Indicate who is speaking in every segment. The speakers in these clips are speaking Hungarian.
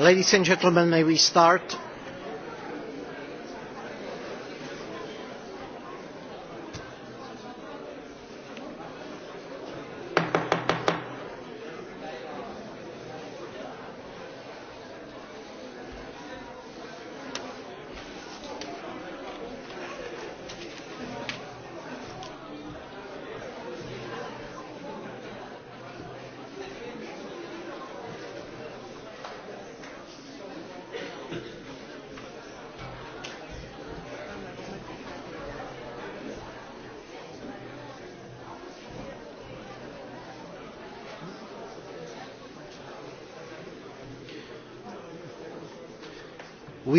Speaker 1: Ladies and gentlemen, may we start?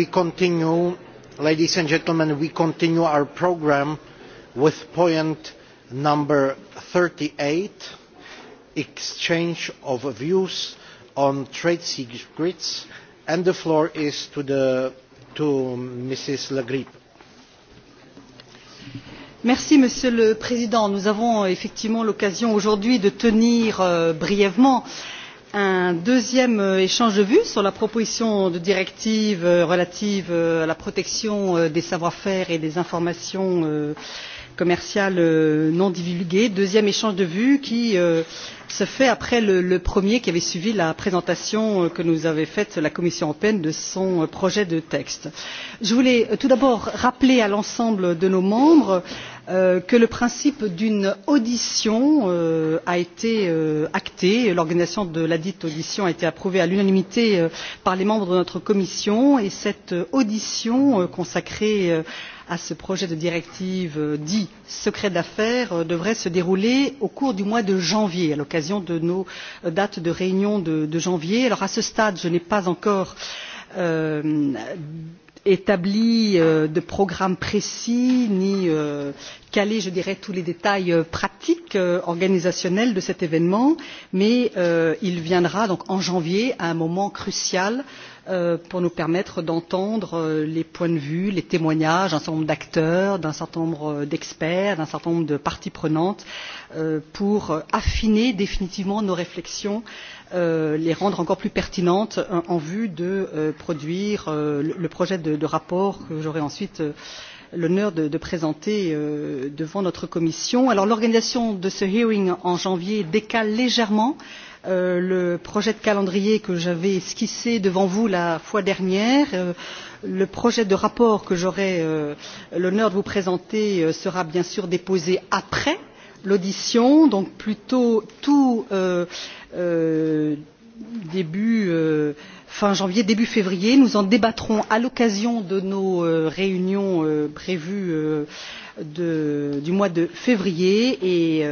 Speaker 1: we continue, ladies and gentlemen, we continue our program with point number 38, exchange of views on trade secrets, and the floor is to, the, to Mrs. Lagrip.
Speaker 2: Merci, monsieur le président nous avons effectivement l'occasion aujourd'hui de tenir euh, brièvement un deuxième euh, échange de vues sur la proposition de directive euh, relative euh, à la protection des savoir faire et des informations commerciales non divulguées deuxième échange de vues qui se fait après le, premier qui avait suivi la présentation que nous avait faite la commission européenne de son projet de texte. je voulais tout d'abord rappeler à l'ensemble de nos membres Euh, que le principe d'une audition euh, a été euh, acté l'organisation de ladite audition a été approuvée à l'unanimité par les membres de notre commission et cette audition consacrée à ce projet de directive dit secret d'affaires devrait se dérouler au cours du mois de janvier à l'occasion de nos dates de réunion de, janvier. Alors à ce stade je n'ai pas encore établi euh, de programme précis ni euh, calé je dirais tous les détails euh, pratiques organisationnels de cet événement mais il viendra donc en janvier à un moment crucial pour nous permettre d'entendre les points de vue les témoignages d'un certain nombre d'acteurs d'un certain nombre d'experts d'un certain nombre de parties prenantes pour affiner définitivement nos réflexions sur Euh, les rendre encore plus pertinentes en vue de euh, produire euh, le projet de, de rapport que j'aurai ensuite l'honneur de, de présenter devant notre commission. l'organisation de ce hearing en janvier décale légèrement le projet de calendrier que j'avais esquissé devant vous la fois dernière. le projet de rapport que j'aurai l'honneur de vous présenter sera bien sûr déposé après l'audition donc plutôt tout euh, euh, début euh, fin janvier début février. nous en débattrons à l'occasion de nos euh, réunions euh, prévues euh, de, du mois de février et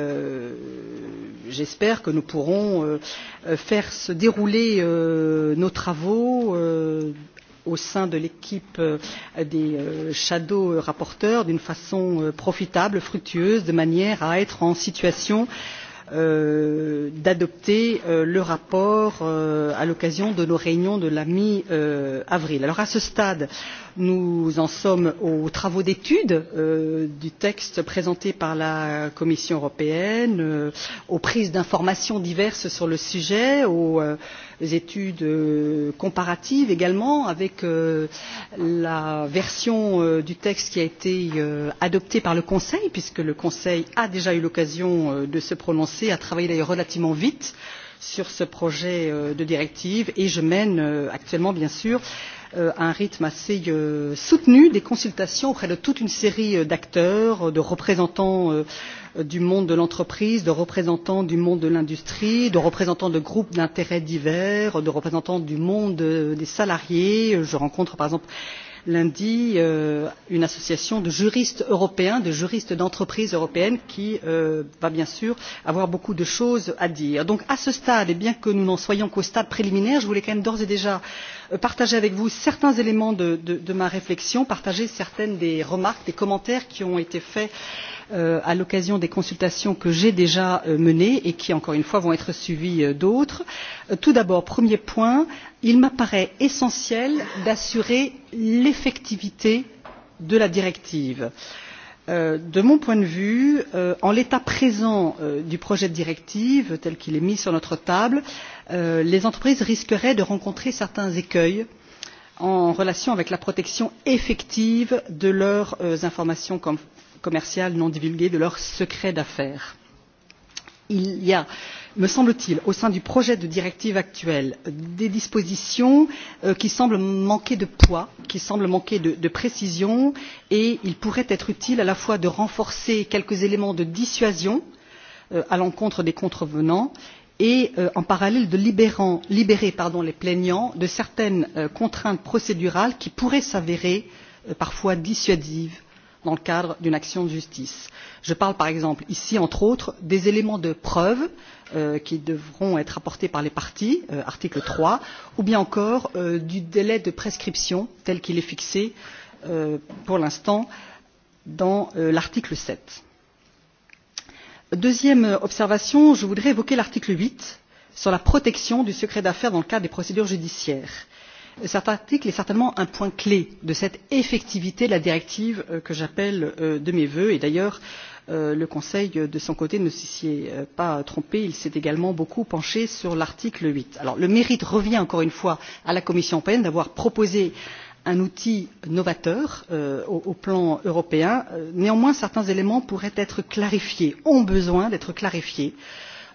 Speaker 2: j'espère que nous pourrons faire se dérouler nos travaux au sein de l'équipe euh, des euh, shadow rapporteurs d'une façon euh, profitable fructueuse de manière à être en situation d'adopter le rapport à l'occasion de nos réunions de la mi avril. à ce stade nous en sommes aux travaux d'étude euh, du texte présenté par la commission européenne euh, aux prises d'informations diverses sur le sujet aux euh, études comparatives également avec la version du texte qui a été adoptée par le conseil puisque le conseil a déjà eu l'occasion de se prononcer a travaillé d'ailleurs relativement vite sur sur ce projet euh, de directive et je mène euh, actuellement bien sûr à euh, un rythme assez soutenu des consultations auprès de toute une série d'acteurs de représentants du monde de l'entreprise de représentants du monde de l'industrie de représentants de groupes d'intérêts divers de représentants du monde des salariés je rencontre par exemple lundi euh, une association de juristes européens de juristes d'entreprises européennes qui euh, va bien sûr avoir beaucoup de choses à dire. à ce stade et bien que nous n'en soyons qu'au stade préliminaire je voulais quand même d'ores et déjà Euh, partager avec vous certains éléments de, ma réflexion partager certaines des remarques des commentaires qui ont été faits euh, à l'occasion des consultations que j'ai déjà euh, menées et qui encore une fois vont être suivies d'autres. tout d'abord premier point il m'apparaît essentiel d'assurer l'effectivité de la directive. de mon point de vue en l'état présent du projet de directive tel qu'il est mis sur notre table Euh, les entreprises risqueraient de rencontrer certains écueils en relation avec la protection effective de leurs euh, informations commerciales non divulguées de leurs secrets d'affaires. il y a me semble t il au sein du projet de directive actuel des dispositions euh, qui semblent manquer de poids qui semblent manquer de, précision et il pourrait être utile à la fois de renforcer quelques éléments de dissuasion à l'encontre des contrevenants et et euh, en parallèle de libérer les plaignants de certaines euh, contraintes procédurales qui pourraient s'avérer euh, parfois dissuasives dans le cadre d'une action de justice. je parle par exemple ici entre autres des éléments de preuve qui devront être apportés par les parties article trois ou bien encore du délai de prescription tel qu'il est fixé pour l'instant dans l'article sept deuxième observation je voudrais évoquer l'article huit sur la protection du secret d'affaires dans le cadre des procédures judiciaires. cet article est certainement un point clé de cette effectivité de la directive euh, que j'appelle euh, de mes vœux et d'ailleurs euh, le conseil de son côté ne s'y est pas trompé il s'est également beaucoup penché sur l'article. huit le mérite revient encore une fois à la commission européenne d'avoir proposé un outil novateur euh, au, plan européen. Euh, néanmoins certains éléments pourraient être clarifiés ont besoin d'être clarifiés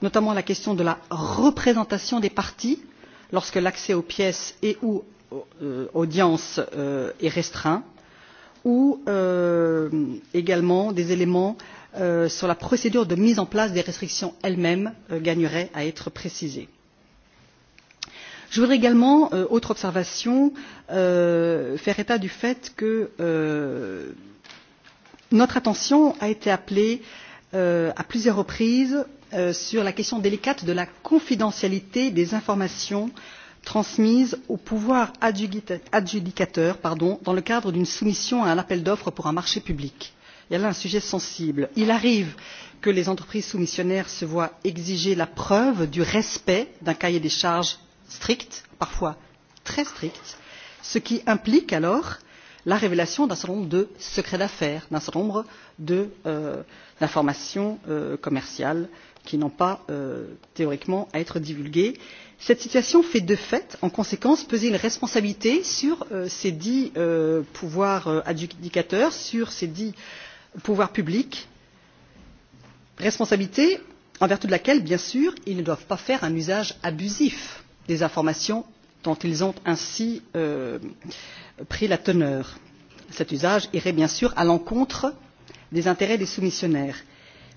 Speaker 2: notamment la question de la représentation des parties lorsque l'accès aux pièces et ou euh, audiences est restreint ou également des éléments sur la procédure de mise en place des restrictions elles mêmes gagneraient à être précisés je voudrais également euh, autre observation euh, faire état du fait que euh, notre attention a été appelée à plusieurs reprises sur la question délicate de la confidentialité des informations transmises au pouvoir adjudicateur dans le cadre d'une soumission à un appel d'offres pour un marché public. il y a là un sujet sensible. il arrive que les entreprises soumissionnaires se voient exiger la preuve du respect d'un cahier des charges strictes parfois très strictes ce qui implique alors la révélation d'un certain nombre de secrets d'affaires d'un certain nombre euh, d'informations euh, commerciales qui n'ont pas euh, théoriquement à être divulguées. cette situation fait de fait en conséquence peser une responsabilité sur euh, ces dits euh, pouvoirs euh, adjudicateurs sur ces dits pouvoirs publics responsabilité en vertu de laquelle bien sûr ils ne doivent pas faire un usage abusif des informations dont ils ont ainsi euh, pris la teneur. cet usage irait bien sûr à l'encontre des intérêts des soumissionnaires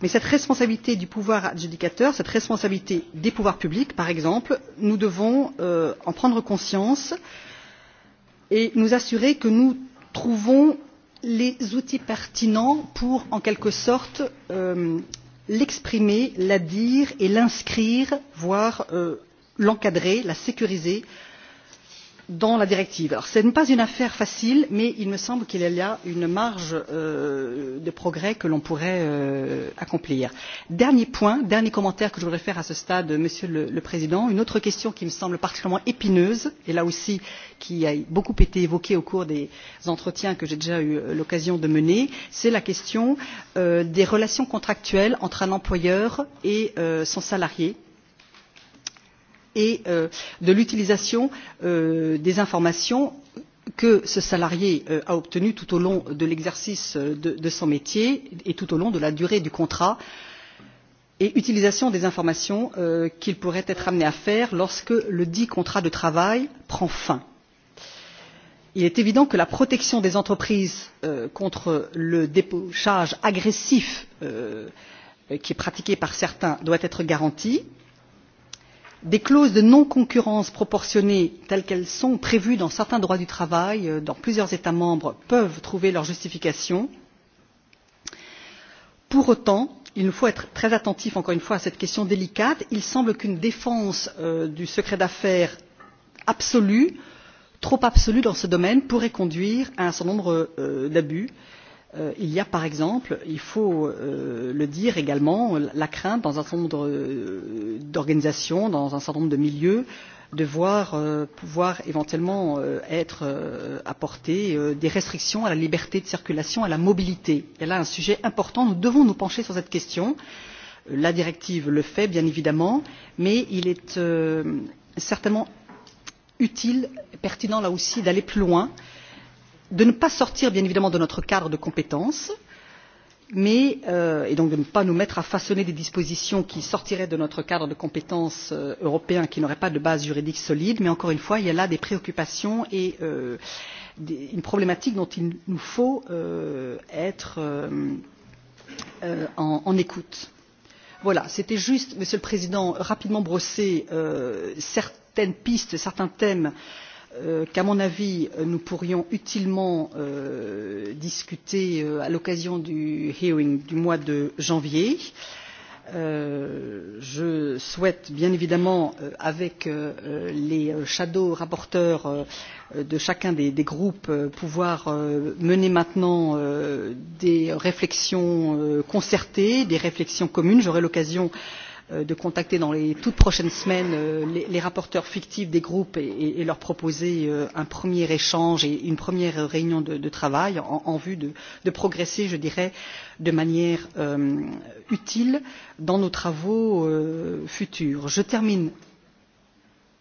Speaker 2: mais cette responsabilité du pouvoir adjudicateur cette responsabilité des pouvoirs publics par exemple nous devons euh, en prendre conscience et nous assurer que nous trouvons les outils pertinents pour en quelque sorte euh, l'exprimer la dire et l'inscrire voire l'encadrer la sécuriser dans la directive. ce n'est pas une affaire facile mais il me semble qu'il y a une marge euh, de progrès que l'on pourrait euh, accomplir. dernier point dernier commentaire que je voudrais faire à ce stade monsieur le, le président une autre question qui me semble particulièrement épineuse et là aussi qui a beaucoup été évoquée au cours des entretiens que j'ai déjà eu euh, l'occasion de mener c'est la question euh, des relations contractuelles entre un employeur et euh, son salarié et euh, de l'utilisation euh, des informations que ce salarié euh, a obtenues tout au long de l'exercice euh, de, de son métier et tout au long de la durée du contrat et utilisation des informations euh, qu'il pourrait être amené à faire lorsque le dit contrat de travail prend fin. Il est évident que la protection des entreprises euh, contre le débauchage agressif euh, qui est pratiqué par certains doit être garantie. Euh, des clauses de non concurrence proportionnée telles qu'elles sont prévues dans certains droits du travail euh, dans plusieurs états membres peuvent trouver leur justification. pour autant il nous faut être très attentifs encore une fois à cette question délicate. il semble qu'une défense euh, du secret d'affaires absolue trop absolue dans ce domaine pourrait conduire à un certain nombre euh, d'abus. Euh, il y a par exemple il faut euh, le dire également la crainte dans un certain nombre euh, d'organisations dans un certain nombre de milieux de voir pouvoir éventuellement être apportées des restrictions à la liberté de circulation à la mobilité. il y a là un sujet important nous devons nous pencher sur cette question la directive le fait bien évidemment mais il est certainement utile et pertinent là aussi d'aller plus loin de ne pas sortir bien évidemment de notre cadre de compétences mais, euh, et donc de ne pas nous mettre à façonner des dispositions qui sortiraient de notre cadre de compétences euh, européen qui n'auraient pas de base juridique solide mais encore une fois il y a là des préoccupations et euh, des, une problématique dont il nous faut euh, être euh, euh, en, en écoute. voilà c'était juste monsieur le président rapidement brosser certaines pistes certains thèmes qui Euh, qu'à mon avis euh, nous pourrions utilement euh, discuter à l'occasion du hearing du mois de janvier. je souhaite bien évidemment avec les shadow rapporteurs de chacun des, groupes pouvoir mener maintenant des réflexions concertées des réflexions communes. j'aurai l'occasion euh, Euh, de contacter dans les toutes prochaines semaines euh, les, rapporteurs fictifs des groupes et, et leur proposer euh, un premier échange et une première réunion de, travail en, vue de, progresser, je dirais, de manière utile dans nos travaux futurs. Je termine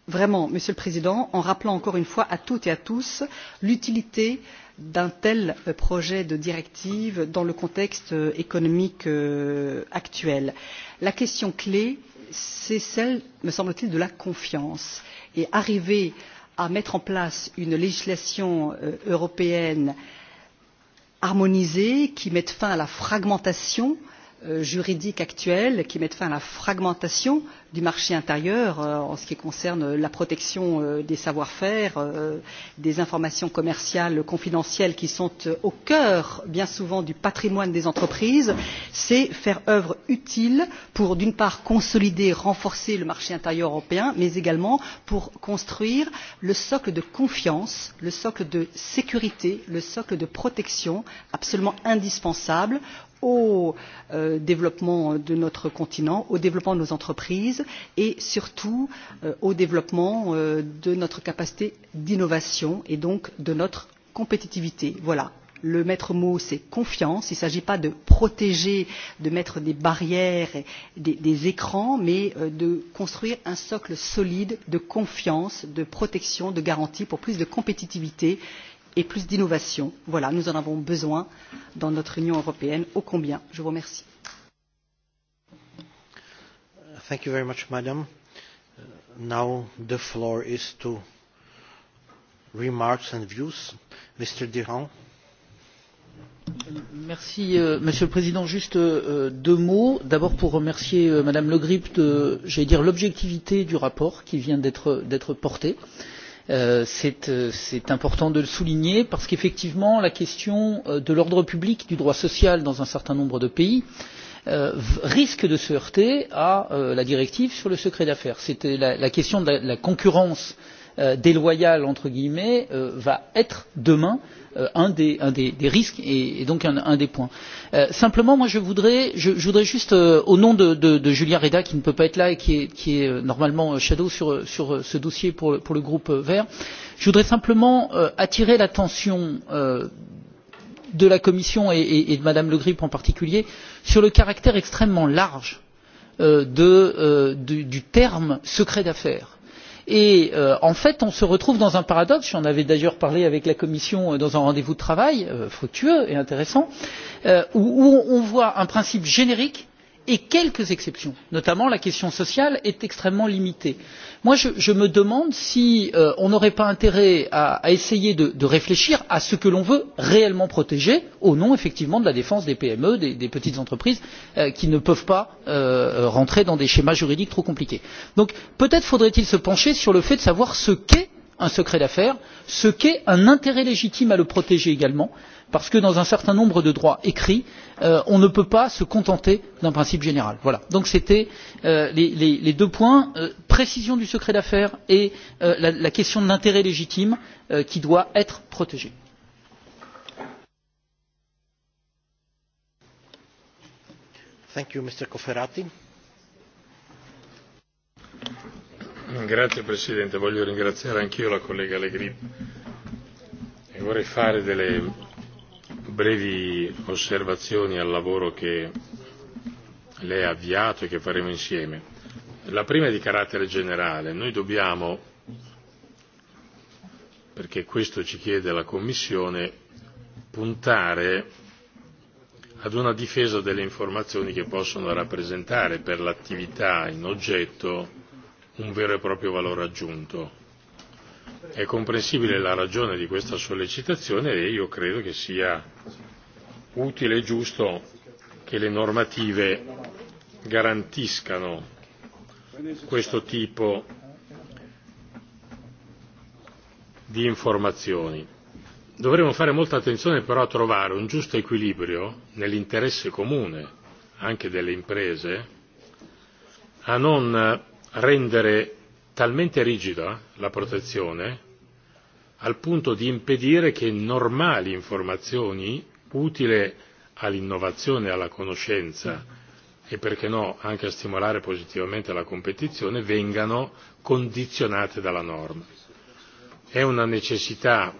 Speaker 2: vraiment, Monsieur le Président, en rappelant encore une fois à toutes et à tous l'utilité euh, d'un tel euh, projet de directive dans le contexte euh, économique euh, actuel. la question clé c'est celle me semble t il de la confiance et arriver à mettre en place une législation européenne harmonisée qui mette fin à la fragmentation et Euh, juridiques actuelles qui mettent fin à la fragmentation du marché intérieur euh, en ce qui concerne la protection euh, des savoir faire des informations commerciales confidentielles qui sont au cœur bien souvent du patrimoine des entreprises c'est faire œuvre utile pour d'une part consolider renforcer le marché intérieur européen mais également pour construire le socle de confiance le socle de sécurité le socle de protection absolument indispensable au euh, développement de notre continent, au développement de nos entreprises et surtout euh, au développement euh, de notre capacité d'innovation et donc de notre compétitivité. Voilà. Le maître mot, c'est confiance. Il ne s'agit pas de protéger, de mettre des barrières, des, des écrans, mais euh, de construire un socle solide de confiance, de protection, de garantie pour plus de compétitivité et plus d'innovation. voilà nous en avons besoin dans notre union européenne ô combien. je vous remercie.
Speaker 1: Thank you very much, madam. Uh, now the floor is to remarks and views. Mr. Durand.
Speaker 3: Merci, euh, monsieur le président juste euh, euh, deux mots d'abord pour remercier euh, Madame le grip de j'allais dire l'objectivité du rapport qui vient d'être porté Euh, Euh, euh, c'est important de le souligner parce qu'effectivement la question euh, de l'ordre public du droit social dans un certain nombre de pays risque de se heurter à la directive sur le secret d'affaires. La, la question de la, concurrence déloyale entre guillemets va être demain un Euh, un des, un des, des risques et, et donc un, un des points. Euh, simplement, moi, je voudrais, je, je voudrais juste, euh, au nom de, de, de Julien Reda, qui ne peut pas être là et qui est, qui est euh, normalement euh, shadow sur, sur ce dossier pour, pour le groupe Vert, je voudrais simplement euh, attirer l'attention euh, de la Commission et, et, et de Madame Le Grip en particulier sur le caractère extrêmement large euh, de, euh, du, du terme secret d'affaires et euh, en fait on se retrouve dans un paradoxe j'en avais d'ailleurs parlé avec la commission euh, dans un rendez vous de travail euh, fructueux et intéressant où on voit un principe générique et quelques exceptions notamment la question sociale est extrêmement limitée. je, me demande si euh, on n'aurait pas intérêt à, essayer de, réfléchir à ce que l'on veut réellement protéger au nom effectivement de la défense des pme des, des petites entreprises euh, qui ne peuvent pas euh, rentrer dans des schémas juridiques trop compliqués. peut être faudrait il se pencher sur le fait de savoir ce qu'est un secret d'affaires ce qu'est un intérêt légitime à le protéger également et parce que dans un certain nombre de droits écrits euh, on ne peut pas se contenter d'un principe général. voilà donc c'était euh, les, les, les deux points euh, précision du secret d'affaires et euh, la, la question de l'intérêt légitime euh, qui doit être protégée. Thank you, Mr.
Speaker 1: Cofferati.
Speaker 4: Grazie Presidente, voglio ringraziare anch'io la collega Le e vorrei fare delle brevi osservazioni al lavoro che lei ha avviato e che faremo insieme. La prima è di carattere generale. Noi dobbiamo, perché questo ci chiede la Commissione, puntare ad una difesa delle informazioni che possono rappresentare per l'attività in oggetto un vero e proprio valore aggiunto È comprensibile la ragione di questa sollecitazione e io credo che sia utile e giusto che le normative garantiscano questo tipo di informazioni. Dovremmo fare molta attenzione però a trovare un giusto equilibrio nell'interesse comune anche delle imprese a non rendere talmente rigida la protezione al punto di impedire che normali informazioni utili all'innovazione e alla conoscenza e perché no anche a stimolare positivamente la competizione vengano condizionate dalla norma. È una necessità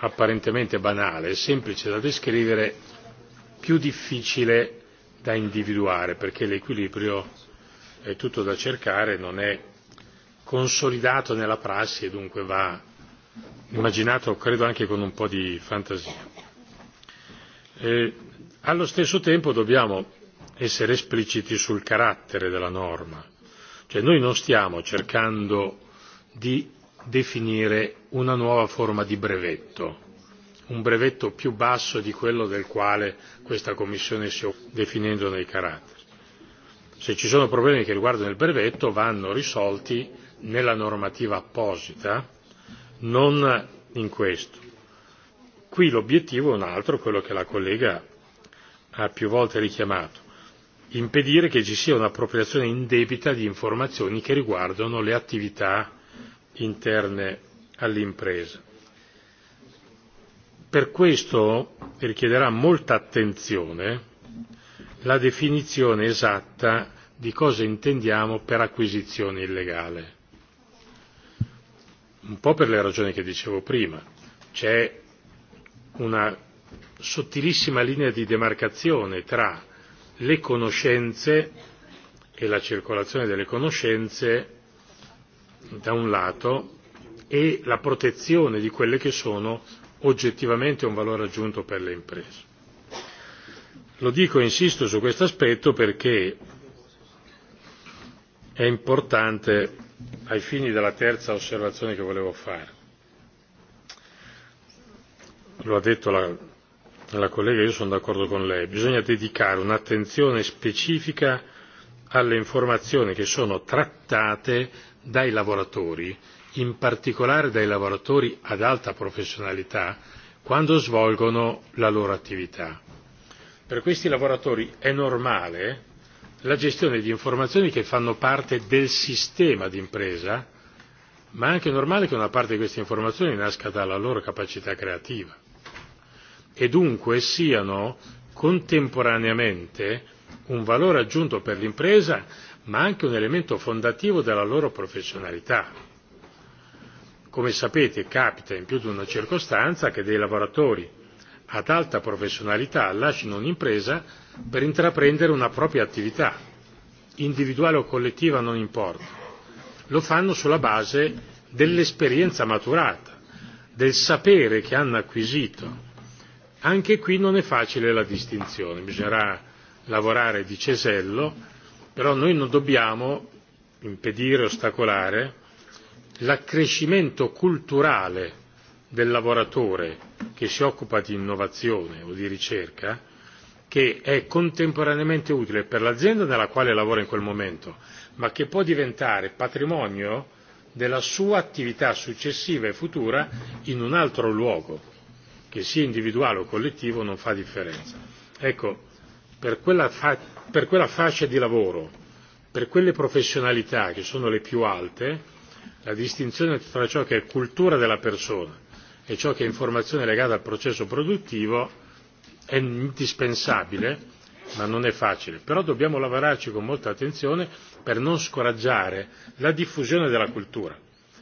Speaker 4: apparentemente banale, semplice da descrivere, più difficile da individuare perché l'equilibrio è tutto da cercare, non è consolidato nella prassi e dunque va immaginato credo anche con un po' di fantasia. E, allo stesso tempo dobbiamo essere espliciti sul carattere della norma cioè noi non stiamo cercando di definire una nuova forma di brevetto un brevetto più basso di quello del quale questa commissione si occupa definendo nei caratteri. se ci sono problemi che riguardano il brevetto vanno risolti nella normativa apposita non in questo. qui l'obiettivo è un altro quello che la collega ha più volte richiamato impedire che ci sia un'appropriazione indebita di informazioni che riguardano le attività interne all'impresa. Per questo richiederà molta attenzione la definizione esatta di cosa intendiamo per acquisizione illegale un po' per le ragioni che dicevo prima c'è una sottilissima linea di demarcazione tra le conoscenze e la circolazione delle conoscenze da un lato e la protezione di quelle che sono oggettivamente un valore aggiunto per le imprese. Lo dico e insisto su questo aspetto perché è importante ai fini della terza osservazione che volevo fare. Lo ha detto la, la collega, io sono d'accordo con lei. Bisogna dedicare un'attenzione specifica alle informazioni che sono trattate dai lavoratori, in particolare dai lavoratori ad alta professionalità, quando svolgono la loro attività. Per questi lavoratori è normale la gestione di informazioni che fanno parte del sistema d'impresa ma è anche normale che una parte di queste informazioni nasca dalla loro capacità creativa e dunque siano contemporaneamente un valore aggiunto per l'impresa ma anche un elemento fondativo della loro professionalità. Come sapete capita in più di una circostanza che dei lavoratori ad alta professionalità lascino un'impresa per intraprendere una propria attività, individuale o collettiva non importa. Lo fanno sulla base dell'esperienza maturata, del sapere che hanno acquisito. Anche qui non è facile la distinzione, bisognerà lavorare di cesello, però noi non dobbiamo impedire, ostacolare l'accrescimento culturale del lavoratore che si occupa di innovazione o di ricerca che è contemporaneamente utile per l'azienda nella quale lavora in quel momento ma che può diventare patrimonio della sua attività successiva e futura in un altro luogo che sia individuale o collettivo non fa differenza. ecco per quella, fa- per quella fascia di lavoro per quelle professionalità che sono le più alte la distinzione tra ciò che è cultura della persona e ciò che è informazione legata al processo produttivo è indispensabile ma non è facile. Però dobbiamo lavorarci con molta attenzione per non scoraggiare la diffusione della cultura,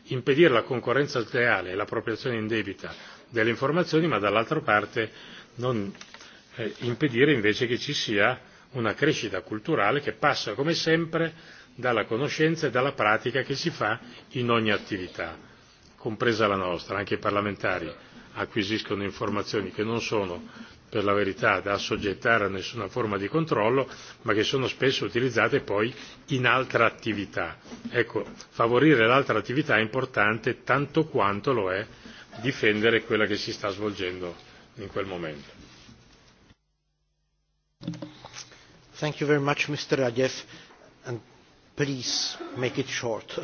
Speaker 4: impedire la concorrenza sleale e l'appropriazione indebita delle informazioni, ma dall'altra parte non eh, impedire invece che ci sia una crescita culturale che passa, come sempre, dalla conoscenza e dalla pratica che si fa in ogni attività compresa la nostra anche i parlamentari acquisiscono informazioni che non sono per la verità da assoggettare a nessuna forma di controllo ma che sono spesso utilizzate poi in altra attività. ecco favorire l'altra attività è importante tanto quanto lo è difendere quella che si sta svolgendo in quel momento.
Speaker 1: Thank you very much, Mr. Radev, and please make it short.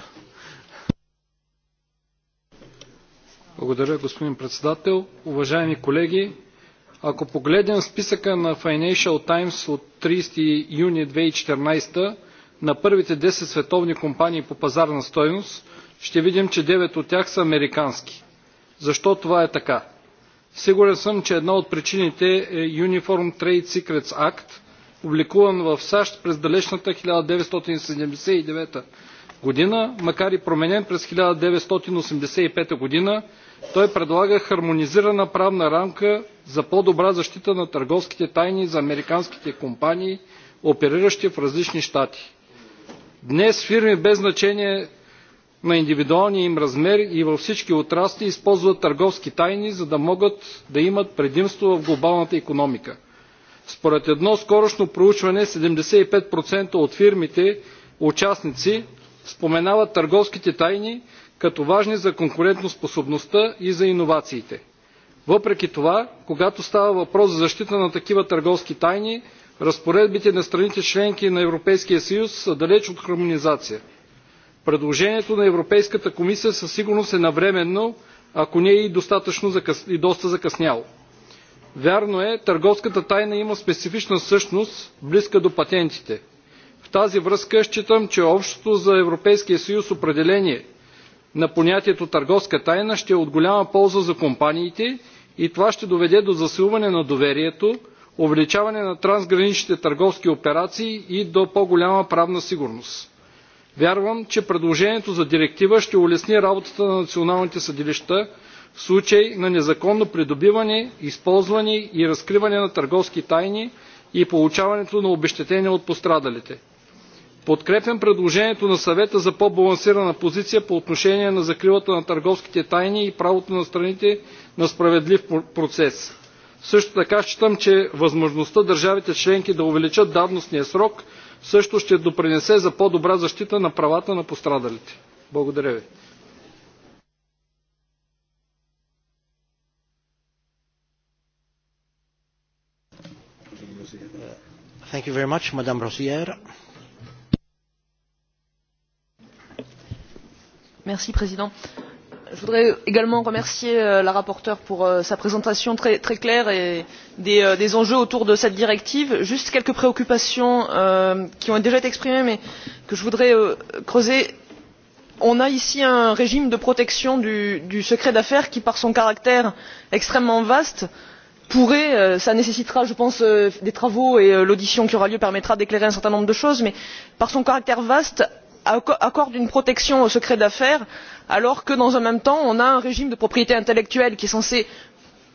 Speaker 5: Благодаря, господин председател. Уважаеми колеги, ако погледнем списъка на Financial Times от 30 юни 2014 на първите 10 световни компании по пазарна стоеност, ще видим, че 9 от тях са американски. Защо това е така? Сигурен съм, че една от причините е Uniform Trade Secrets Act, публикуван в САЩ през далечната 1979 година, макар и променен през 1985 година Той предлага хармонизирана правна рамка за по-добра защита на търговските тайни за американските компании, опериращи в различни щати. Днес фирми без значение на индивидуалния им размер и във всички отрасли използват търговски тайни, за да могат да имат предимство в глобалната економика. Според едно скорошно проучване 75% от фирмите, участници, споменават търговските тайни като важни за конкурентоспособността и за иновациите. Въпреки това, когато става въпрос за защита на такива търговски тайни, разпоредбите на страните членки на Европейския съюз са далеч от хармонизация. Предложението на Европейската комисия със сигурност е навременно, ако не е и, достатъчно и доста закъсняло. Вярно е, търговската тайна има специфична същност, близка до патентите. В тази връзка считам, че общото за Европейския съюз определение на понятието търговска тайна ще е от голяма полза за компаниите и това ще доведе до засилване на доверието, увеличаване на трансграничните търговски операции и до по-голяма правна сигурност. Вярвам, че предложението за директива ще улесни работата на националните съдилища в случай на незаконно придобиване, използване и разкриване на търговски тайни и получаването на обещетения от пострадалите. Подкрепям предложението на съвета за по-балансирана позиция по отношение на закрилата на търговските тайни и правото на страните на справедлив процес. Също така считам, че възможността държавите членки да увеличат давностния срок също ще допринесе за по-добра защита на правата на пострадалите. Благодаря ви.
Speaker 6: monsieur le président je voudrais également remercier euh, la rapporteure pour euh, sa présentation très, claire euh, des, enjeux autour de cette directive. j'ai juste quelques préoccupations qui ont déjà été exprimées mais que je voudrais creuser. on a ici un régime de protection du secret d'affaires qui par son caractère extrêmement vaste pourrait cela nécessitera je pense des travaux et l'audition qui aura lieu permettra d'éclairer un certain nombre de choses mais par son caractère vaste accorde une protection au secret d'affaires alors que dans le même temps on a un régime de propriété intellectuelle qui est censé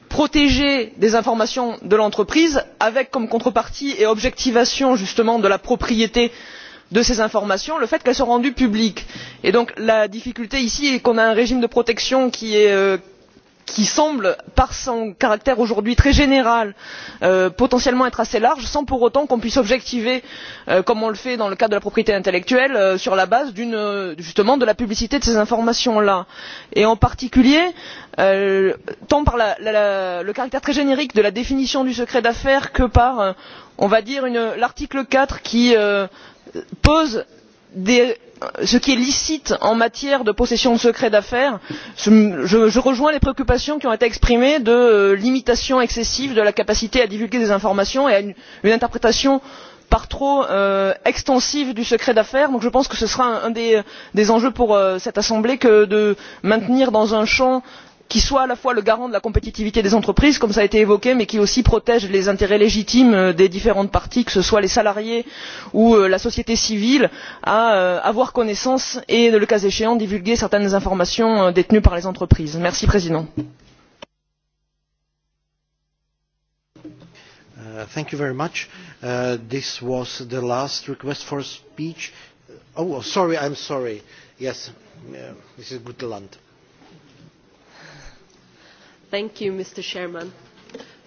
Speaker 6: protéger les informations de l'entreprise avec comme contrepartie et objectivation justement de la propriété de ces informations le fait qu'elles soient rendues publiques. la difficulté ici est qu'on a un régime de protection qui est euh, qui semble par son caractère aujourd'hui très général euh, potentiellement être assez large sans pour autant qu'on puisse objectiver euh, comme on le fait dans le cadre de la propriété intellectuelle euh, sur la base justement de la publicité de ces informations là. en particulier tant par le caractère très générique de la définition du secret d'affaires que par on va dire l'article quatre qui pose ce qui est licite en matière de possession de secrets d'affaires je, rejoins les préoccupations qui ont été exprimées de euh, limitation excessive de la capacité à divulguer des informations et à une, interprétation par trop euh, extensive du secret d'affaires donc je pense que ce sera un des, enjeux pour euh, cette assemblée que de maintenir dans un champ qui soit à la fois le garant de la compétitivité des entreprises comme cela a été évoqué mais qui aussi protège les intérêts légitimes euh, des différentes parties que ce soit les salariés ou euh, la société civile à euh, avoir connaissance et le cas échéant à divulguer certaines informations détenues par les entreprises. merci président.
Speaker 1: Uh, thank you very much. Uh, this
Speaker 7: Thank you, Mr. Chairman.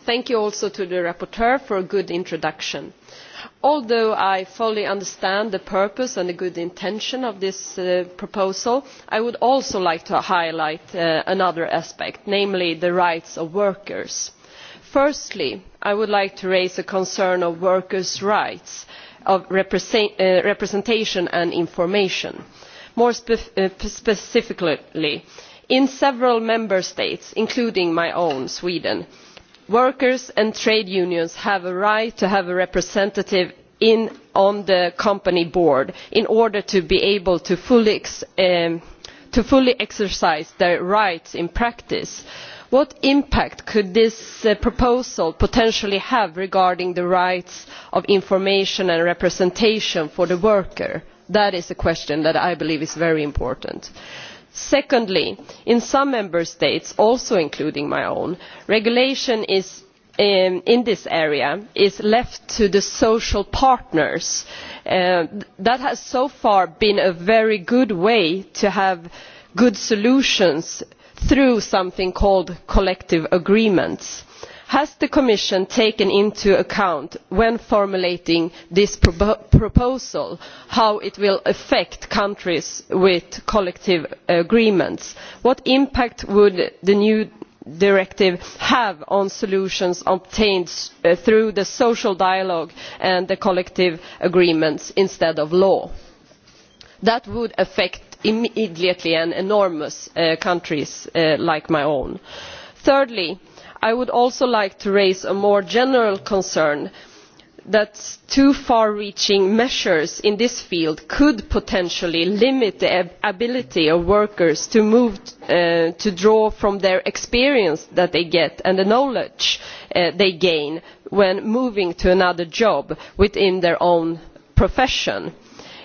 Speaker 7: Thank you also to the rapporteur for a good introduction. Although I fully understand the purpose and the good intention of this uh, proposal, I would also like to highlight uh, another aspect, namely the rights of workers. Firstly, I would like to raise the concern of workers' rights of uh, representation and information. More specifically, in several member states including my own sweden workers and trade unions have a right to have a representative on the company board in order to be able to fully, um, exercise their rights in practice. what impact could this uh, proposal potentially have regarding the rights of information and representation for the worker? that is a question that i believe is very important secondly in some member states also including my own regulation um, in, this area is left to the social partners. Uh, that has so far been a very good way to have good solutions through something called collective agreements has the commission taken into account when formulating this proposal how it will affect countries with collective agreements? what impact would the new directive have on solutions obtained uh, through the social dialogue and the collective agreements instead of law? that would affect immediately and enormously uh, countries uh, like my own. thirdly i would also like to raise a more general concern that too far reaching measures in this field could potentially limit the ability of workers to, move, uh, to draw from their experience that they get and the knowledge uh, they gain when moving to another job within their own profession.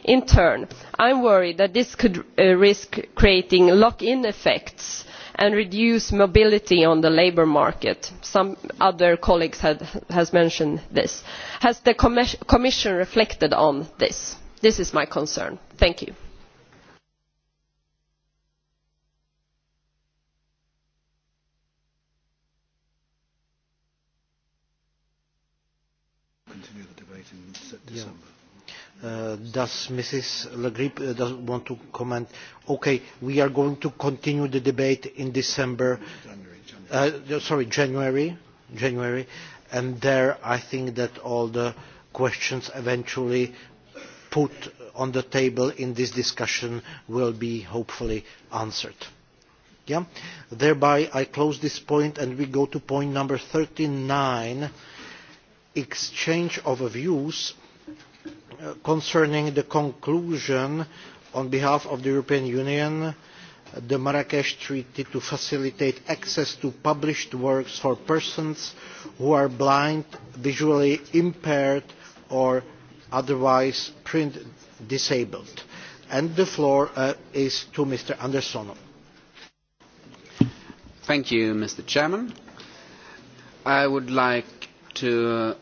Speaker 7: in turn i am worried that this could uh, risk creating lock in effects and reduce mobility on the labour market some other colleagues have mentioned this. has the commission reflected on this? this is my concern. thank you.
Speaker 8: Uh,
Speaker 1: does Mrs. Le Grip want to comment? Okay, we are going to continue the debate in December. Uh, sorry, January, and there I think that all the questions eventually put on the table in this discussion will be hopefully answered. Yeah? Thereby, I close this point and we go to point number thirty nine exchange of views concerning the conclusion on behalf of the European Union the Marrakesh Treaty to facilitate access to published works for persons who are blind, visually impaired or otherwise print disabled. And the floor uh, is to Mr. Anderson.
Speaker 9: Thank you, Mr. Chairman. I would like to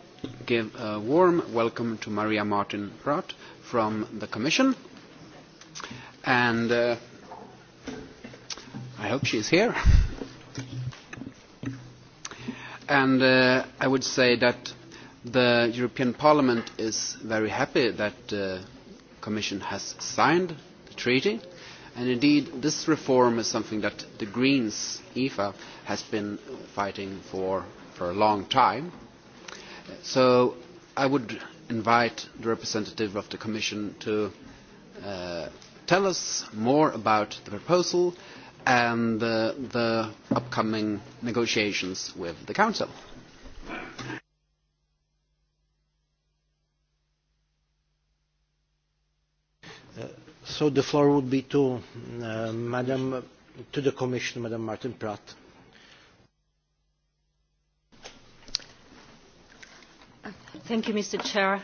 Speaker 9: give a warm welcome to Maria Martin Prat from the Commission. And uh, I hope she is here. And uh, I would say that the European Parliament is very happy that the uh, Commission has signed the treaty. And indeed, this reform is something that the Greens, IFA, e has been fighting for for a long time So I would invite the representative of the Commission to uh, tell us more about the proposal and uh, the upcoming negotiations with the Council.
Speaker 1: Uh, so the floor would be to, uh, Madam, to the Commission, Madam Martin Pratt.
Speaker 10: Thank you, Mr. Chair.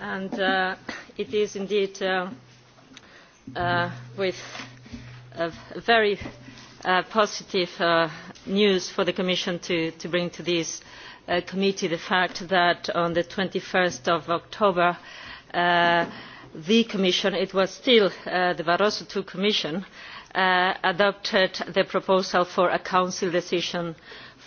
Speaker 10: Uh, it is indeed uh, uh, with very positive news for the Commission to, bring to this committee the fact that on the 21st of October the Commission, it was still the Barroso II Commission, adopted the proposal for a Council decision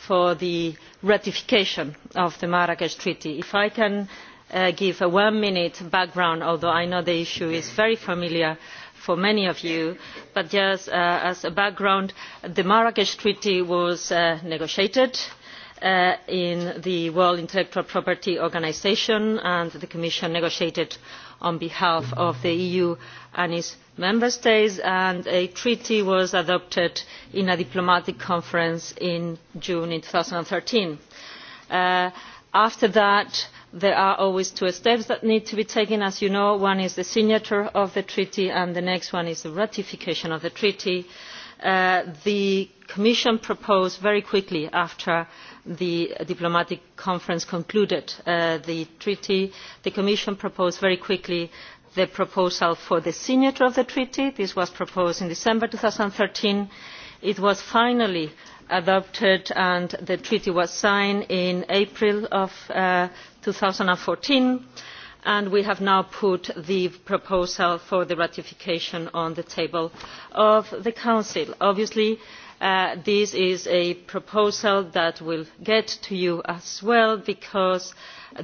Speaker 10: for the ratification of the marrakesh treaty. if i can uh, give a one minute background although i know the issue is very familiar for many of you but just uh, as a background the marrakesh treaty was uh, negotiated in the world intellectual property organisation and the commission negotiated on behalf of the eu and its member states and a treaty was adopted in a diplomatic conference in june. two thousand and thirteen uh, after that there are always two steps that need to be taken as you know one is the signature of the treaty and the next one is the ratification of the treaty. Uh, the commission proposed very quickly after the diplomatic conference concluded uh, the treaty the commission proposed very quickly the proposal for the signature of the treaty. This was proposed in December 2013. It was finally adopted and the treaty was signed in April of uh, 2014 and we have now put the proposal for the ratification on the table of the Council. Obviously, Uh, this is a proposal that will get to you as well because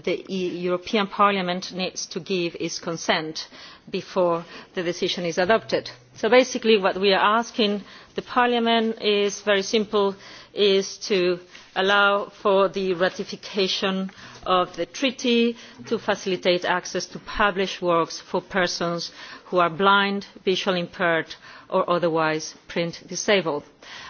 Speaker 10: the e, european parliament needs to give its consent before the decision is adopted. so basically what we are asking parliament is very simple to allow for the ratification of of the treaty to facilitate access to published works for persons who are blind visually impaired or otherwise print disabled.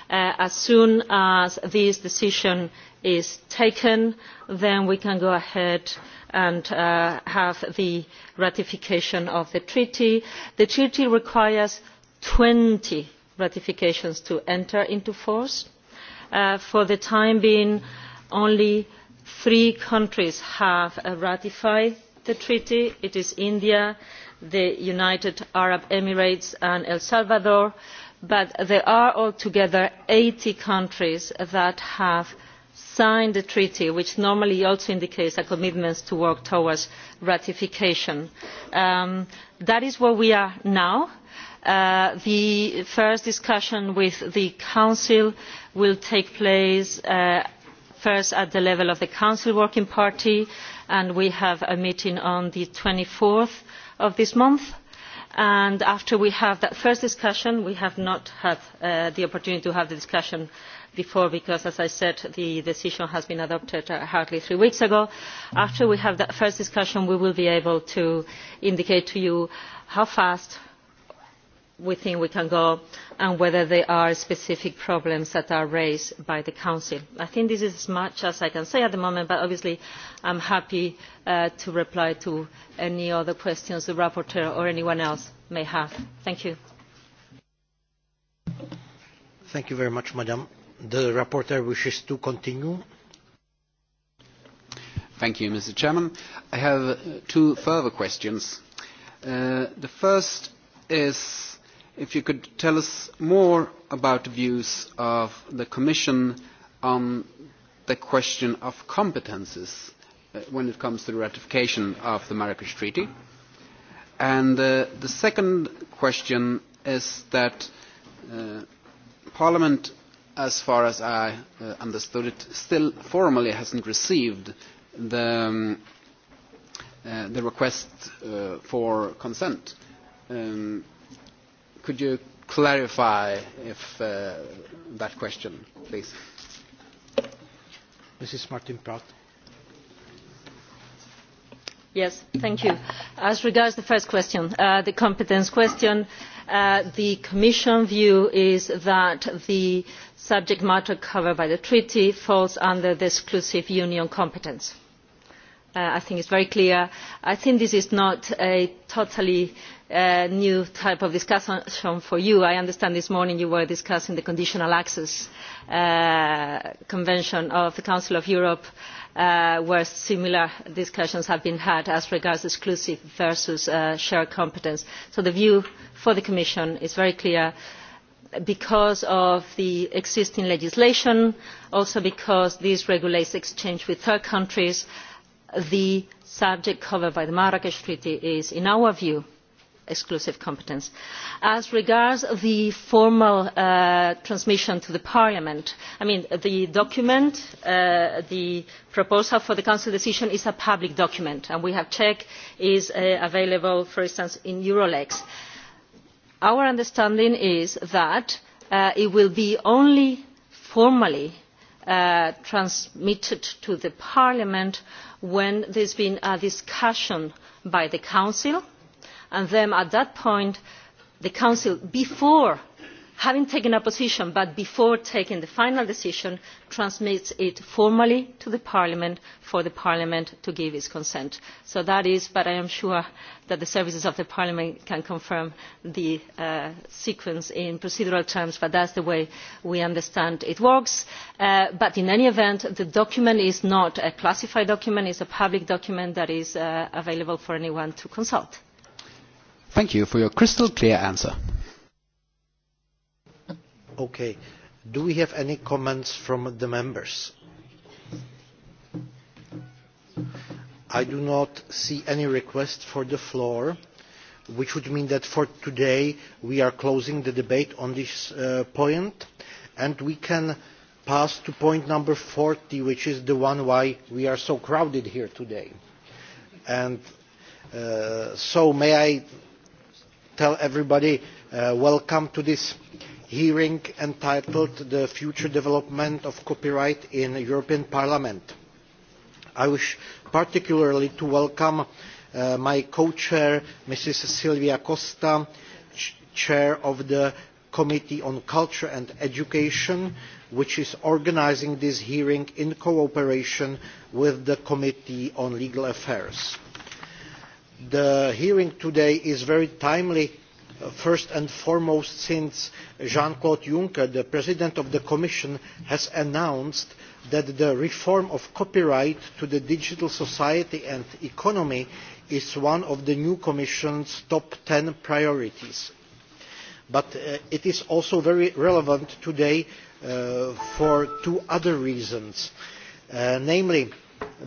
Speaker 10: Uh, as soon as this decision is taken then we can go ahead and uh, have the ratification of the treaty. the treaty requires twenty ratifications to enter into force. Uh, for the time being only three countries have uh, ratified the treaty it is india the united arab emirates and el salvador but there are altogether eighty countries that have signed the treaty which normally also indicates a commitment to work towards ratification. Um, that is where we are now. Uh, the first discussion with the council will take place uh, first at the level of the council working party and we have a meeting on twenty four this month and after we have that first discussion we have not had uh, the opportunity to have the discussion before because as i said the decision has been adopted uh, hardly three weeks ago after we have that first discussion we will be able to indicate to you how fast we think we can go and whether there are specific problems that are raised by the council. i think this is as much as i can say at the moment but obviously i am happy uh, to reply to any other questions the rapporteur or anyone else may have. thank you.
Speaker 1: thank you very much madam. the rapporteur wishes to continue.
Speaker 9: Thank you, Mr. Chairman. I have uh, two further questions. Uh, the first is if you could tell us more about the views of the Commission on the question of competences uh, when it comes to the ratification of the Marrakesh Treaty. And uh, the second question is that uh, Parliament, as far as I uh, understood it, still formally hasn't received the, um, uh, the request uh, for consent. Um, could you clarify if, uh, that question, please?
Speaker 1: Mrs. Martin Pratt.
Speaker 10: Yes, thank you. As regards the first question, uh, the competence question, uh, the Commission view is that the subject matter covered by the treaty falls under the exclusive union competence Uh, i think it is very clear. i think this is not a totally uh, new type of discussion for you. i understand this morning you were discussing the conditional access uh, convention of the council of europe where similar discussions have been had as regards exclusive versus shared competence. so the view for the commission is very clear because of the existing legislation also because this regulates exchange with third countries and the subject covered by the marrakesh treaty is in our view exclusive competence. as regards the formal uh, transmission to parliament the document uh, the proposal for the council decision is a public document and we have checked it is uh, available for instance in eurolex. our understanding is that it will be only formally transmitted to parliament when there has been a discussion by the council and then at that point the council before having taken a position but before taking the final decision transmits it formally to parliament for parliament to give its consent. so that is but i am sure that the services of parliament can confirm the uh, sequence in procedural terms but that is the way we understand it works. Uh, but in any event the document is not a classified document it is a public document that is uh, available for anyone to consult.
Speaker 9: thank you for your crystal clear answer.
Speaker 1: Okay. Do we have any comments from the members? I do not see any request for the floor, which would mean that for today we are closing the debate on this uh, point and we can pass to point number 40, which is the one why we are so crowded here today. And uh, so may I tell everybody uh, welcome to this hearing entitled the future development of copyright in the european parliament. i wish particularly to welcome uh, my co chair ms silvia costa chair of the committee on culture and education which is organising this hearing in cooperation with the committee on legal affairs. the hearing today is very timely first and foremost since jean claude juncker the president of the commission has announced that the reform of copyright to the digital society and economy is one of the new commission's top ten priorities. but uh, it is also very relevant today uh, for two other reasons uh, namely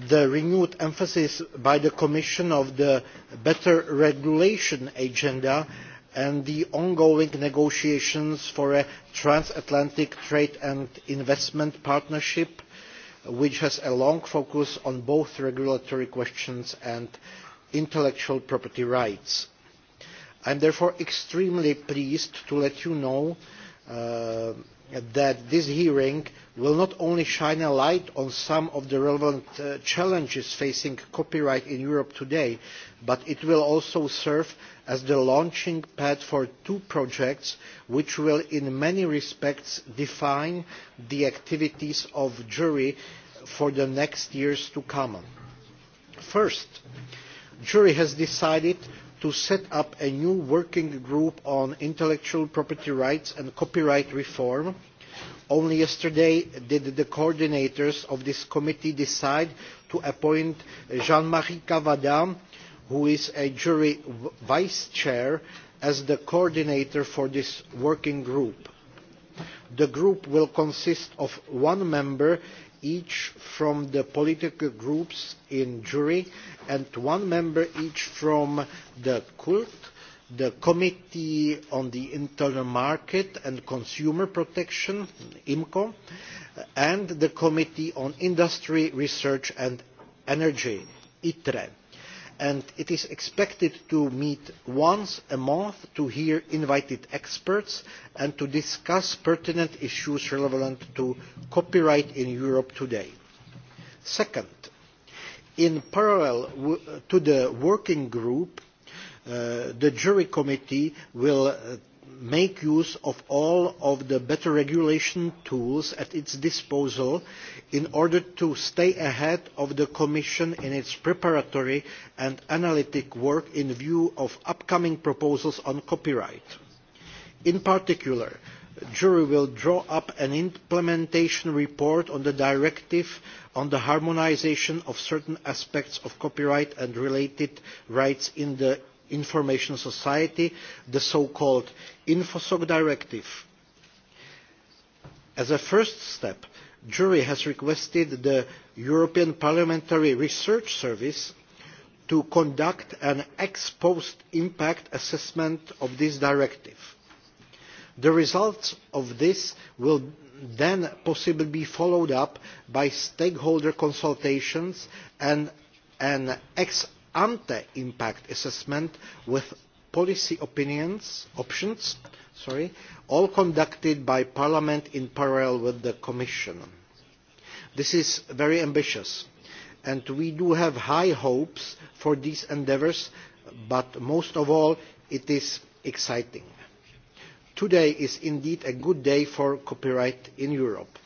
Speaker 1: the renewed emphasis by the commission on the better regulation agenda and the ongoing negotiations for a transatlantic trade and investment partnership which has a long focus on both regulatory questions and intellectual property rights. i am therefore extremely pleased to let you know uh, that this hearing will not only shine a light on some of the relevant uh, challenges facing copyright in europe today but it will also serve as the launching pad for two projects which will in many respects define the activities of the jury for the next years to come. first the jury has decided to set up a new working group on intellectual property rights and copyright reform only yesterday did the coordinators of this committee decide to appoint jean marie cavada who is a jury vice chair as the coordinator for this working group. the group will consist of one member each from the political groups in jury, juri and one member each from the cult the Committee on the Internal Market and Consumer Protection, and the Committee on Industry, Research and Energy, And it is expected to meet once a month to hear invited experts and to discuss pertinent issues relevant to copyright in Europe today. Second, in parallel to the working group Uh, the juri committee will uh, make use of all of the better regulation tools at its disposal in order to stay ahead of the commission in its preparatory and analytic work in view of upcoming proposals on copyright. in particular the juri will draw up an implementation report on the directive on the harmonisation of certain aspects of copyright and related rights in the information society the so called infosoc directive. as a first step the juri has requested the european parliamentary research service to conduct an ex post impact assessment of this directive. the results of this will then possibly be followed up by stakeholder consultations and an ex ante impact assessment with policy opinions, options, sorry, all conducted by Parliament in parallel with the Commission. This is very ambitious, and we do have high hopes for these endeavours, but most of all, it is exciting. Today is indeed a good day for copyright in Europe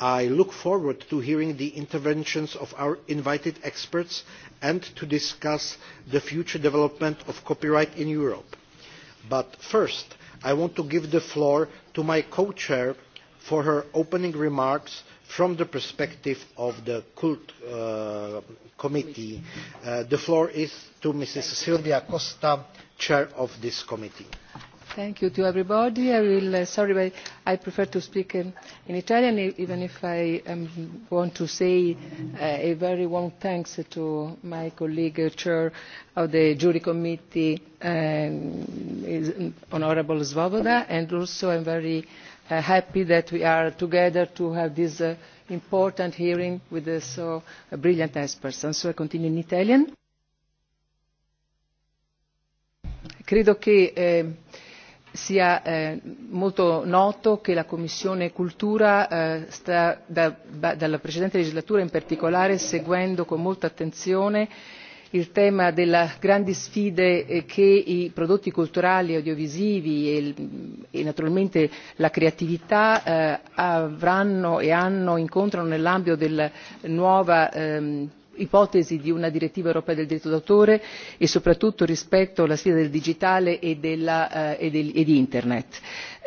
Speaker 1: i look forward to hearing the interventions of our invited experts and to discussing the future development of copyright in europe. but first i want to give the floor to my co chair for her opening remarks from the perspective of the uh, committee on uh, committee. the floor is to mrs silvia costa chair of this committee
Speaker 11: thank you to everybody. I will, uh, sorry, but I prefer to speak in, in Italian, e-, even if I um, want to say uh, a very warm thanks to my colleague, uh, Chair of the Jury Committee, um, Honorable Svoboda, and also I'm very uh, happy that we are together to have this uh, important hearing with uh, so uh, brilliant experts. And so I continue in Italian credo che eh, sia eh, molto noto che la commissione cultura eh, sta dalla precedente legislatura in particolare seguendo con molta attenzione il tema delle grandi sfide eh, che i prodotti culturali audiovisivi e, e naturalmente la creatività avranno e hanno incontrano nell'ambito della nuova ehm, ipotesi di una direttiva europea del diritto d'autore e soprattutto rispetto alla sfida del digitale e, eh, e, e di internet.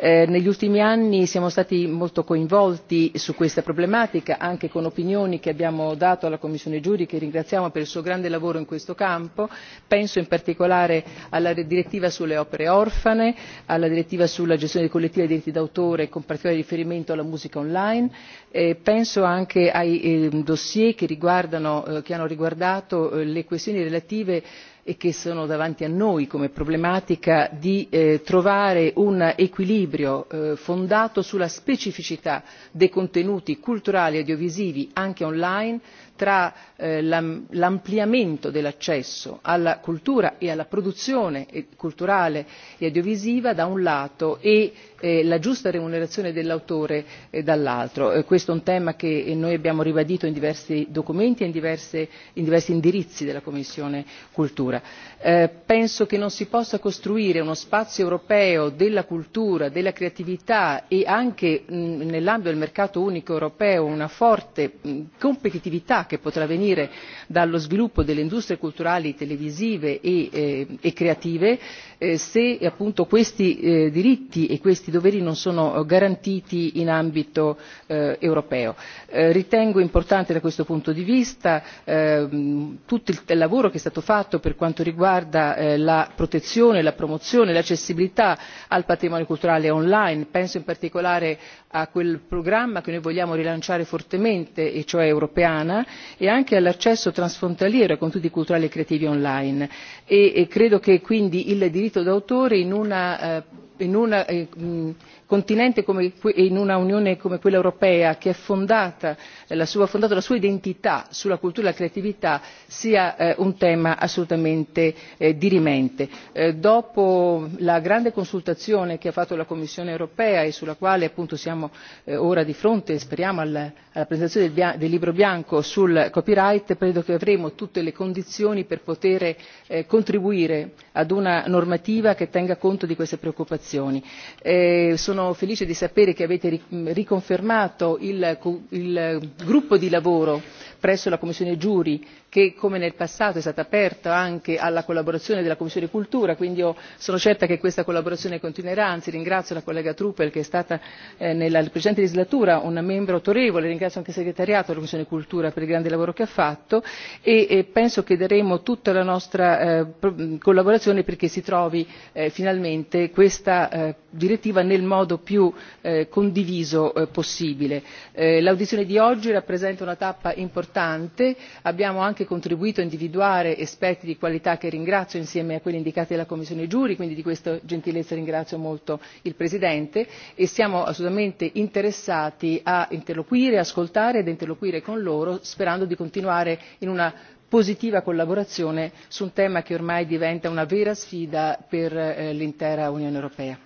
Speaker 11: Eh, negli ultimi anni siamo stati molto coinvolti su questa problematica anche con opinioni che abbiamo dato alla commissione juri che ringraziamo per il suo grande lavoro in questo campo penso in particolare alla direttiva sulle opere orfane alla direttiva sulla gestione collettiva dei diritti d'autore con particolare riferimento alla musica online eh, penso anche ai ehm, dossier eh, che hanno riguardato le questioni relative e che sono davanti a noi come problematica di eh, trovare un equilibrio eh, fondato sulla specificità dei contenuti culturali e audiovisivi anche online tra eh, l'ampliamento dell'accesso alla cultura e alla produzione eh, culturale e audiovisiva da un lato e eh, la giusta remunerazione dell'autore dall'altro. questo è un tema che noi abbiamo ribadito in diversi documenti e in diversi indirizzi della commissione cultura. penso che non si possa costruire uno spazio europeo della cultura della creatività e anche nell'ambito del mercato unico europeo una forte competitività che potrà venire dallo sviluppo delle industrie culturali televisive e, eh, e creative Eh, se appunto questi eh, diritti e questi doveri non sono eh, garantiti in ambito europeo. ritengo importante da questo punto di vista ehm, tutto il lavoro che è stato fatto per quanto riguarda la protezione la promozione e l'accessibilità al patrimonio culturale online penso in particolare a quel programma che noi vogliamo rilanciare fortemente e cioè europeana e anche all'accesso transfrontaliero ai contenuti culturali e creativi online e, e credo che quindi il diritto d'autore in una eh, in un eh, continente e in un'unione come quella europea che ha eh, fondato la sua identità sulla cultura e la creatività sia eh, un tema assolutamente dirimente. dopo la grande consultazione che ha fatto la commissione europea e sulla quale appunto siamo ora di fronte speriamo alla presentazione del libro bianco sul copyright credo che avremo tutte le condizioni per poter contribuire ad una normativa che tenga conto di queste preoccupazioni valutazioni. E sono felice di sapere che avete riconfermato il gruppo di lavoro presso la commissione juri che come nel passato è stata aperta anche alla collaborazione della commissione cultura quindi io sono certa che questa collaborazione continuerà anzi ringrazio la collega truppel che è stata eh, nella precedente legislatura un membro autorevole ringrazio anche il segretariato della commissione cultura per il grande lavoro che ha fatto e, e penso che daremo tutta la nostra eh, collaborazione perché si trovi eh, finalmente questa direttiva nel modo più condiviso possibile. l'audizione di oggi rappresenta una tappa importante importante abbiamo anche contribuito a individuare esperti di qualità che ringrazio insieme a quelli indicati dalla commissione juri quindi di questa gentilezza ringrazio molto il presidente e siamo assolutamente interessati a interloquire ascoltare ed interloquire con loro sperando di continuare in una positiva collaborazione su un tema che ormai diventa una vera sfida per eh, l'intera unione europea.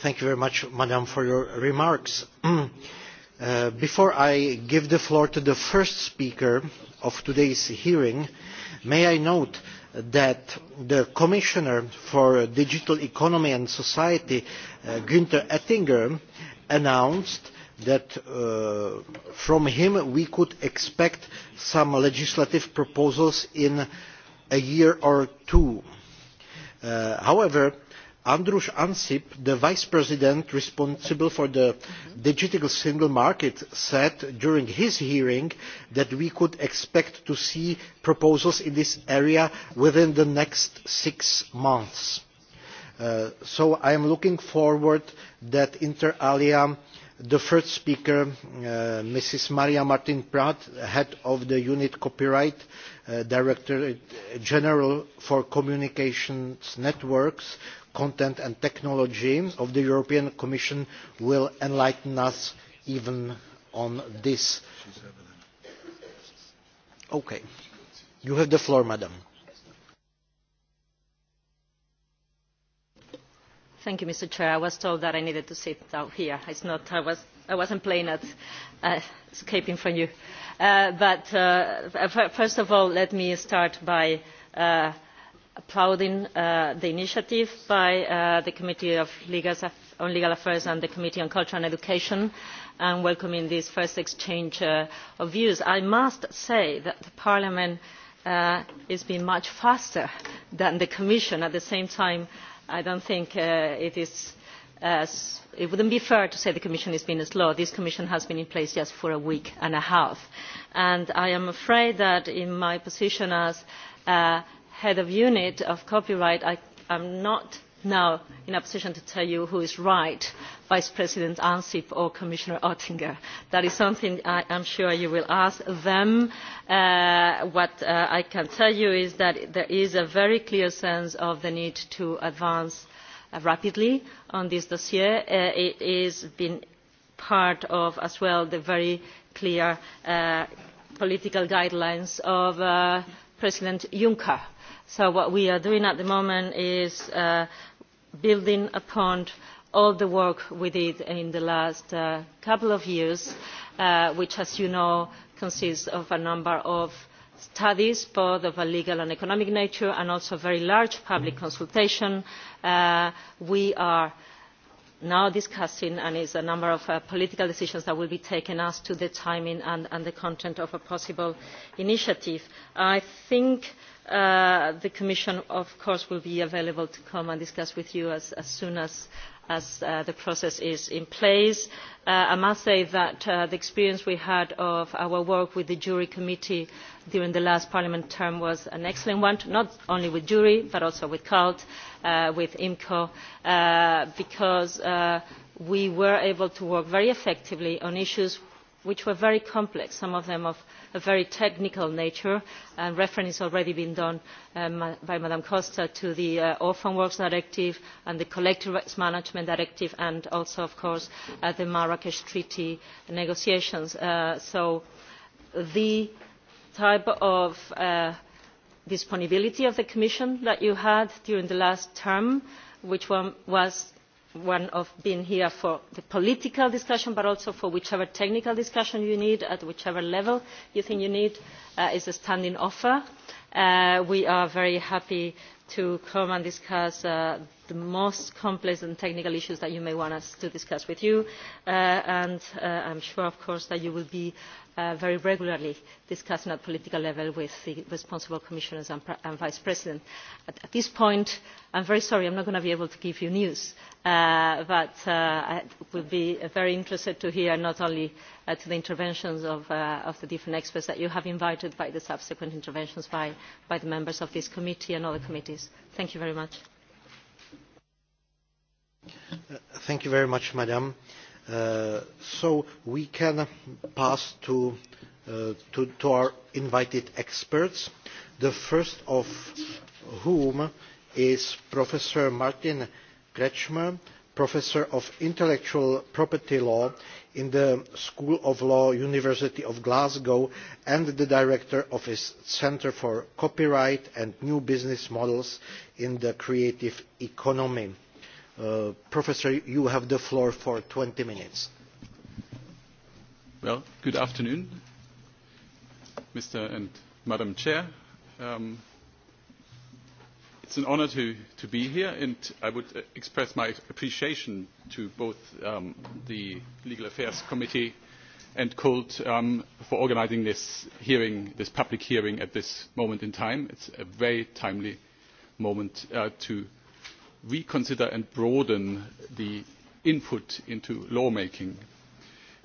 Speaker 1: Thank you very much, Madam, for your remarks. Uh, before I give the floor to the first speaker of today's hearing, may I note that the Commissioner for the Digital Economy and Society, uh, oettinger announced that uh, from him we could expect some legislative proposals in a year or two. Uh, however, andrus ansip the vice president responsible for the digital single market said during his hearing that we could expect to see proposals in this area within the next six months. Uh, so i am looking forward to that inter alia the first speaker uh, ms mrs maria martin prat head of the unit copyright uh, directorate general for communications networks content and technology of the european commission will enlighten us even on this. you have the floor madam.
Speaker 10: Thank you, Mr. president I was told that I needed to sit down here. It's not, I, was, I wasn't playing at uh, escaping from you. Uh, but uh, first of all, let me start by uh, applauding uh, the initiative by uh, the committee on legal affairs and the committee on culture and education and welcoming this first exchange uh, of views. i must say that parliament has been much faster than the commission. at the same time i do not think it is it would be fair to say the commission has been slow. this commission has been in place just for a week and a half and i am afraid that in my position as head of unit of copyright i am not now in a position to tell you who is right vice president ansip or commissioner oettinger. that is something i am sure you will ask them. Uh, what uh, i can tell you is that there is a very clear sense of the need to advance uh, rapidly on this dossier. it has been part of as well the very clear political guidelines of president juncker. so what we are doing at the moment is uh, building upon all the work we did in the last uh, couple of years uh, which as you know consists of a number of studies both of a legal and economic nature and also a very large public consultation. we are now discussing and is a number of uh, political decisions that will be taken as to the timing and, and the content of a possible initiative. i think uh, the commission of course will be available to come and discuss with you as, as soon as as uh, the process is in place. Uh, I must say that uh, the experience we had of our work with the jury committee during the last parliament term was an excellent one, not only with jury but also with CULT, uh, with IMCO, uh, because uh, we were able to work very effectively on issues which were very complex some of them of a very technical nature and reference has already been done um, by ms costa to the uh, orphan works directive and the collective rights management directive and also of course uh, the marrakesh treaty negotiations. Uh, so the type of uh, disponibility of the commission that you had during the last term which was one of being here for the political discussion but also for whichever technical discussion you need at whichever level you think you need uh, is a standing offer. Uh, we are very happy to come and discuss uh, the most complex and technical issues that you may want us to discuss with you and i I'm sure of course that you will be Uh, very regularly discussing at political level with the responsible commissioners and, vice president. At, this point, I'm very sorry, I'm not going to be able to give you news, uh, but uh, I would be very interested to hear not only uh, to the interventions of, uh, of the different experts that you have invited but the subsequent interventions by, by the members of this committee and other committees. Thank you very much.
Speaker 1: Uh, thank you very much, Madam. Uh, Uh, so we can pass uh, to, to our invited experts, the first of whom is Professor Martin Kretschmer, Professor of Intellectual Property Law in the School of Law, University of Glasgow, and the Director of his Centre for Copyright and New Business Models in the Creative Economy. Uh, professor you have the floor for 20 minutes.
Speaker 12: Well, good afternoon mr and madam chair um, it an honour to, to be here and i would uh, express my appreciation to both um, the legal affairs committee and cult um, for organising this hearing this public hearing at this moment in time. It's a very timely moment uh, to reconsider and broaden the input into lawmaking.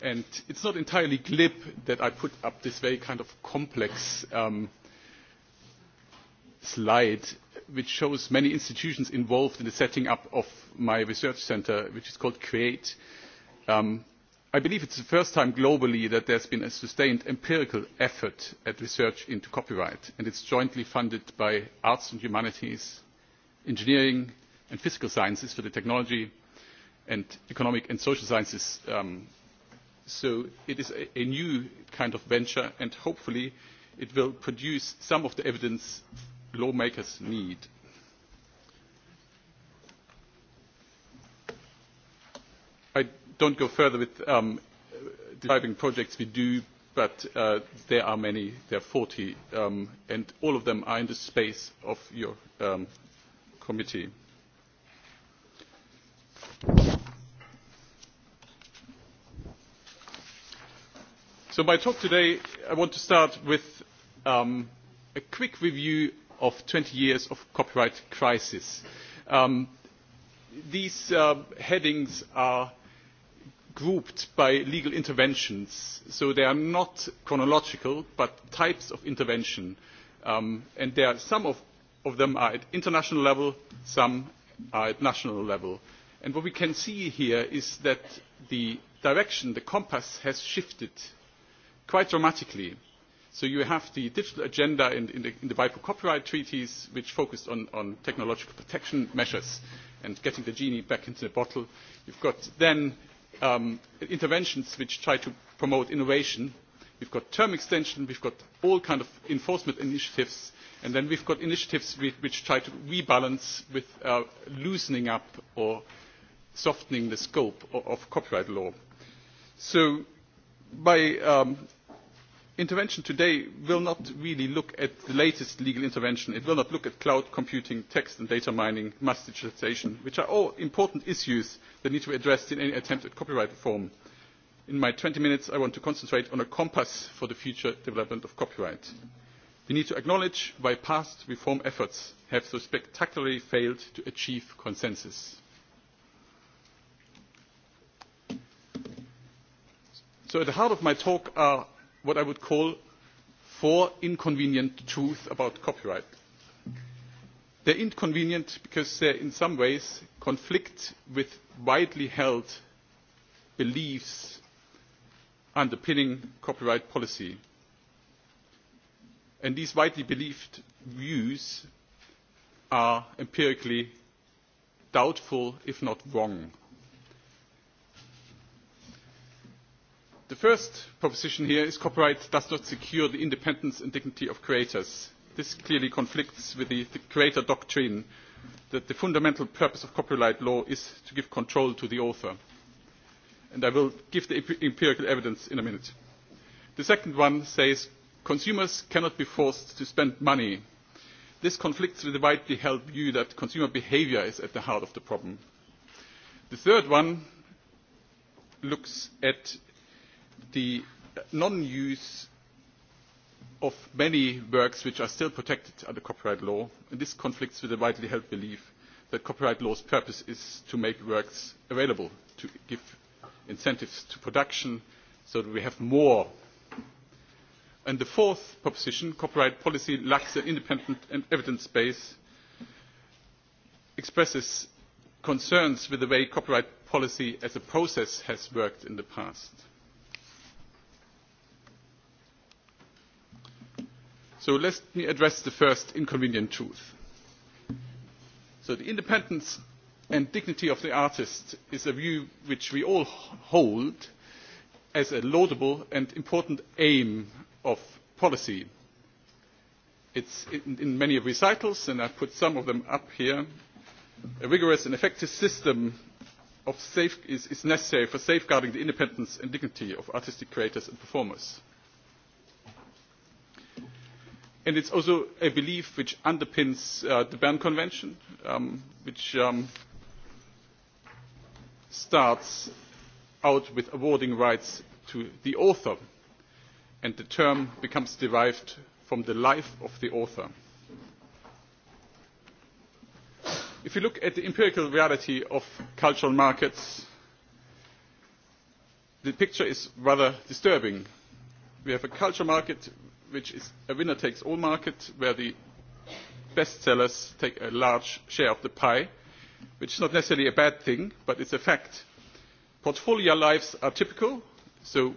Speaker 12: And it's not entirely glib that I put up this very kind of complex um, slide which shows many institutions involved in the setting up of my research centre, which is called CREATE. Um, I believe it's the first time globally that there's been a sustained empirical effort at research into copyright, and it's jointly funded by arts and humanities, engineering, and physical sciences for the technology and economic and social sciences. Um, so it is a, a new kind of venture and hopefully it will produce some of the evidence lawmakers need. I don't go further with um, describing projects we do, but uh, there are many. There are 40, um, and all of them are in the space of your um, committee. So my talk today, I want to start with um, a quick review of 20 years of copyright crisis. Um, these uh, headings are grouped by legal interventions, so they are not chronological, but types of intervention. Um, and there are some of, of them are at international level, some are at national level And what we can see here is that the direction, the compass, has shifted quite dramatically. So you have the digital agenda in, the, in copyright treaties, which focused on, technological protection measures and getting the genie back into the bottle. You've got then um, interventions which try to promote innovation. We've got term extension, we've got all kind of enforcement initiatives, and then we've got initiatives which, try to rebalance with uh, loosening up or softening the scope of, copyright law. So my um, intervention today will not really look at the latest legal intervention. It will not look at cloud computing, text and data mining, mass digitalization, which are all important issues that need to be addressed in any attempt at copyright reform. In my 20 minutes, I want to concentrate on a compass for the future development of copyright. We need to acknowledge why past reform efforts have so spectacularly failed to achieve consensus so at the heart of my talk are what i would call four inconvenient truths about copyright. they are inconvenient because they in some ways conflict with widely held beliefs underpinning copyright policy and these widely believed views are empirically doubtful if not wrong. The first proposition here is copyright does not secure the independence and dignity of creators. This clearly conflicts with the, the creator doctrine that the fundamental purpose of copyright law is to give control to the author. And I will give the empirical evidence in a minute. The second one says consumers cannot be forced to spend money. This conflicts with the widely held view that consumer behaviour is at the heart of the problem. The third one looks at the non-use of many works which are still protected under copyright law, and this conflicts with the widely held belief that copyright law's purpose is to make works available, to give incentives to production, so that we have more. And the fourth proposition, copyright policy lacks an independent and evidence base, expresses concerns with the way copyright policy as a process has worked in the past. so let me address the first inconvenient truth. the independence and dignity of the artist is a view which we all hold as a laudable and important aim of policy. it is in, many recitals and i have put some of them up here a rigorous and effective system is necessary for safeguarding the independence and dignity of artistic creators and performers and it is also a belief which underpins uh, the berne convention um, which um, starts out with awarding rights to the author and the term becomes derived from the life of the author. if you look at the empirical reality of cultural markets the picture is rather disturbing. we have a cultural market which is a winner takes all market where the best sellers take a large share of the pie, which is not necessarily a bad thing, but it's a fact. Portfolio lives are typical, so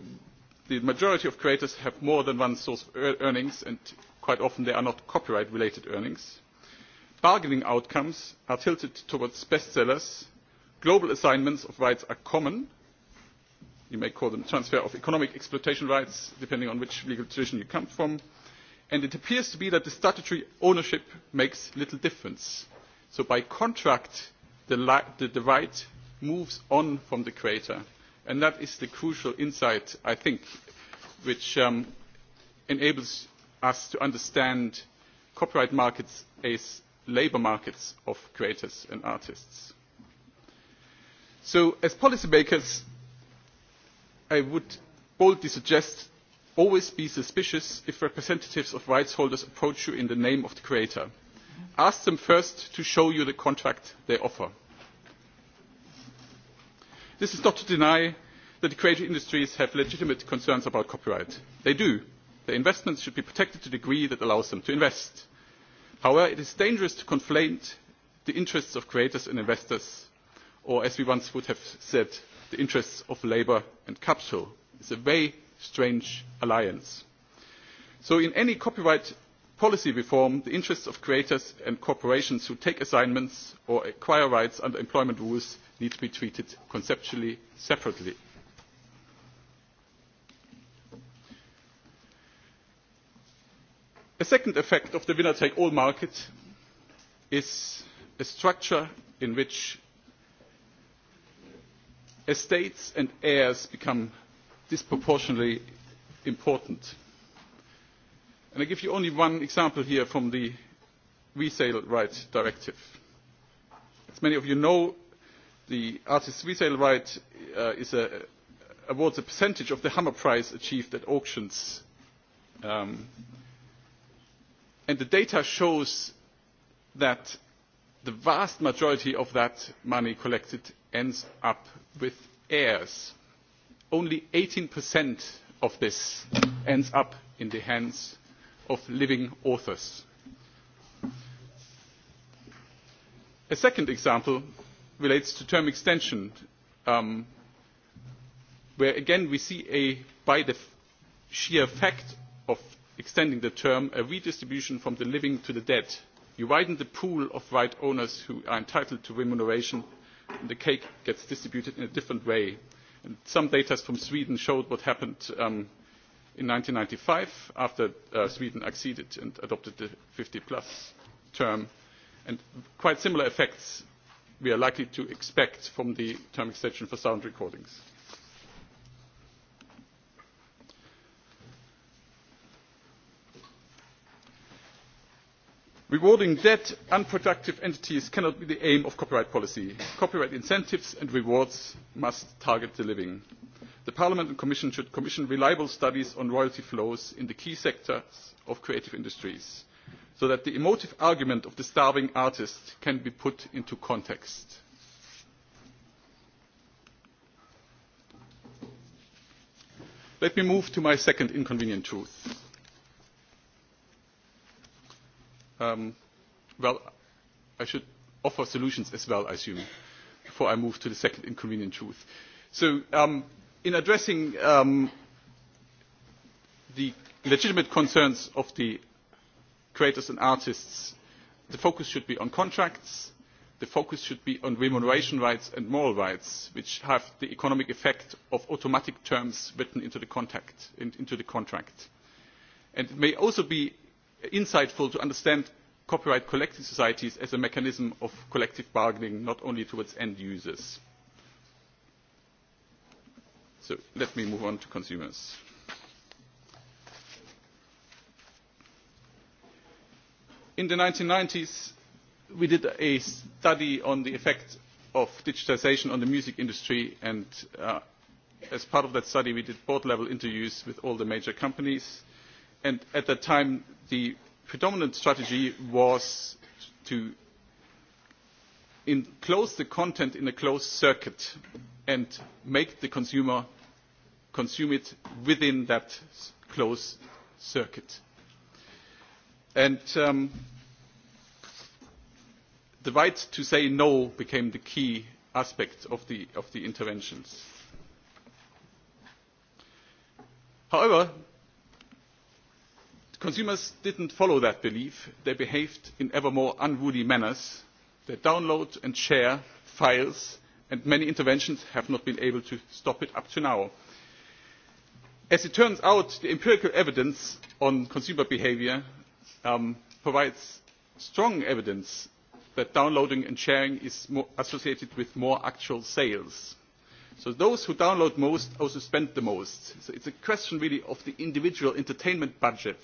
Speaker 12: the majority of creators have more than one source of earnings, and quite often they are not copyright-related earnings. Bargaining outcomes are tilted towards bestsellers. Global assignments of rights are common, you may call them transfer of economic exploitation rights depending on which legal tradition you come from and it appears to be that the statutory ownership makes little difference. so by contract the, the, the right moves on from the creator and that is the crucial insight i think which um, enables us to understand copyright markets as labour markets of creators and artists. so as policymakers i would boldly suggest always be suspicious if representatives of rights holders approach you in the name of the creator. ask them first to show you the contract they offer. this is not to deny that the creative industries have legitimate concerns about copyright. they do. their investments should be protected to the degree that allows them to invest. however it is dangerous to conflate the interests of creators and investors or as we once would have said the interests of labour and capital. it is a very strange alliance. so in any copyright policy reform the interests of creators and corporations who take assignments or acquire rights under employment rules need to be treated conceptually separately. a second effect of the winner take all market is a structure in which estates and heirs become disproportionately important. And i give you only one example here from the resale right directive. as many of you know the artists' resale right uh, is a, awards a percentage of the hammer price achieved at auctions. Um, and the data shows that the vast majority of that money collected ends up with heirs. Only 18% of this ends up in the hands of living authors. A second example relates to term extension, um, where again we see a, by the sheer fact of extending the term, a redistribution from the living to the dead. You widen the pool of right owners who are entitled to remuneration and the cake gets distributed in a different way. And some data from Sweden showed what happened um, in 1995 after uh, Sweden acceded and adopted the 50 plus term. And quite similar effects we are likely to expect from the term extension for sound recordings. rewarding dead unproductive entities cannot be the aim of copyright policy. copyright incentives and rewards must target the living. The parliament and commission should commission reliable studies on royalty flows in the key sectors of creative industries so that the emotive argument of the starving artist can be put into context. let me move to my second inconvenient truth um, well, I should offer solutions as well, I assume, before I move to the second inconvenient truth. So um, in addressing um, the legitimate concerns of the creators and artists, the focus should be on contracts, the focus should be on remuneration rights and moral rights, which have the economic effect of automatic terms written into the, contact, in, into the contract. And it may also be insightful to understand copyright collecting societies as a mechanism of collective bargaining, not only towards end users. So let me move on to consumers. In the 1990s, we did a study on the effect of digitisation on the music industry, and uh, as part of that study, we did board-level interviews with all the major companies and at that time the predominant strategy was to enclose the content in a closed circuit and make the consumer consume it within that closed circuit. And um, the right to say no became the key aspect of the, of the interventions. However, consumers did not follow that belief they behaved in ever more unruly manners they download and share files and many interventions have not been able to stop it up to now. as it turns out the empirical evidence on consumer behaviour um, provides strong evidence that downloading and sharing is associated with more actual sales so those who download most also spend the most. so it is a question really of the individual entertainment budget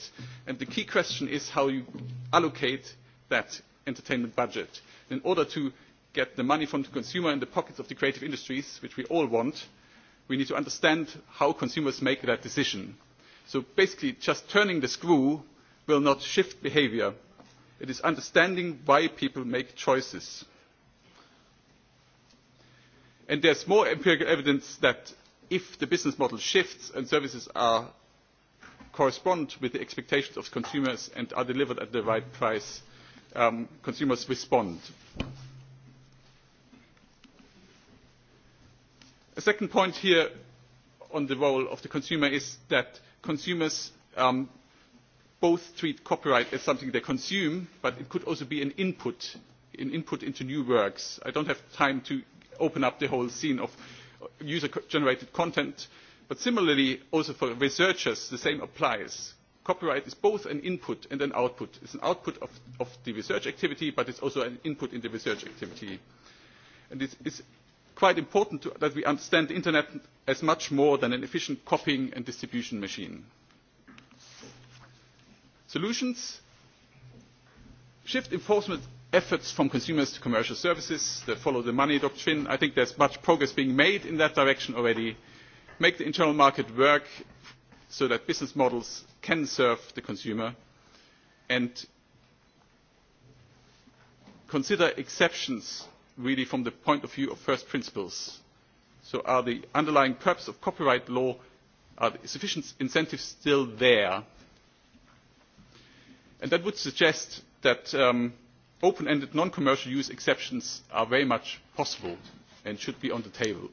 Speaker 12: and the key question is how you allocate that entertainment budget. in order to get the money from the consumer in the pockets of the creative industries which we all want we need to understand how consumers make that decision. so basically just turning the screw will not shift behaviour. it is understanding why people make choices and there is more empirical evidence that if the business model shifts and services correspond with the expectations of consumers and are delivered at the right price um, consumers respond. a second point here on the role of the consumer is that consumers um, both treat copyright as something they consume but it could also be an input an input into new works. i do not have time to open up the whole scene of user generated content but similarly also for researchers the same applies copyright is both an input and an output it's an output of, of the research activity but it's also an input in the research activity and it's, it's quite important to, that we understand the internet as much more than an efficient copying and distribution machine solutions shift enforcement efforts from consumers to commercial services the follow the money doctrine i think there is much progress being made in that direction already make the internal market work so that business models can serve the consumer and consider exceptions really from the point of view of first principles so are the underlying purpose of copyright law are sufficient incentives still there? And that would suggest that um, open ended non commercial use exceptions are very much possible and should be on the table.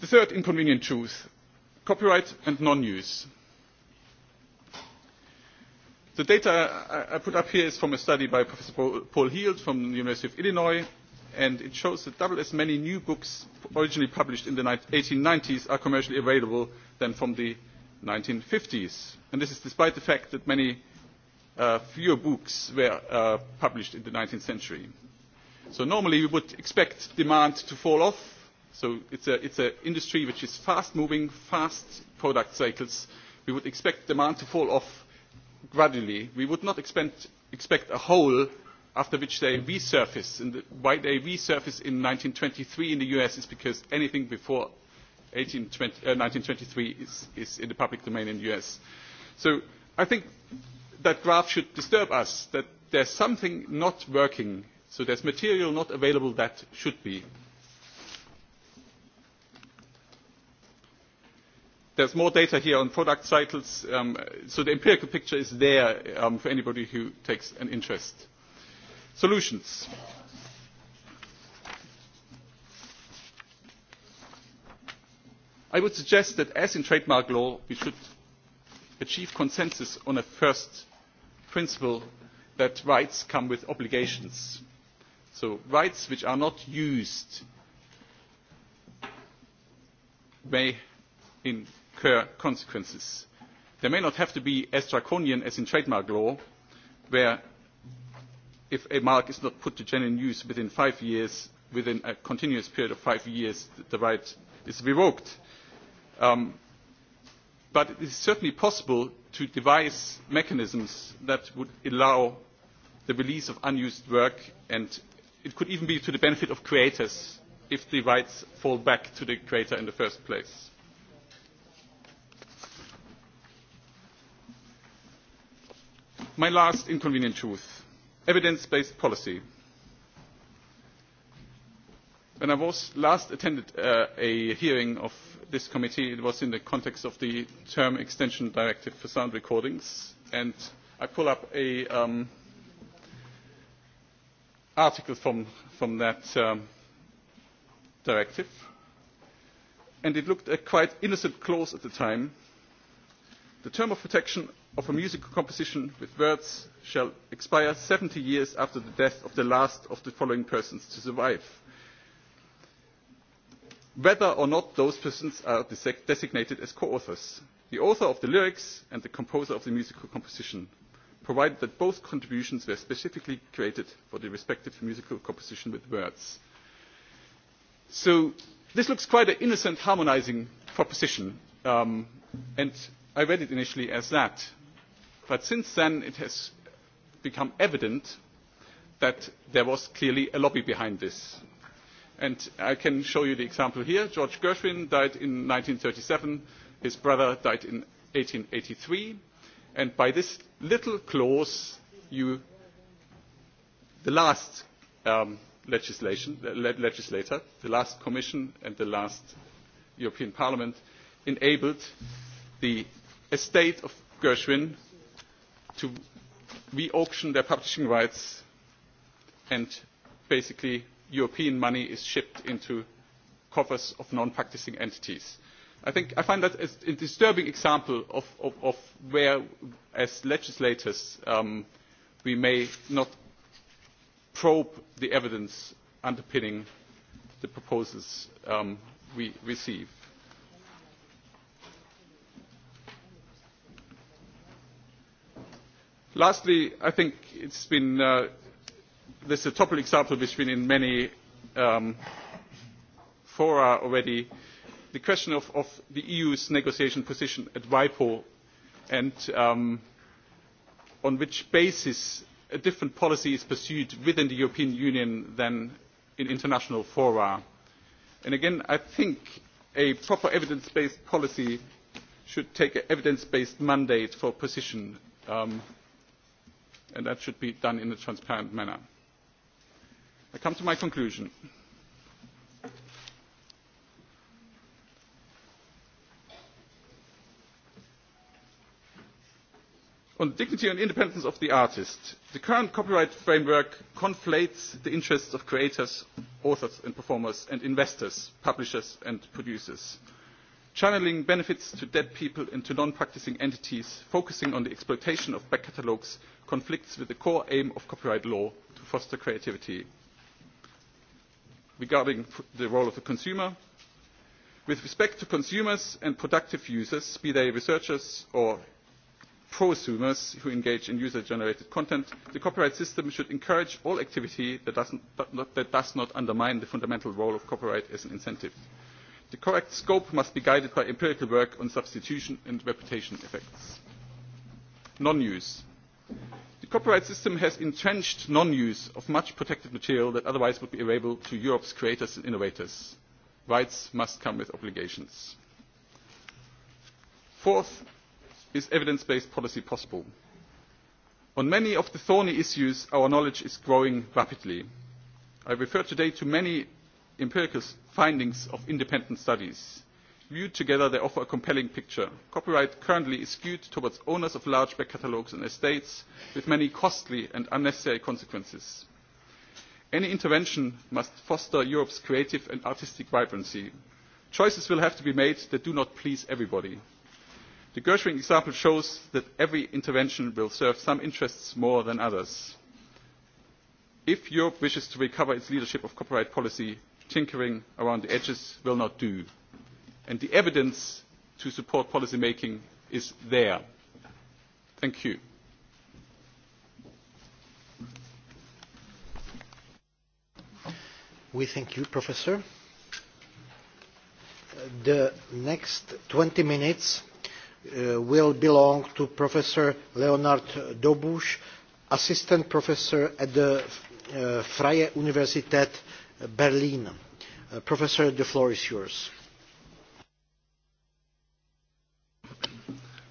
Speaker 12: the third inconvenient truth copyright and non use. the data i put up here is from a study by professor paul heald from the university of illinois and it shows that double as many new books originally published in the 1890s are commercially available than from the 1950s. And this is despite the fact that many Uh, fewer books were uh, published in the nineteenth century. So normally we would expect demand to fall off. So it is an industry which is fast moving, fast product cycles. We would expect demand to fall off gradually. We would not expect, expect a hole after which they resurface. And why they resurface in 1923 in the US is because anything before 1820, uh, 1923 is, is in the public domain in the US. So I think that graph should disturb us, that there is something not working. So there is material not available that should be. There is more data here on product cycles. Um, so the empirical picture is there um, for anybody who takes an interest. Solutions. I would suggest that as in trademark law, we should achieve consensus on a first principle that rights come with obligations. So rights which are not used may incur consequences. They may not have to be as draconian as in trademark law, where if a mark is not put to genuine use within five years, within a continuous period of five years, the right is revoked. Um, but it is certainly possible to devise mechanisms that would allow the release of unused work and it could even be to the benefit of creators if the rights fall back to the creator in the first place. My last inconvenient truth, evidence-based policy. When I was last attended uh, a hearing of this committee, it was in the context of the term extension directive for sound recordings. And I pull up an um, article from, from that um, directive. And it looked a quite innocent clause at the time. The term of protection of a musical composition with words shall expire 70 years after the death of the last of the following persons to survive whether or not those persons are designated as co authors the author of the lyrics and the composer of the musical composition provided that both contributions were specifically created for the respective musical composition with words. so this looks quite an innocent harmonising proposition um, and i read it initially as that but since then it has become evident that there was clearly a lobby behind this and i can show you the example here george gershwin died in one thousand nine hundred and thirty seven his brother died in one thousand eight hundred and eighty three and by this little clause you the last um, legislation, le legislator the last commission and the last european parliament enabled the estate of gershwin to re auction their publishing rights and basically European money is shipped into coffers of non practising entities. I, think, I find that a disturbing example of, where, as legislators, um, we may not probe the evidence underpinning the proposals um, we receive. lastly i think it has been uh, this is a topical example which has been in many um, fora already. The question of, of the EU's negotiation position at WIPO and um, on which basis a different policy is pursued within the European Union than in international fora. And again, I think a proper evidence-based policy should take an evidence-based mandate for position, um, and that should be done in a transparent manner. I come to my conclusion. on the dignity and independence of the artist the current copyright framework conflates the interests of creators authors and performers and investors publishers and producers channelling benefits to dead people and to non practising entities focusing on the exploitation of back catalogues conflicts with the core aim of copyright law to foster creativity regarding the role of the consumer. With respect to consumers and productive users, be they researchers or prosumers who engage in user-generated content, the copyright system should encourage all activity that, doesn't, that does not undermine the fundamental role of copyright as an incentive. The correct scope must be guided by empirical work on substitution and reputation effects. Non-use copyright system has entrenched non use of much protected material that otherwise would be available to europe's creators and innovators. rights must come with obligations. fourth is evidence based policy possible? on many of the thorny issues our knowledge is growing rapidly. i refer today to many empirical findings of independent studies viewed together they offer a compelling picture. copyright currently is skewed towards owners of large back catalogues and estates with many costly and unnecessary consequences. any intervention must foster europe's creative and artistic vibrancy. choices will have to be made that do not please everybody. the gershwin example shows that every intervention will serve some interests more than others. if europe wishes to recover its leadership of copyright policy tinkering around the edges will not do and the evidence to support policy making is there.
Speaker 1: Thank you. We thank you, Professor. The next 20 minutes uh, will belong to Professor Leonard Dobusch, Assistant Professor at the uh, Freie Universität Berlin. Uh, professor, the floor is yours.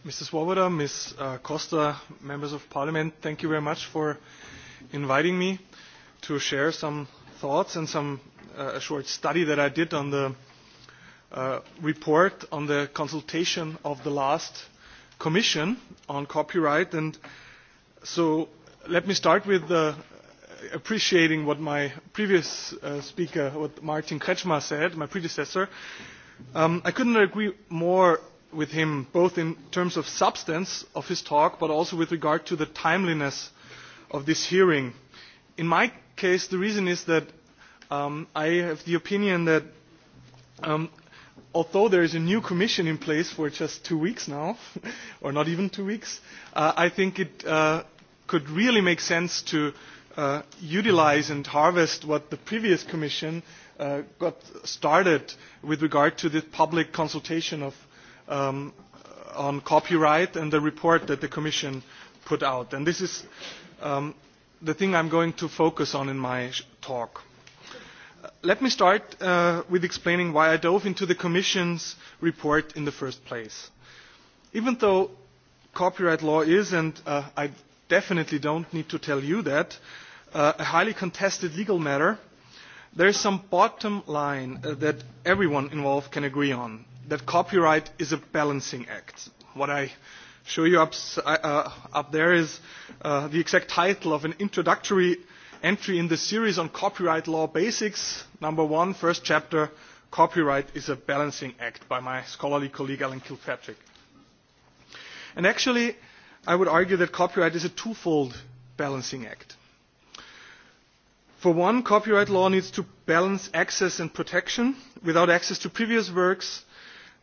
Speaker 1: Mr.
Speaker 13: Swoboda, Ms. Uh, Costa, members of parliament, thank you very much for inviting me to share some thoughts and some uh, a short study that I did on the uh, report on the consultation of the last commission on copyright. And so let me start with uh, appreciating what my previous uh, speaker, what Martin Kretschmer said, my predecessor. Um, I couldn't agree more with him both in terms of substance of his talk but also with regard to the timeliness of this hearing. In my case, the reason is that um, I have the opinion that um, although there is a new commission in place for just two weeks now, or not even two weeks, uh, I think it uh, could really make sense to uh, utilize and harvest what the previous commission uh, got started with regard to the public consultation of um, on copyright and the report that the Commission put out. And this is um, the thing I'm going to focus on in my talk. Uh, let me start uh, with explaining why I dove into the Commission's report in the first place. Even though copyright law is, and uh, I definitely don't need to tell you that, uh, a highly contested legal matter, there is some bottom line uh, that everyone involved can agree on that copyright is a balancing act. What I show you up, uh, uh, up there is uh, the exact title of an introductory entry in the series on copyright law basics, number one, first chapter, Copyright is a Balancing Act by my scholarly colleague Alan Kilpatrick. And actually, I would argue that copyright is a twofold balancing act. For one, copyright law needs to balance access and protection. Without access to previous works,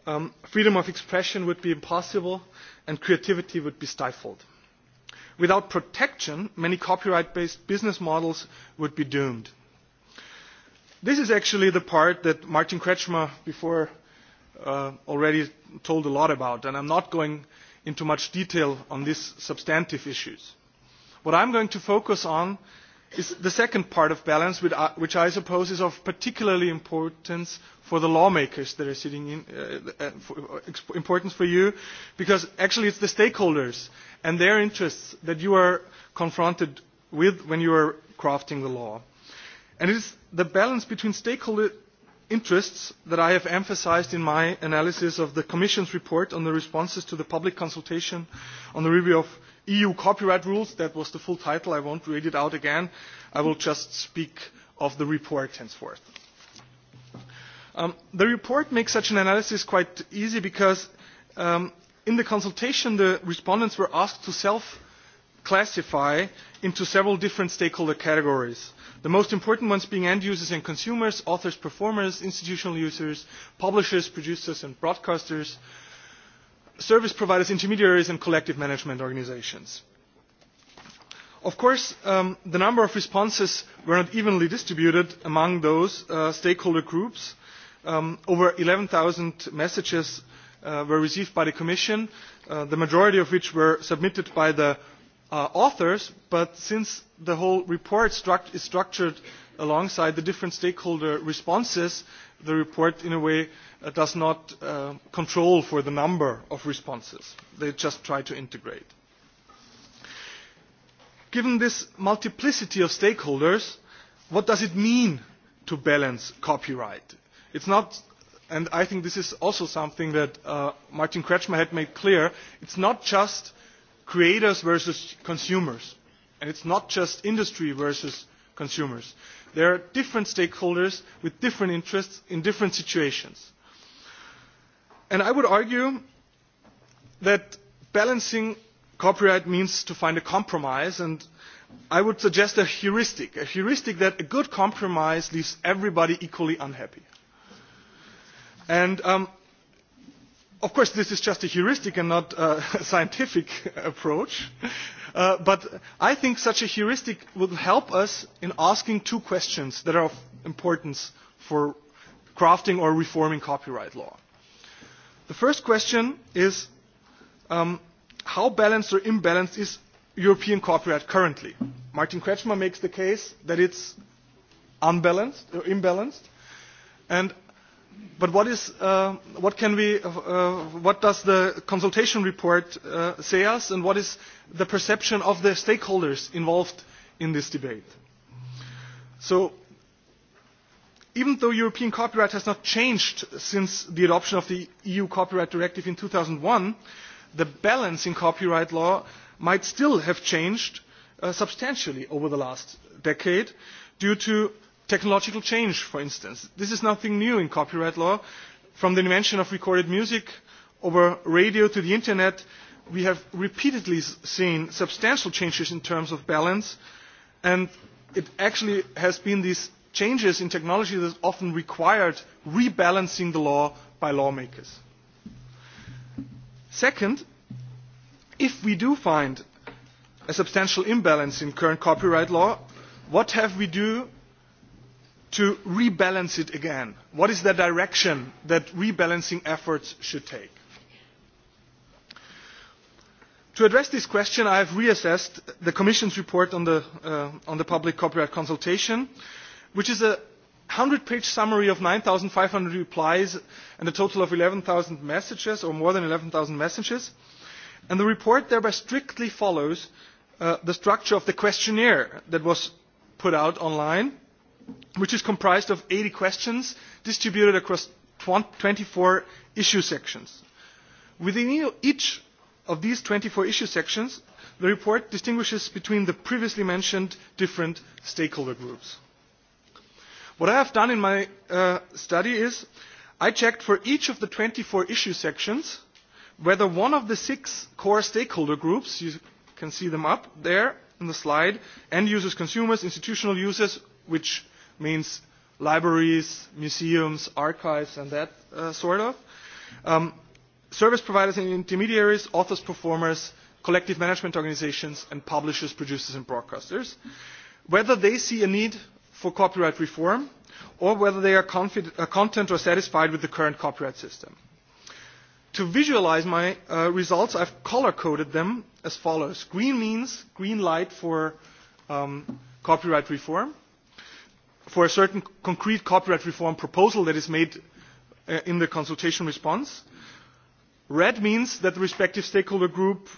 Speaker 13: um, freedom of expression would be impossible and creativity would be stifled. Without protection, many copyright-based business models would be doomed. This is actually the part that Martin Kretschmer before uh, already told a lot about, and I'm not going into much detail on these substantive issues. What I'm going to focus on is the second part of balance, uh, which I suppose is of particularly importance for the lawmakers that are sitting in, uh, uh for, uh, importance for you, because actually it's the stakeholders and their interests that you are confronted with when you are crafting the law. And it is the balance between stakeholder interests that I have emphasized in my analysis of the Commission's report on the responses to the public consultation on the review of EU copyright rules. That was the full title. I won't read it out again. I will just speak of the report henceforth. Um, the report makes such an analysis quite easy because um, in the consultation the respondents were asked to self-classify into several different stakeholder categories. The most important ones being end users and consumers, authors, performers, institutional users, publishers, producers and broadcasters, service providers, intermediaries, and collective management organizations. Of course, um, the number of responses were not evenly distributed among those uh, stakeholder groups. Um, over 11,000 messages uh, were received by the Commission, uh, the majority of which were submitted by the uh, authors, but since the whole report struct is structured alongside the different stakeholder responses, the report in a way Uh, does not uh, control for the number of responses. They just try to integrate. Given this multiplicity of stakeholders, what does it mean to balance copyright? It's not, and I think this is also something that uh, Martin Kretschmer had made clear, it's not just creators versus consumers, and it's not just industry versus consumers. There are different stakeholders with different interests in different situations And I would argue that balancing copyright means to find a compromise, and I would suggest a heuristic, a heuristic that a good compromise leaves everybody equally unhappy. And um, of course, this is just a heuristic and not a scientific approach, uh, but I think such a heuristic will help us in asking two questions that are of importance for crafting or reforming copyright law. The first question is um, how balanced or imbalanced is European copyright currently? Martin Kretschmer makes the case that it's unbalanced or imbalanced. And, but what, is, uh, what, can we, uh, what does the consultation report uh, say us and what is the perception of the stakeholders involved in this debate? So even though european copyright has not changed since the adoption of the eu copyright directive in two thousand and one the balance in copyright law might still have changed uh, substantially over the last decade due to technological change for instance. this is nothing new in copyright law. from the invention of recorded music over radio to the internet we have repeatedly seen substantial changes in terms of balance and it actually has been these changes in technology that often required rebalancing the law by lawmakers. Second, if we do find a substantial imbalance in current copyright law, what have we do to rebalance it again? What is the direction that rebalancing efforts should take? To address this question, I have reassessed the Commission's report on the, uh, on the public copyright consultation. Uh, which is a 100 page summary of 9,500 replies and a total of 11,000 messages, or more than 11,000 messages. And the report thereby strictly follows uh, the structure of the questionnaire that was put out online, which is comprised of 80 questions distributed across 24 issue sections. Within e-, each of these 24 issue sections, the report distinguishes between the previously mentioned different stakeholder groups. What I have done in my uh, study is I checked for each of the 24 issue sections whether one of the six core stakeholder groups, you can see them up there in the slide, end users, consumers, institutional users, which means libraries, museums, archives, and that uh, sort of, um, service providers and intermediaries, authors, performers, collective management organizations, and publishers, producers, and broadcasters, whether they see a need for copyright reform or whether they are uh, content or satisfied with the current copyright system. To visualize my uh, results, I've color-coded them as follows. Green means green light for um, copyright reform, for a certain concrete copyright reform proposal that is made uh, in the consultation response. Red means that the respective stakeholder group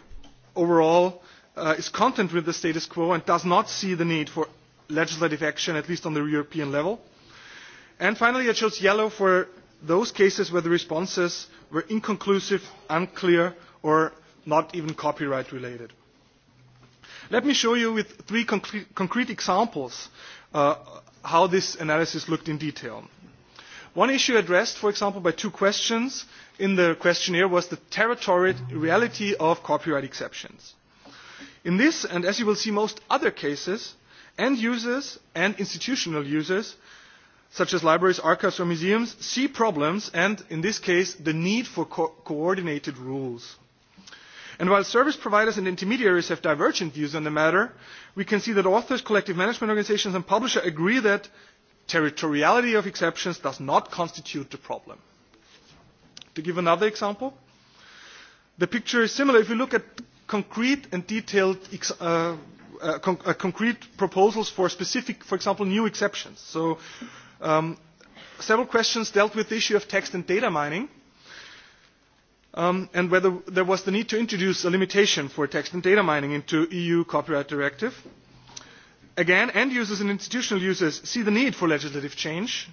Speaker 13: overall uh, is content with the status quo and does not see the need for legislative action, at least on the European level. And finally, it shows yellow for those cases where the responses were inconclusive, unclear, or not even copyright related. Let me show you with three concre concrete examples uh, how this analysis looked in detail. One issue addressed, for example, by two questions in the questionnaire was the territory reality of copyright exceptions. In this, and as you will see most other cases, End users and institutional users, such as libraries, archives or museums, see problems and, in this case, the need for co coordinated rules. And while service providers and intermediaries have divergent views on the matter, we can see that authors, collective management organizations and publishers agree that territoriality of exceptions does not constitute the problem. To give another example, the picture is similar if we look at concrete and detailed ex uh, uh, conc uh, concrete proposals for specific, for example, new exceptions. So um, several questions dealt with the issue of text and data mining. Um, and whether there was the need to introduce a limitation for text and data mining into EU copyright directive. Again, end users and institutional users see the need for legislative change,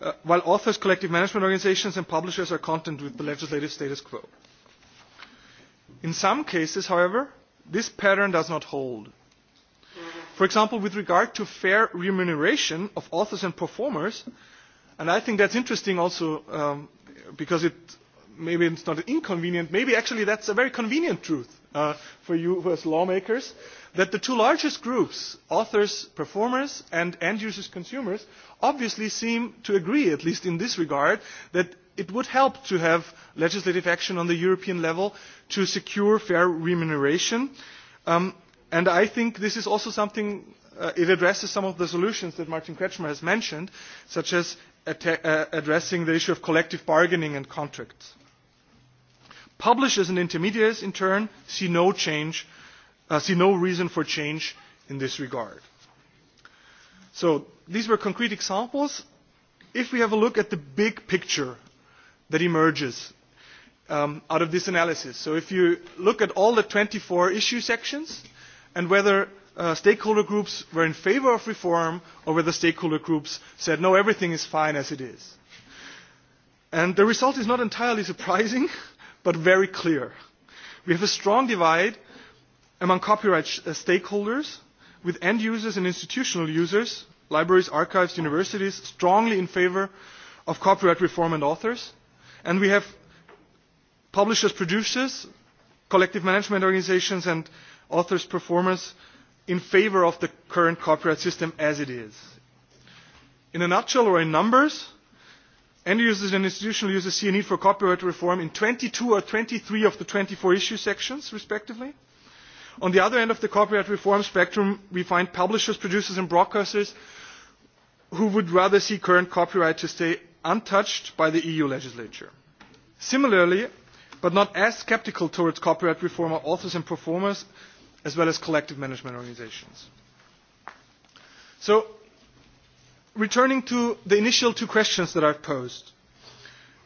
Speaker 13: uh, while authors, collective management organizations, and publishers are content with the legislative status quo. In some cases, however, this pattern does not hold. For example, with regard to fair remuneration of authors and performers, and I think that's interesting also um, because it maybe it's not inconvenient, maybe actually that's a very convenient truth uh, for you as lawmakers, that the two largest groups, authors, performers, and end users, consumers, obviously seem to agree, at least in this regard, that it would help to have legislative action on the European level to secure fair remuneration. Um, and i think this is also something uh, it addresses some of the solutions that martin kretschmer has mentioned such as uh, addressing the issue of collective bargaining and contracts publishers and intermediaries in turn see no change uh, see no reason for change in this regard so these were concrete examples if we have a look at the big picture that emerges um, out of this analysis so if you look at all the 24 issue sections and whether uh, stakeholder groups were in favor of reform or whether stakeholder groups said, no, everything is fine as it is. And the result is not entirely surprising, but very clear. We have a strong divide among copyright uh, stakeholders, with end users and institutional users, libraries, archives, universities, strongly in favor of copyright reform and authors. And we have publishers, producers, collective management organizations, and authors' performance in favor of the current copyright system as it is. In a nutshell or in numbers, end users and institutional users see a need for copyright reform in 22 or 23 of the 24 issue sections, respectively. On the other end of the copyright reform spectrum, we find publishers, producers and broadcasters who would rather see current copyright to stay untouched by the EU legislature. Similarly, but not as sceptical towards copyright reform are authors and performers as well as collective management organizations. So, returning to the initial two questions that I've posed,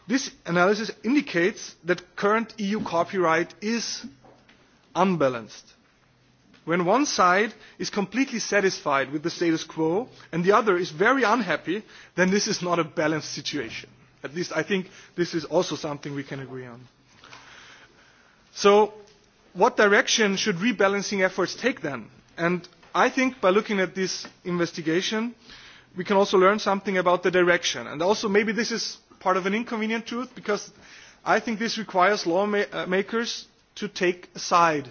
Speaker 13: this analysis indicates that current EU copyright is unbalanced. When one side is completely satisfied with the status quo and the other is very unhappy, then this is not a balanced situation. At least I think this is also something we can agree on. So what direction should rebalancing efforts take then? And I think by looking at this investigation, we can also learn something about the direction. And also maybe this is part of an inconvenient truth because I think this requires lawmakers to take a side.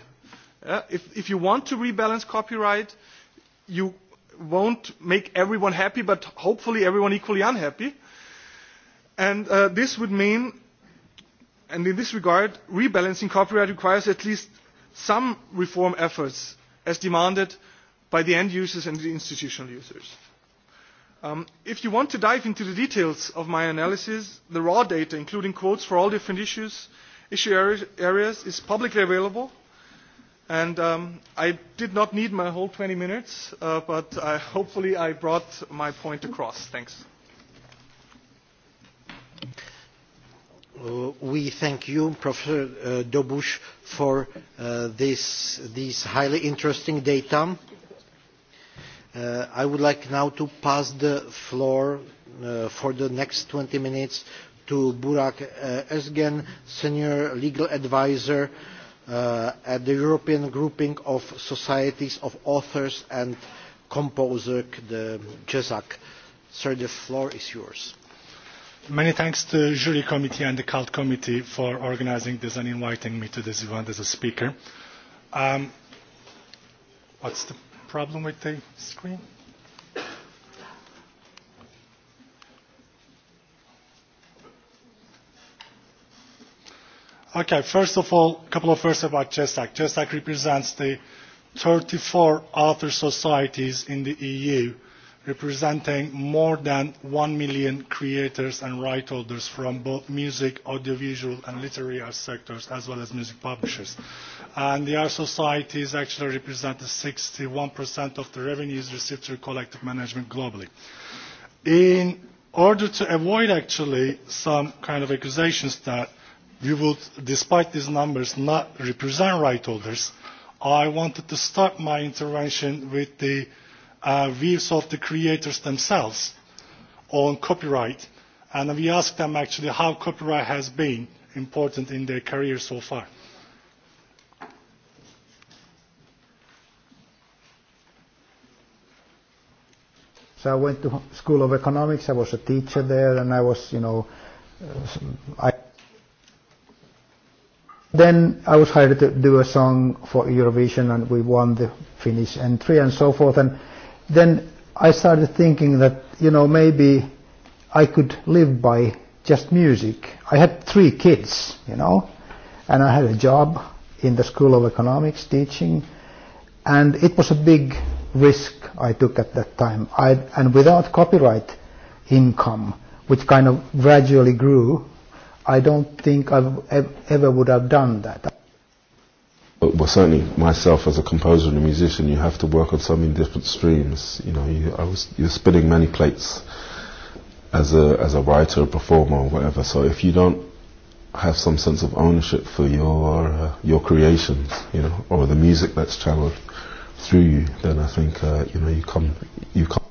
Speaker 13: Uh, if, if you want to rebalance copyright, you won't make everyone happy, but hopefully everyone equally unhappy. And uh, this would mean and in this regard rebalancing copyright requires at least some reform efforts as demanded by the end users and the institutional users. Um, if you want to dive into the details of my analysis, the raw data, including quotes for all different issues, issue areas, is publicly available. And um, I did not need my whole 20 minutes, uh, but I, uh, hopefully I brought my point across. Thanks.
Speaker 1: Uh, we thank you, Professor uh, Dobush, for uh, this, these highly interesting data. Uh, I would like now to pass the floor uh, for the next 20 minutes to Burak uh, Senior Legal Advisor uh, at the European Grouping of Societies of Authors and Composer, the JESAC. Sir, the floor is yours.
Speaker 14: Many thanks to the Jury Committee and the Cult Committee for organizing this and inviting me to this event as a speaker. Um, what's the problem with the screen? Okay, first of all, a couple of words about CESAC. CESAC represents the 34 author societies in the EU representing more than 1 million creators and right holders from both music, audiovisual and literary arts sectors, as well as music publishers. And the art societies actually represent 61% of the revenues received through collective management globally. In order to avoid actually some kind of accusations that we would, despite these numbers, not represent right holders, I wanted to start my intervention with the uh, views of the creators themselves on copyright. And we asked them actually how copyright has been important in their career so far.
Speaker 15: So I went to School of Economics. I was a teacher there, and I was, you know, uh, I. Then I was hired to do a song for Eurovision, and we won the Finnish entry and so forth. And then I started thinking that, you know, maybe I could live by just music. I had three kids, you know, and I had a job in the School of Economics teaching, and it was a big risk I took at that time. I'd, and without copyright income, which kind of gradually grew, I don't think I ever would have done that
Speaker 9: well, certainly myself as a composer and a musician, you have to work on so many different streams. You know, you, I was, you're spinning many plates as a as a writer, a performer, or whatever. So if you don't have some sense of ownership for your uh, your creations, you know, or the music that's channeled through you, then I think uh, you know you come you come.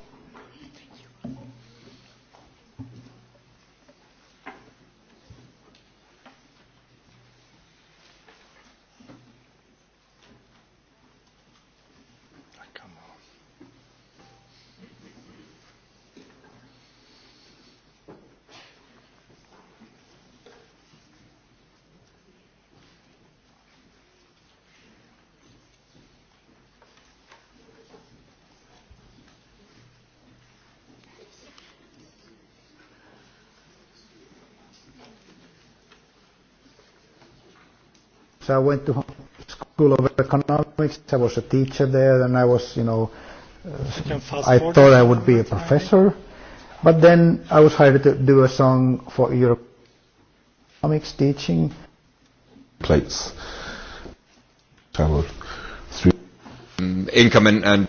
Speaker 15: So I went to School of Economics. I was a teacher there, and I was, you know, uh, I thought I would be a professor. But then I was hired to do a song for Europe economics teaching.
Speaker 9: Plates. Traveled through um, income and, and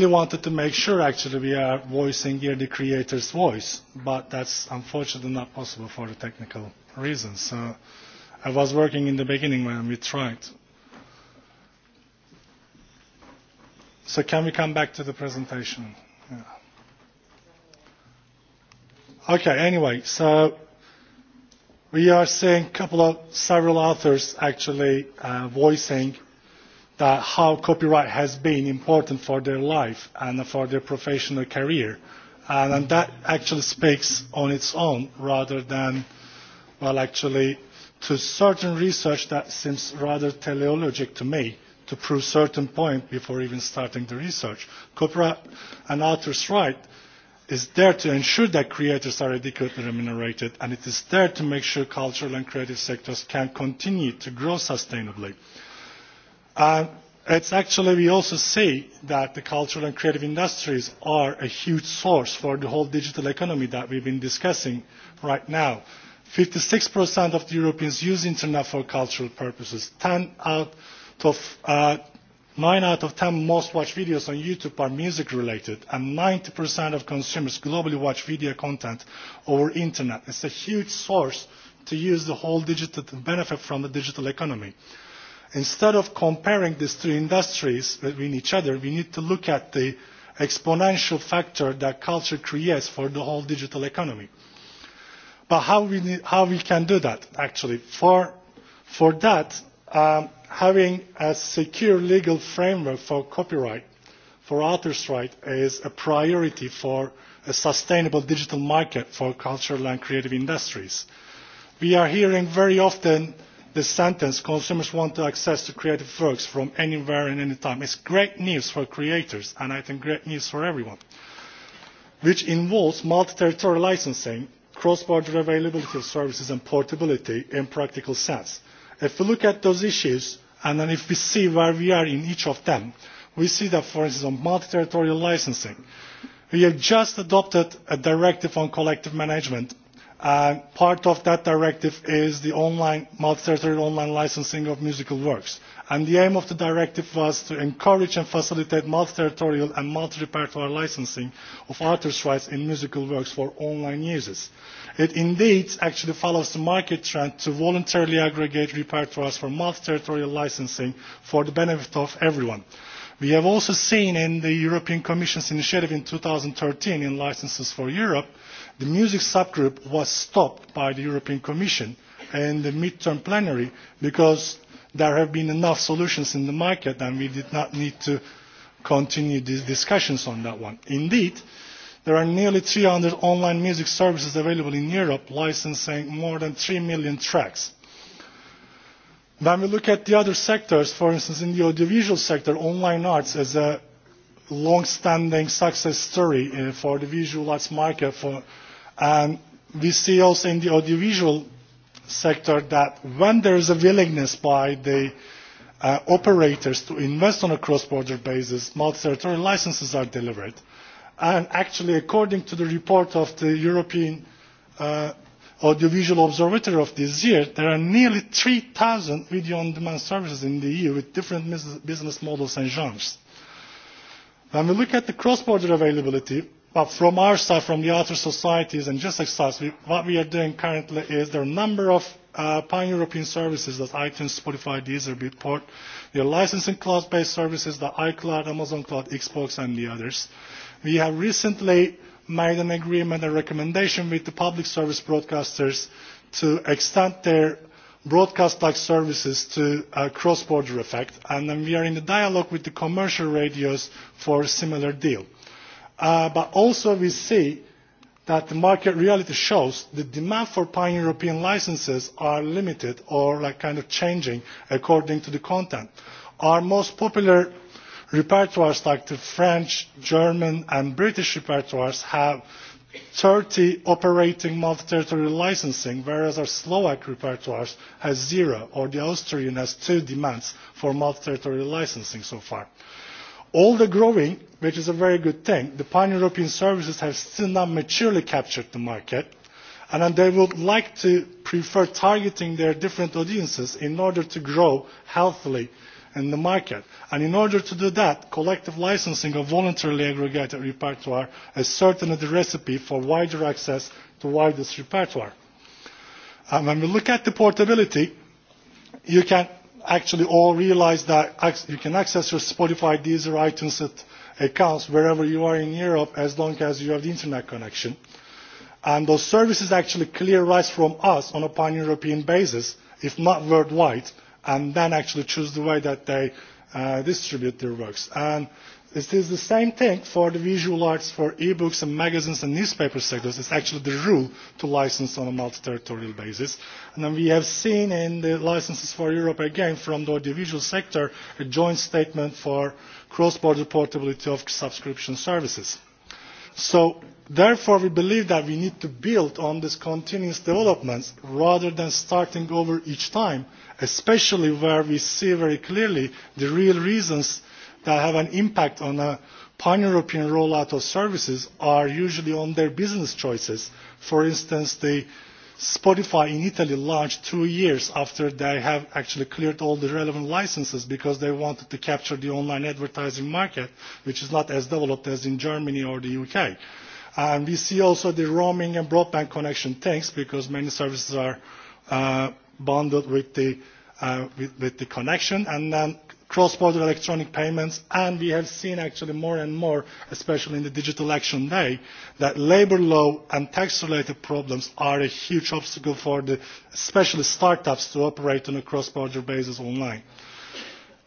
Speaker 14: really wanted to make sure actually we are voicing here the creator's voice, but that's unfortunately not possible for the technical reasons. So I was working in the beginning when we tried. So can we come back to the presentation? Yeah. Okay, anyway, so we are seeing a couple of several authors actually uh, voicing that how copyright has been important for their life and for their professional career. And, and that actually speaks on its own rather than, well, actually, to certain research that seems rather teleologic to me to prove certain point before even starting the research. Copyright and author's right is there to ensure that creators are adequately remunerated and it is there to make sure cultural and creative sectors can continue to grow sustainably. Uh, it's actually, we also see that the cultural and creative industries are a huge source for the whole digital economy that we've been discussing right now. 56% of the Europeans use internet for cultural purposes. 10 out of uh, Nine out of ten most watched videos on YouTube are music related and 90% of consumers globally watch video content over internet. It's a huge source to use the whole digital, to benefit from the digital economy. Instead of comparing these three industries between each other, we need to look at the exponential factor that culture creates for the whole digital economy. But how we, need, how we can do that, actually? For, for that, um, having a secure legal framework for copyright, for authors' right, is a priority for a sustainable digital market for cultural and creative industries. We are hearing very often the sentence consumers want to access to creative works from anywhere and anytime is great news for creators and i think great news for everyone which involves multi-territorial licensing cross-border availability of services and portability in practical sense. if we look at those issues and then if we see where we are in each of them we see that for instance on multi-territorial licensing we have just adopted a directive on collective management part of that directive is the online, multi-territorial online licensing of musical works. And the aim of the directive was to encourage and facilitate multi-territorial and multi-repertoire licensing of artists' rights in musical works for online uses. It indeed actually follows the market trend to voluntarily aggregate repertoires for multi-territorial licensing for the benefit of everyone. We have also seen in the European Commission's initiative in 2013 in Licenses for Europe the music subgroup was stopped by the european commission and the mid term plenary because there have been enough solutions in the market and we did not need to continue these discussions on that one. indeed there are nearly three hundred online music services available in europe licensing more than three million tracks. when we look at the other sectors for instance in the audiovisual sector online arts is a long standing success story eh, for the visual arts market for And we see also in the audiovisual sector that when there is a willingness by the uh, operators to invest on a cross-border basis, multi-territorial licenses are delivered. And actually, according to the report of the European uh, Audiovisual Observatory of this year, there are nearly 3,000 video-on-demand services in the EU with different business models and genres. When we look at the cross-border availability, But from our side, from the other societies and just exercise, we, what we are doing currently is there are a number of uh, pan-European services that iTunes, Spotify, Deezer, Bitport. There are licensing cloud-based services, the iCloud, Amazon Cloud, Xbox, and the others. We have recently made an agreement, a recommendation with the public service broadcasters to extend their broadcast-like services to a uh, cross-border effect. And then we are in the dialogue with the commercial radios for a similar deal. Uh, but also we see that the market reality shows the demand for pan-European licenses are limited or like kind of changing according to the content. Our most popular repertoires like the French, German and British repertoires have 30 operating multi-territorial licensing, whereas our Slovak repertoires has zero, or the Austrian has two demands for multi-territorial licensing so far. Uh, all the growing which is a very good thing the pan european services have still not maturely captured the market and they would like to prefer targeting their different audiences in order to grow healthily in the market. And in order to do that, collective licensing of voluntarily aggregated repertoire is certainly the recipe for wider access to widest repertoire. And when we look at the portability, you can actually all realize that you can access your Spotify, Deezer, iTunes accounts wherever you are in Europe as long as you have the internet connection. And those services actually clear rights from us on a pan-European basis, if not worldwide, and then actually choose the way that they uh, distribute their works. And It is the same thing for the visual arts, for e-books and magazines and newspaper sectors. It's actually the rule to license on a multi-territorial basis. And then we have seen in the licenses for Europe, again, from the audiovisual sector, a joint statement for cross-border portability of subscription services. So therefore, we believe that we need to build on this continuous developments rather than starting over each time, especially where we see very clearly the real reasons that have an impact on a pan-European rollout of services are usually on their business choices. For instance, the Spotify in Italy launched two years after they have actually cleared all the relevant licenses because they wanted to capture the online advertising market, which is not as developed as in Germany or the UK. And we see also the roaming and broadband connection tanks because many services are uh, bundled with the, uh, with, with the connection and then cross-border electronic payments, and we have seen actually more and more, especially in the Digital Action Day, that labour law and tax-related problems are a huge obstacle for the, especially startups to operate on a cross-border basis online.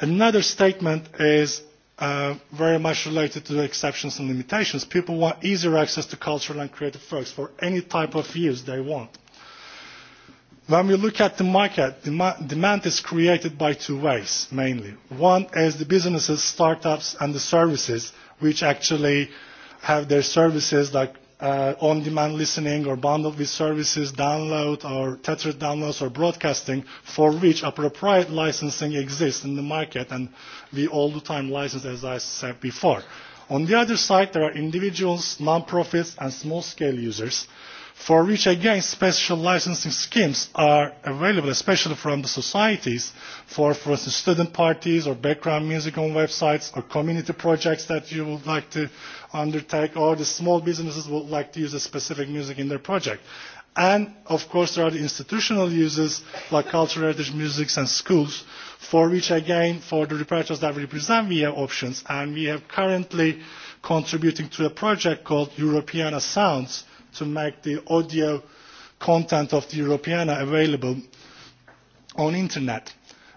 Speaker 14: Another statement is uh, very much related to exceptions and limitations. People want easier access to cultural and creative works for any type of use they want When we look at the market, demand is created by two ways mainly. One is the businesses, startups and the services which actually have their services like uh, on-demand listening or bundled with services, download or tethered downloads or broadcasting for which appropriate licensing exists in the market and we all the time license as I said before. On the other side, there are individuals, non-profits and small-scale users for which again special licensing schemes are available, especially from the societies, for, for instance, student parties or background music on websites or community projects that you would like to undertake or the small businesses would like to use a specific music in their project. And of course there are the institutional uses like cultural heritage musics and schools for which again for the repertoires that we present we have options and we have currently contributing to a project called Europeana Sounds to make the audio content of the Europeana available on internet.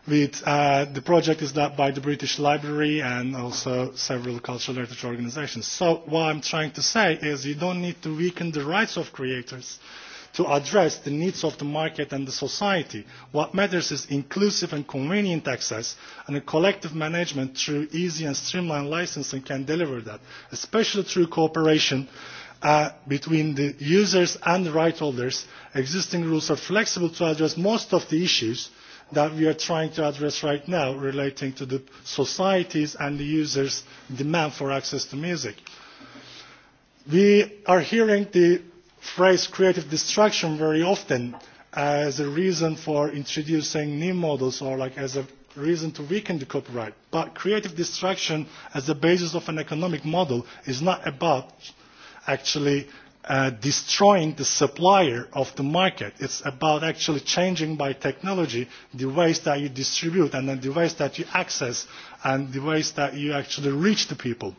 Speaker 14: With, uh, the project is led by the British Library and also several cultural heritage organizations. So what I'm trying to say is you don't need to weaken the rights of creators to address the needs of the market and the society. What matters is inclusive and convenient access, and a collective management through easy and streamlined licensing can deliver that, especially through cooperation uh, between the users and the right holders. Existing rules are flexible to address most of the issues that we are trying to address right now relating to the societies and the users' demand for access to music. We are hearing the phrase creative destruction very often as a reason for introducing new models or like as a reason to weaken the copyright. But creative destruction as the basis of an economic model is not about actually uh, destroying the supplier of the market. It's about actually changing by technology the ways that you distribute and then the ways that you access and the ways that you actually reach the people.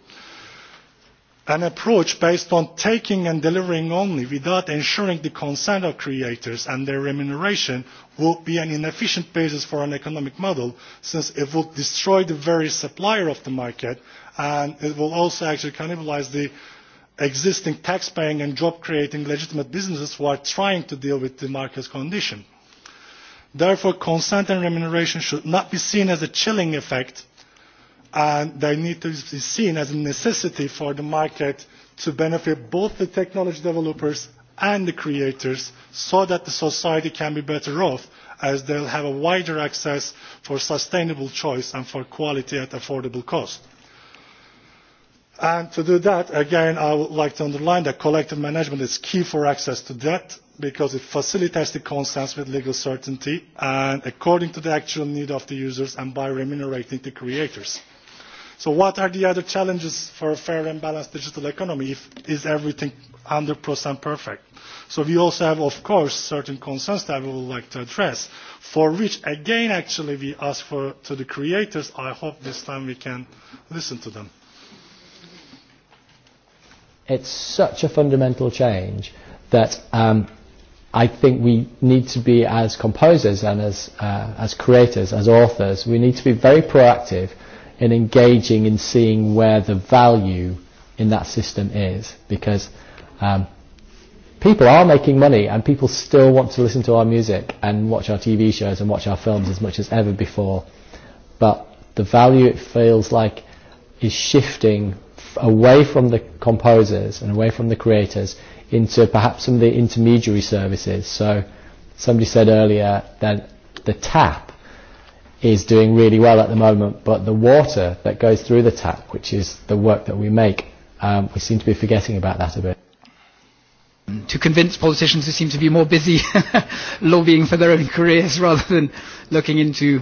Speaker 14: An approach based on taking and delivering only without ensuring the consent of creators and their remuneration would be an inefficient basis for an economic model since it would destroy the very supplier of the market and it will also actually cannibalize the existing tax paying and job creating legitimate businesses who are trying to deal with the market condition. Therefore, consent and remuneration should not be seen as a chilling effect and they need to be seen as a necessity for the market to benefit both the technology developers and the creators so that the society can be better off as they will have a wider access for sustainable choice and for quality at affordable cost. And to do that, again, I would like to underline that collective management is key for access to debt because it facilitates the consensus with legal certainty and according to the actual need of the users and by remunerating the creators. So what are the other challenges for a fair and balanced digital economy if is everything 100% perfect? So we also have, of course, certain concerns that we would like to address, for which, again, actually, we ask for, to the creators. I hope this time we can listen to them
Speaker 9: it's such a fundamental change that um, I think we need to be as composers and as uh, as creators, as authors, we need to be very proactive in engaging in seeing where the value in that system is, because um, people are making money and people still want to listen to our music and watch our TV shows and watch our films as much as ever before, but the value it feels like is shifting away from the composers and away from the creators into perhaps some of the intermediary services. So somebody said earlier that the tap is doing really well at the moment, but the water that goes through the tap, which is the work that we make, um, we seem to be forgetting about that a bit. To convince politicians who seem to be more busy lobbying for their own careers rather than looking into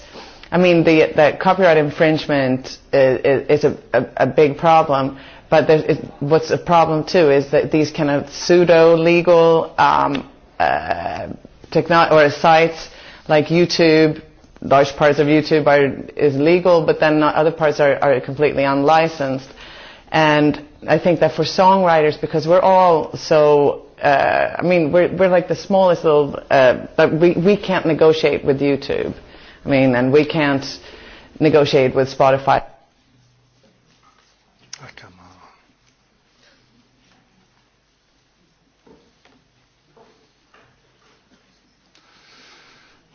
Speaker 16: I mean, the, the copyright infringement is, is a, a, a big problem, but there's, it, what's a problem too is that these kind of pseudo-legal um, uh, technology or sites like YouTube, large parts of YouTube are, is legal, but then not, other parts are, are completely unlicensed. And I think that for songwriters, because we're all so uh, I mean, we're, we're like the smallest little, uh, but we, we can't negotiate with YouTube. Uh, I mean, and we can't negotiate with Spotify.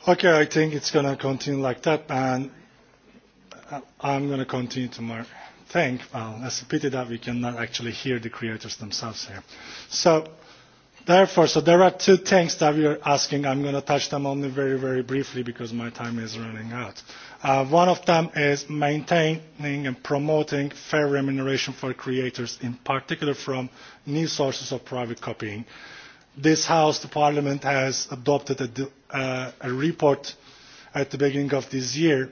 Speaker 14: Ah, okay, I think it's going to continue like that, and uh, I'm going to continue tomorrow. Thank, well, it's a pity that we cannot actually hear the creators themselves here. So. Therefore, so there are two things that we are asking. I'm going to touch them only very, very briefly because my time is running out. Uh, one of them is maintaining and promoting fair remuneration for creators, in particular from new sources of private copying. This House, the Parliament, has adopted a, uh, a report at the beginning of this year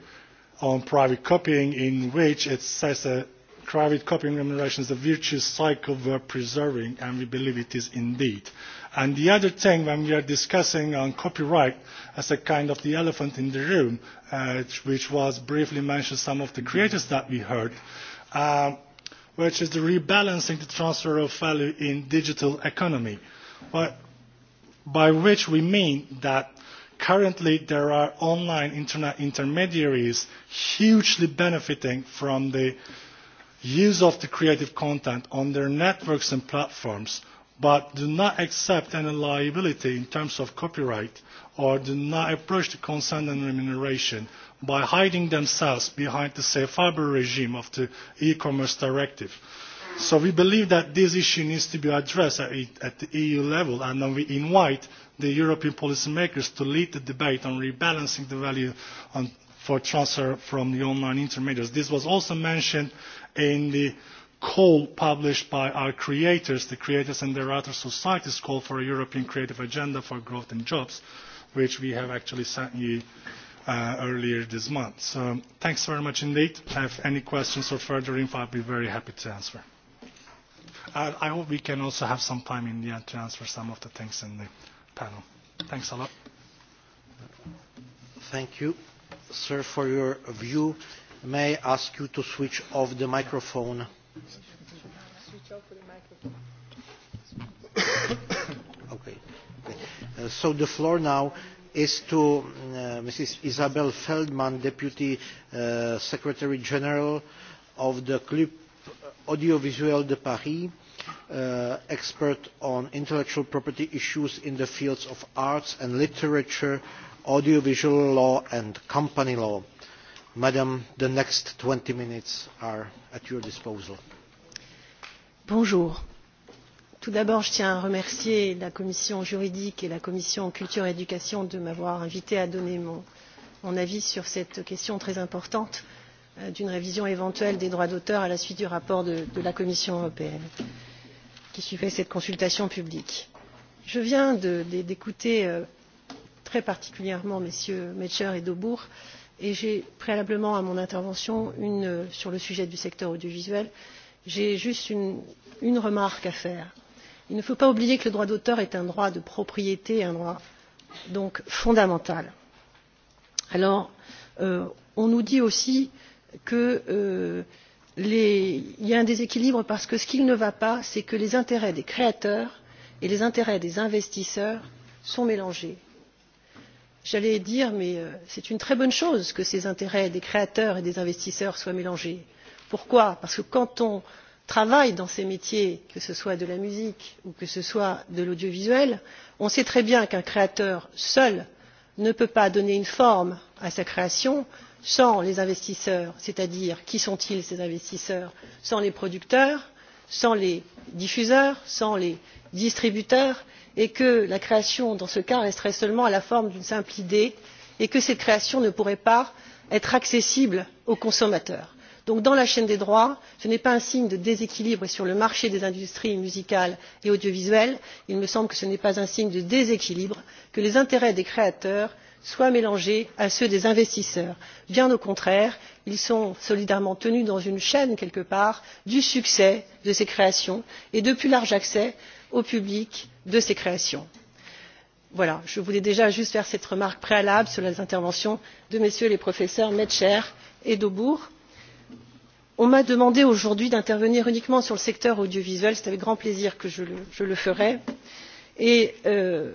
Speaker 14: on private copying in which it says a private copying remuneration is a virtuous cycle worth preserving, and we believe it is indeed. And the other thing, when we are discussing on copyright as a kind of the elephant in the room, uh, which was briefly mentioned some of the creators that we heard, uh, which is the rebalancing the transfer of value in digital economy, but by which we mean that currently there are online internet intermediaries hugely benefiting from the use of the creative content on their networks and platforms but do not accept any liability in terms of copyright or do not approach the consent and remuneration by hiding themselves behind the safe harbour regime of the e-commerce directive. So we believe that this issue needs to be addressed at, the EU level and we invite the European policymakers to lead the debate on rebalancing the value on, for transfer from the online intermediaries. This was also mentioned in the call published by our creators, the creators and their Writers societies call for a European creative agenda for growth and jobs, which we have actually sent you uh, earlier this month. So thanks very much indeed. If you have any questions or further info, I'd be very happy to answer. Uh, I hope we can also have some time in the end to answer some of the things in the
Speaker 1: panel. Thanks a lot. Thank you, sir, for your view may I ask you to switch off the microphone? okay. Uh, so the floor now is to uh, Mrs. Isabel Feldman, Deputy uh, Secretary General of the CLIP Audiovisuel de Paris, uh, expert on intellectual property issues in the fields of arts and literature, audiovisual law and company law. Tout
Speaker 17: d'abord, je tiens à remercier la commission juridique et la commission de la culture et de l'éducation de m'avoir invitée à donner mon, avis sur cette question très importante euh, d'une révision éventuelle des droits d'auteur à la suite du rapport de, la Commission européenne qui suivait cette consultation publique. Je viens d'écouter euh, très particulièrement mm. Metzger et Daubourg euh, et j'ai préalablement à mon intervention euh, sur le sujet du secteur audiovisuel j'ai juste une, remarque à faire il ne faut pas oublier que le droit d'auteur est un droit de propriété un droit donc fondamental. alors euh, on nous dit aussi qu'il euh, y a un déséquilibre parce que ce qui ne va pas c'est que les intérêts des créateurs et les intérêts des investisseurs sont mélangés j'allais dire mais euh, c'est une très bonne chose que ces intérêts des créateurs et des investisseurs soient mélangés. pourquoi? parce que quand on travaille dans ces métiers que ce soit de la musique ou que ce soit de l'audiovisuel on sait très bien qu'un créateur seul ne peut pas donner une forme à sa création sans les investisseurs c'est à dire qui sont ils ces investisseurs sans les producteurs sans les diffuseurs sans les distributeurs et que la création dans ce cas resterait seulement à la forme d'une simple idée et que cette création ne pourrait pas être accessible aux consommateurs. donc dans la chaîne des droits ce n'est pas un signe de déséquilibre sur le marché des industries musicales et audiovisuelles il me semble que ce n'est pas un signe de déséquilibre que les intérêts des créateurs soient mélangés à ceux des investisseurs bien au contraire ils sont solidairement tenus dans une chaîne quelque part du succès de ces créations et de plus larges accès au public de ses créations. voilà je voulais déjà juste faire cette remarque préalable sur les interventions de messieurs les professeurs metzger et daubourg. on m'a demandé aujourd'hui d'intervenir uniquement sur le secteur audiovisuel c'est avec grand plaisir que je le, je le ferai et euh,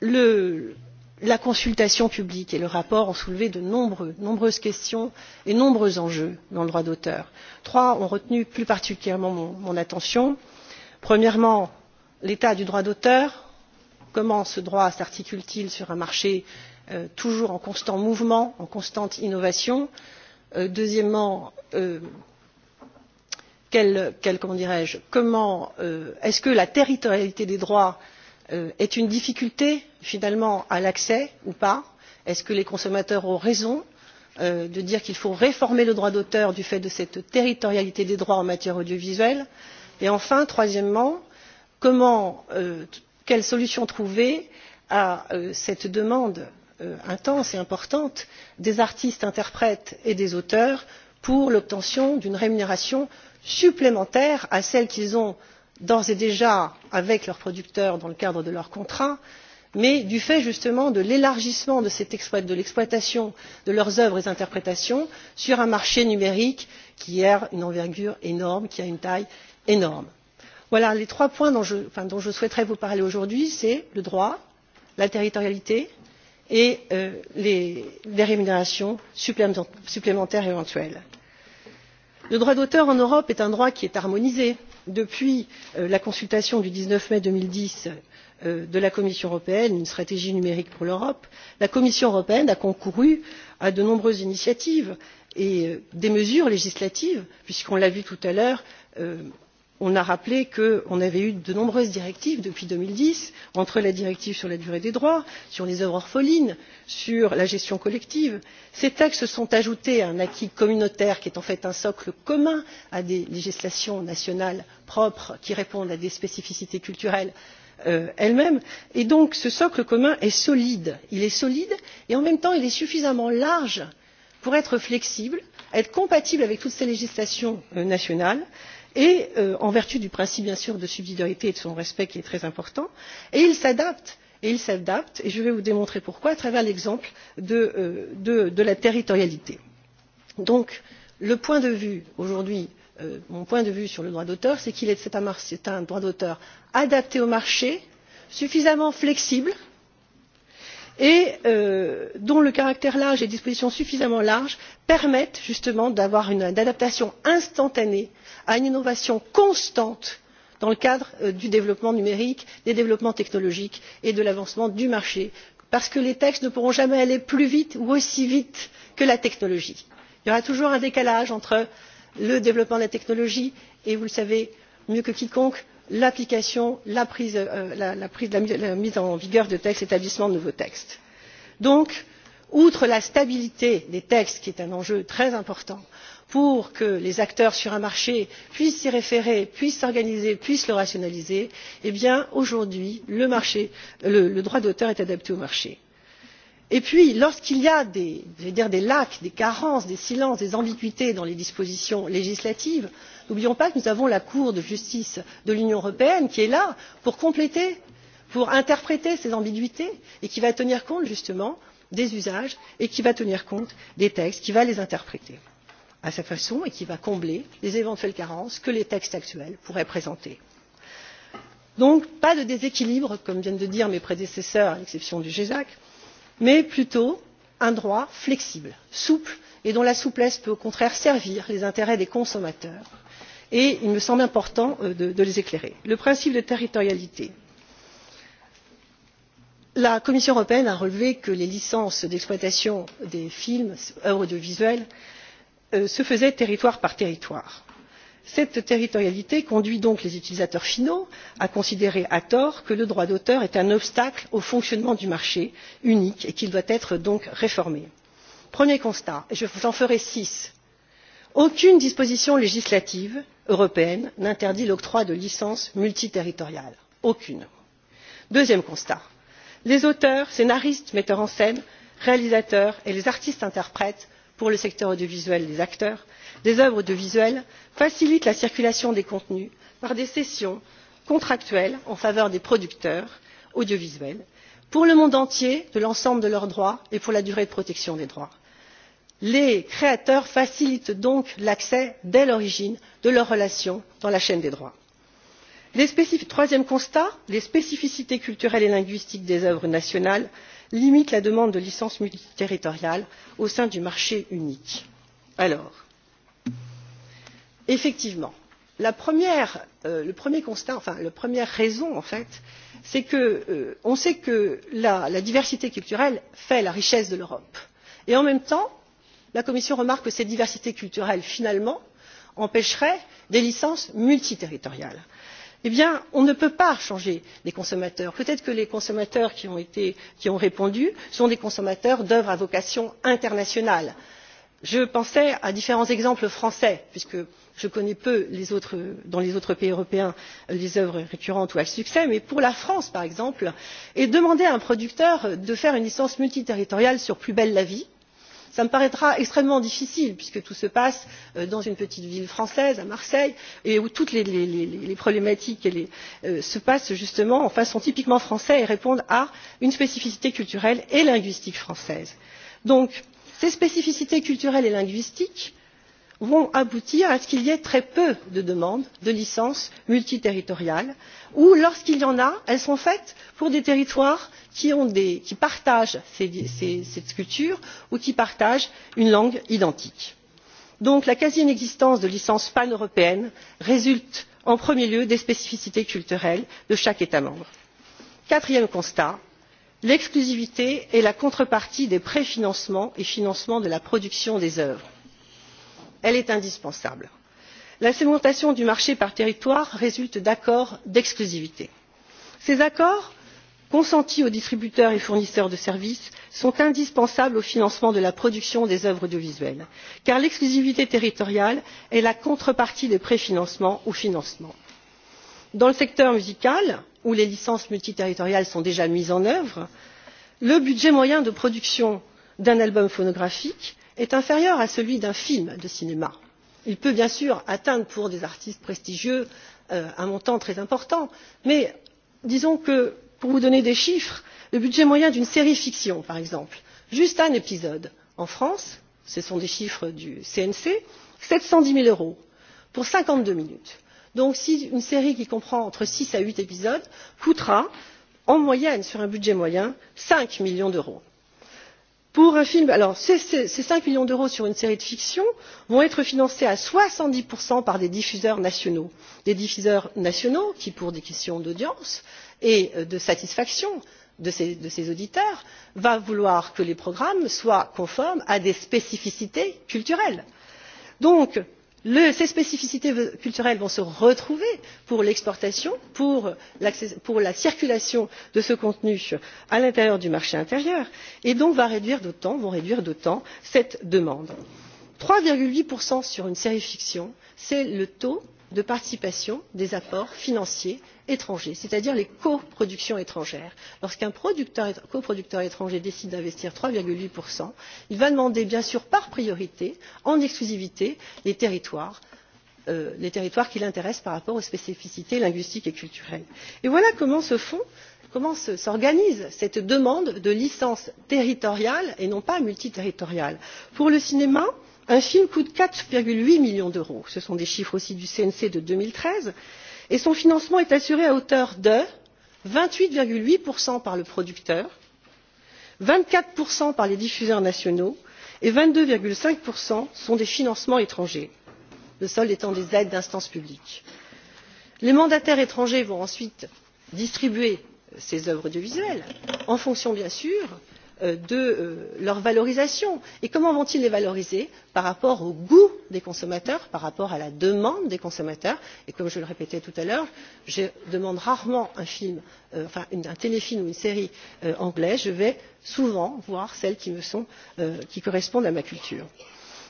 Speaker 17: le, la consultation publique et le rapport ont soulevé de nombreux, nombreuses questions et nombreux enjeux dans le droit d'auteur. trois ont retenu plus particulièrement mon, mon attention. premièrement premièrement l'état du droit d'auteur comment ce droit s'articule t il sur un marché euh, toujours en constant mouvement en constante innovation? Euh, deuxièmement euh, comment est ce que la territorialité des droits est une difficulté finalement à l'accès ou pas? est ce que les consommateurs ont raison de dire qu'il faut réformer le droit d'auteur du fait de cette territorialité des droits en matière audiovisuelle? et enfin troisièmement comment, euh, quelle solution trouver à euh, cette demande euh, intense et importante des artistes interprètes et des auteurs pour l'obtention d'une rémunération supplémentaire à celle qu'ils ont d'ores et déjà avec leurs producteurs dans le cadre de leur contrat mais du fait justement de l'élargissement de l'exploitation de leurs œuvres et interprétations sur un marché numérique qui a une envergure énorme qui a une taille énorme. voilà les trois points dont je, souhaiterais vous parler aujourd'hui le droit la territorialité et euh, les, rémunérations supplémentaires éventuelles. le droit d'auteur en europe est un droit qui est harmonisé depuis euh, la consultation du dix neuf mai deux mille dix euh, de la commission européenne une stratégie numérique pour l'europe la commission européenne a concouru à de nombreuses initiatives et des mesures législatives puisqu'on l'a vu tout à l'heure on a rappelé qu'on avait eu de nombreuses directives depuis deux mille dix entre la directive sur la durée des droits sur les œuvres orphelines sur la gestion collective. ces textes se sont ajoutés à un acquis communautaire qui est en fait un socle commun à des législations nationales propres qui répondent à des spécificités culturelles euh, elles mêmes et donc ce socle commun est solide. il est solide et en même temps il est suffisamment large pour être flexible être compatible avec toutes ces législations euh, nationales et et euh, en vertu du principe bien sûr de subsidiarité et de son respect qui est très important et il s'adapte et il s'adapte et je vais vous démontrer pourquoi à travers l'exemple de, euh, de, de la territorialité. donc le point de vue aujourd'hui euh, mon point de vue sur le droit d'auteur c'est qu'il est, est un droit d'auteur adapté au marché suffisamment flexible et euh, dont le caractère large et les dispositions suffisamment larges permettent justement d'avoir une adaptation instantanée à une innovation constante dans le cadre euh, du développement numérique des développements technologiques et de l'avancement du marché parce que les textes ne pourront jamais aller plus vite ou aussi vite que la technologie. il y aura toujours un décalage entre le développement de la technologie et vous le savez mieux que quiconque l'application la, euh, la, mise en vigueur de textes l'établissement de nouveaux textes. donc outre la stabilité des textes qui est un enjeu très important pour que les acteurs sur un marché puissent s'y référer puissent s'organiser puissent le rationaliser eh bien aujourd'hui le, droit d'auteur est adapté au marché. et puis lorsqu'il y a des, lacunes des carences des silences des ambiguïtés dans les dispositions législatives n'oublions pas que nous avons la cour de justice de l'union européenne qui est là pour compléter pour interpréter ces ambiguïtés et qui va tenir compte justement des usages et qui va tenir compte des textes qui va les interpréter à sa façon et qui va combler les éventuelles carences que les textes actuels pourraient présenter. donc pas de déséquilibre comme viennent de dire mes prédécesseurs à l'exception du gesac mais plutôt un droit flexible souple et dont la souplesse peut au contraire servir les intérêts des consommateurs et il me semble important euh, de, les éclairer. le principe de territorialité la commission européenne a relevé que les licences d'exploitation des films et œuvres audiovisuelles euh, se faisaient territoire par territoire. cette territorialité conduit donc les utilisateurs finaux à considérer à tort que le droit d'auteur est un obstacle au fonctionnement du marché unique et qu'il doit donc être réformé. premier constat et j'en ferai six aucune disposition législative européenne n'interdit l'octroi de licences multiterritoriales aucune. deuxième constat les auteurs scénaristes metteurs en scène réalisateurs et les artistes interprètes pour le secteur audiovisuel les acteurs des œuvres audiovisuelles facilitent la circulation des contenus par des cessions contractuelles en faveur des producteurs audiovisuels pour le monde entier de l'ensemble de leurs droits et pour la durée de protection des droits les créateurs facilitent donc l'accès dès l'origine de leurs relations dans la chaîne des droits. troisième constat les spécificités culturelles et linguistiques des œuvres nationales limitent la demande de licences multiterritoriales au sein du marché unique. effectivement la première, euh, le premier constat enfin la première raison en fait c'est que euh, sait que la diversité culturelle fait la richesse de l'europe et en même temps la commission remarque que cette diversité culturelle finalement empêcherait des licences multiterritoriales. eh bien on ne peut pas changer les consommateurs. peut être que les consommateurs qui ont répondu sont des consommateurs d'œuvres à vocation internationale. je pensais à différents exemples français puisque je connais peu dans les autres pays européens les œuvres récurrentes ou à succès mais pour la france par exemple demander à un producteur de faire une licence multiterritoriale sur plus belle la vie cela me paraîtra extrêmement difficile puisque tout se passe euh, dans une petite ville française à marseille et où toutes les, problématiques euh, se passent justement de façon typiquement française et répondent à une spécificité culturelle et linguistique française. ces spécificités culturelles et linguistiques vont aboutir à ce qu'il y ait très peu de demandes de licences multiterritoriales ou lorsqu'il y en a elles sont faites pour des territoires qui, partagent cette culture ou qui partagent une langue identique. donc la quasi inexistence de licences paneuropéennes résulte en premier lieu des spécificités culturelles de chaque état membre. quatrième constat l'exclusivité est la contrepartie des préfinancements et financements de la production des œuvres elle est indispensable. la segmentation du marché par territoire résulte d'accords d'exclusivité. ces accords consentis aux distributeurs et fournisseurs de services sont indispensables au financement de la production des œuvres audiovisuelles car l'exclusivité territoriale est la contrepartie des préfinancements ou financements. dans le secteur musical où les licences multiterritoriales sont déjà mises en œuvre le budget moyen de production d'un album phonographique est inférieur à celui d'un film de cinéma. il peut bien sûr atteindre pour des artistes prestigieux euh, un montant très important mais disons que pour vous donner des chiffres le budget moyen d'une série fiction par exemple juste un épisode en france ce sont des chiffres du cnc sept cent dix zéro euros pour cinquante deux minutes. donc une série qui comprend entre six et huit épisodes coûtera en moyenne sur un budget moyen cinq millions d'euros pour un film alors ces cinq millions d'euros sur une série de fiction vont être financés à soixante dix par des diffuseurs nationaux des diffuseurs nationaux qui pour des questions d'audience et euh, de satisfaction de ses auditeurs vont vouloir que les programmes soient conformes à des spécificités culturelles. par conséquent ces spécificités culturelles vont se retrouver pour l'exportation pour, la circulation de ce contenu à l'intérieur du marché intérieur et donc vont réduire d'autant cette demande. trois huit sur une série fiction c'est le taux de participation des apports financiers étrangers c'est à dire les coproductions étrangères. lorsqu'un coproducteur étranger décide d'investir trois huit il va demander bien sûr par priorité en exclusivité euh, les territoires qui l'intéressent par rapport aux spécificités linguistiques et culturelles. et voilà se comment s'organise cette demande de licence territoriale et non pas multiterritoriale. pour le cinéma un film coûte quatre huit millions d'euros ce sont des chiffres aussi du cnc de deux mille treize et son financement est assuré à hauteur de vingt huit huit par le producteur vingt quatre par les diffuseurs nationaux et vingt deux cinq sont des financements étrangers le solde étant des aides d'instances publiques. les mandataires étrangers vont ensuite distribuer ces œuvres audiovisuelles en fonction bien sûr de euh, leur valorisation et comment vont ils les valoriser? par rapport au goût des consommateurs par rapport à la demande des consommateurs et comme je le répétais tout à l'heure je demande rarement un, euh, téléfilm ou une série euh, anglais je vais souvent voir celles qui, me sont, qui correspondent à ma culture.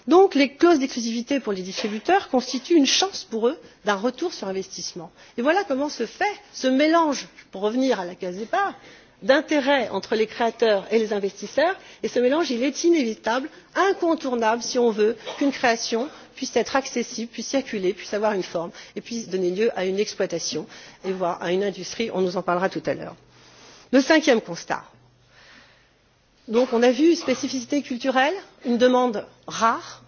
Speaker 17: donc les clauses d'exclusivité pour les distributeurs constituent une chance pour eux d'un retour sur investissement et voilà comment se fait ce mélange pour revenir à la case départ d'intérêts entre les créateurs et les investisseurs et ce mélange est inévitable incontournable si on veut qu'une création puisse être accessible puisse circuler puisse avoir une forme et puisse donner lieu à une exploitation voire à une industrie on nous en parlera tout à l'heure. le cinquième constat donc on a vu spécificité culturelle une demande rare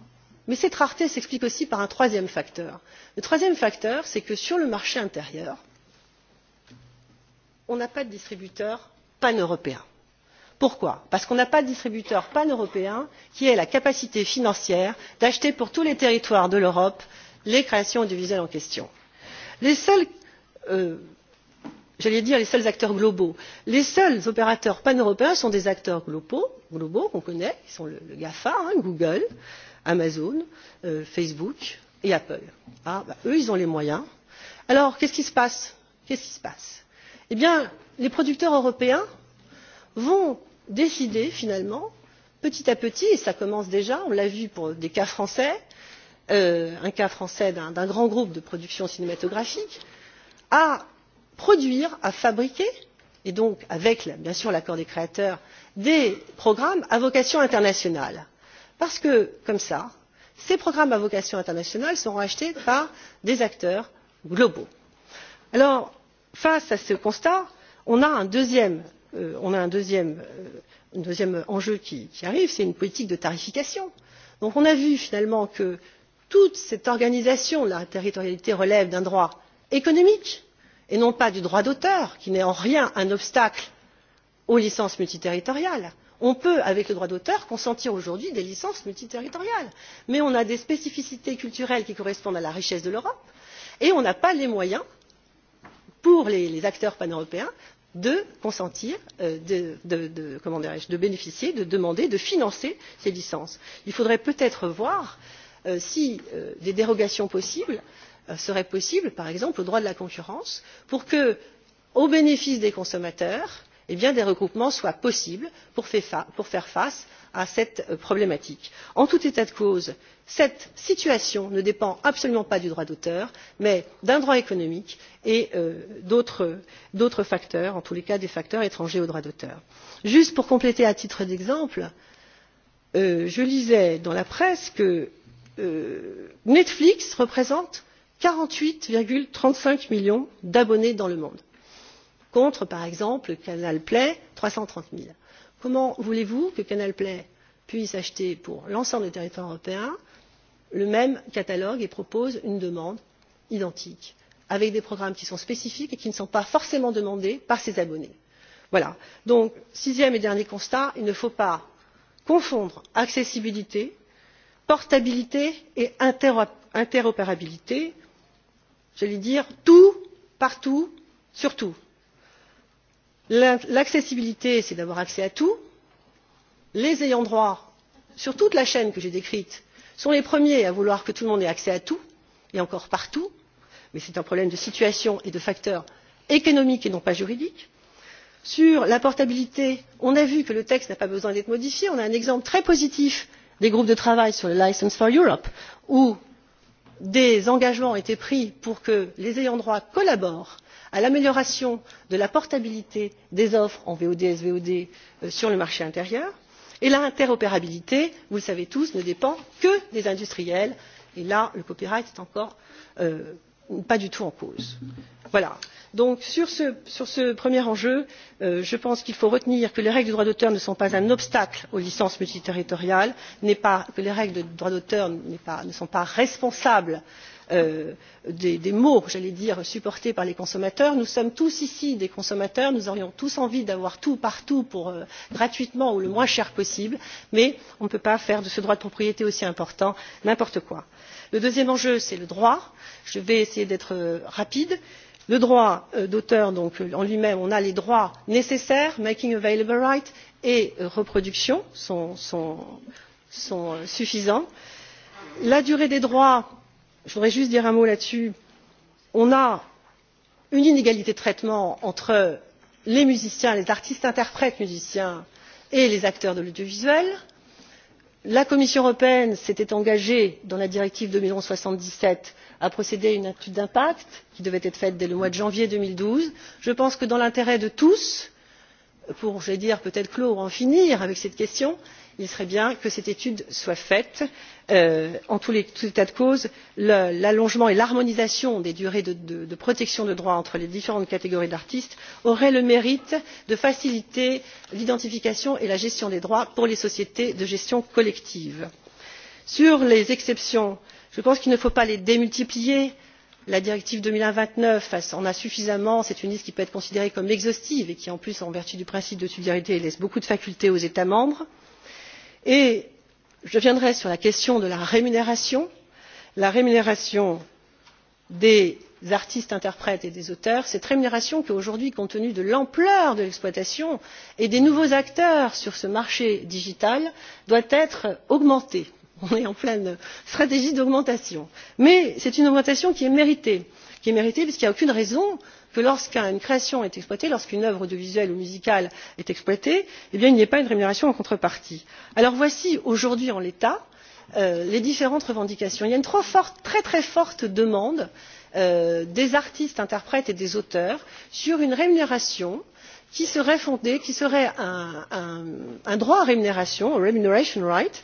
Speaker 17: mais cette rareté s'explique aussi par un troisième facteur. le troisième facteur c'est que sur le marché intérieur on n'a pas de distributeurs paneuropéen. pourquoi? parce qu'on n'a pas de distributeur paneuropéen qui ait la capacité financière d'acheter pour tous les territoires de l'europe les créations audiovisuelles en question. les seuls euh, acteurs globaux les seuls opérateurs paneuropéens sont des acteurs globaux, globaux qu'on connaît qui sont les gafa google amazon euh, facebook et apple. Ah, eux ils ont les moyens. alors qu'est ce qui se passe? qu'est ce qui se passe? eh bien les producteurs européens vont décider finalement petit à petit et cela commence déjà on l'a vu pour des cas français euh, un cas français d'un grand groupe de production cinématographique à produire à fabriquer et donc avec bien sûr l'accord des créateurs des programmes à vocation internationale parce que comme cela ces programmes à vocation internationale seront achetés par des acteurs globaux. face à ce constat on a euh, euh, un deuxième, enjeu qui, qui arrive c'est une politique de tarification. donc on a vu finalement que toute cette organisation de la territorialité relève d'un droit économique et non pas du droit d'auteur qui n'est en rien un obstacle aux licences multiterritoriales. on peut avec le droit d'auteur consentir aujourd'hui des licences multiterritoriales mais on a des spécificités culturelles qui correspondent à la richesse de l'europe et on n'a pas les moyens pour les acteurs paneuropéens de consentir euh, de, bénéficier de demander de financer ces licences. il faudrait peut être voir euh, si euh, des dérogations possibles, seraient possibles par exemple au droit de la concurrence pour que au bénéfice des consommateurs Eh des regroupements soient possibles pour faire face à cette euh, problématique. en tout état de cause cette situation ne dépend absolument pas du droit d'auteur mais d'un droit économique et euh, d'autres facteurs en tous les cas des facteurs étrangers au droit d'auteur. juste pour compléter à titre d'exemple euh, je lisais dans la presse que netflix représente quarante huit trente cinq millions d'abonnés dans le monde contre par exemple canal play trois cent trente zéro comment voulez vous que canal play puisse acheter pour l'ensemble du territoire européen le même catalogue et propose une demande identique avec des programmes qui sont spécifiques et qui ne sont pas forcément demandés par ses abonnés? Voilà. donc sixième et dernier constat il ne faut pas confondre accessibilité portabilité et interopérabilité j'allais dire tout partout surtout l'accessibilité c'est d'avoir accès à tout les ayants droit sur toute la chaîne que j'ai décrite sont les premiers à vouloir que tout le monde ait accès à tout et encore partout mais c'est un problème de situation et de facteurs économiques et non pas juridiques. sur la portabilité on a vu que le texte n'a pas besoin d'être modifié on a un exemple très positif des groupes de travail sur le licence for europe où des engagements ont été pris pour que les ayants droit collaborent à l'amélioration de la portabilité des offres en vod svod euh, sur le marché intérieur et l'interopérabilité vous le savez tous ne dépend que des industriels et là le copyright n'est encore euh, pas du tout en cause. Voilà. Donc, sur, ce, premier enjeu euh, je pense qu'il faut retenir que les règles du droit d'auteur ne sont pas un obstacle aux licences multiterritoriales que les règles de droit d'auteur ne sont pas responsables Euh, des, maux j'allais dire supportés par les consommateurs nous sommes tous ici des consommateurs nous aurions tous envie d'avoir tout partout euh, gratuitement ou le moins cher possible mais on ne peut pas faire de ce droit de propriété aussi important n'importe quoi. le deuxième enjeu c'est le droit je vais essayer d'être euh, rapide le droit d'auteur donc en lui même on a les droits nécessaires making available rights et reproduction sont suffisants la durée des droits je voudrais juste dire un mot là dessus on a une inégalité de traitement entre les musiciens les artistes interprètes musiciens et les acteurs de l'audiovisuel. la commission européenne s'était engagée dans la directive deux mille onze soixante dix sept à procéder à une étude d'impact qui devait être faite dès le mois de janvier. deux mille douze je pense que dans l'intérêt de tous pour j'allais dire peut être clore ou en finir avec cette question il il serait bien que cette étude soit faite. Euh, en tout état de cause l'allongement et l'harmonisation des durées de, de, de protection des droits entre les différentes catégories d'artistes auraient le mérite de faciliter l'identification et la gestion des droits pour les sociétés de gestion collective. sur les exceptions je pense qu'il ne faut pas les démultiplier la directive deux mille un vingt neuf en a suffisamment c'est une liste qui peut être considérée comme exhaustive et qui en plus en vertu du principe de subsidiarité laisse beaucoup de facultés aux états membres et je viendrai sur la question de la rémunération la rémunération des artistes interprètes et des auteurs cette rémunération qui aujourd'hui compte tenu de l'ampleur de l'exploitation et des nouveaux acteurs sur ce marché numérique doit être augmentée on est en pleine stratégie d'augmentation mais c'est une augmentation qui est méritée qui est méritée puisqu'il n'y a aucune raison que lorsqu'une création est exploitée lorsqu'une œuvre audiovisuelle ou musicale est exploitée eh il n'y ait pas une rémunération en contrepartie. alors voici aujourd'hui en l'état euh, les différentes revendications. il y a une très forte demande euh, des artistes interprètes et des auteurs sur une rémunération qui serait fondée qui serait un droit à rémunération un remuneration right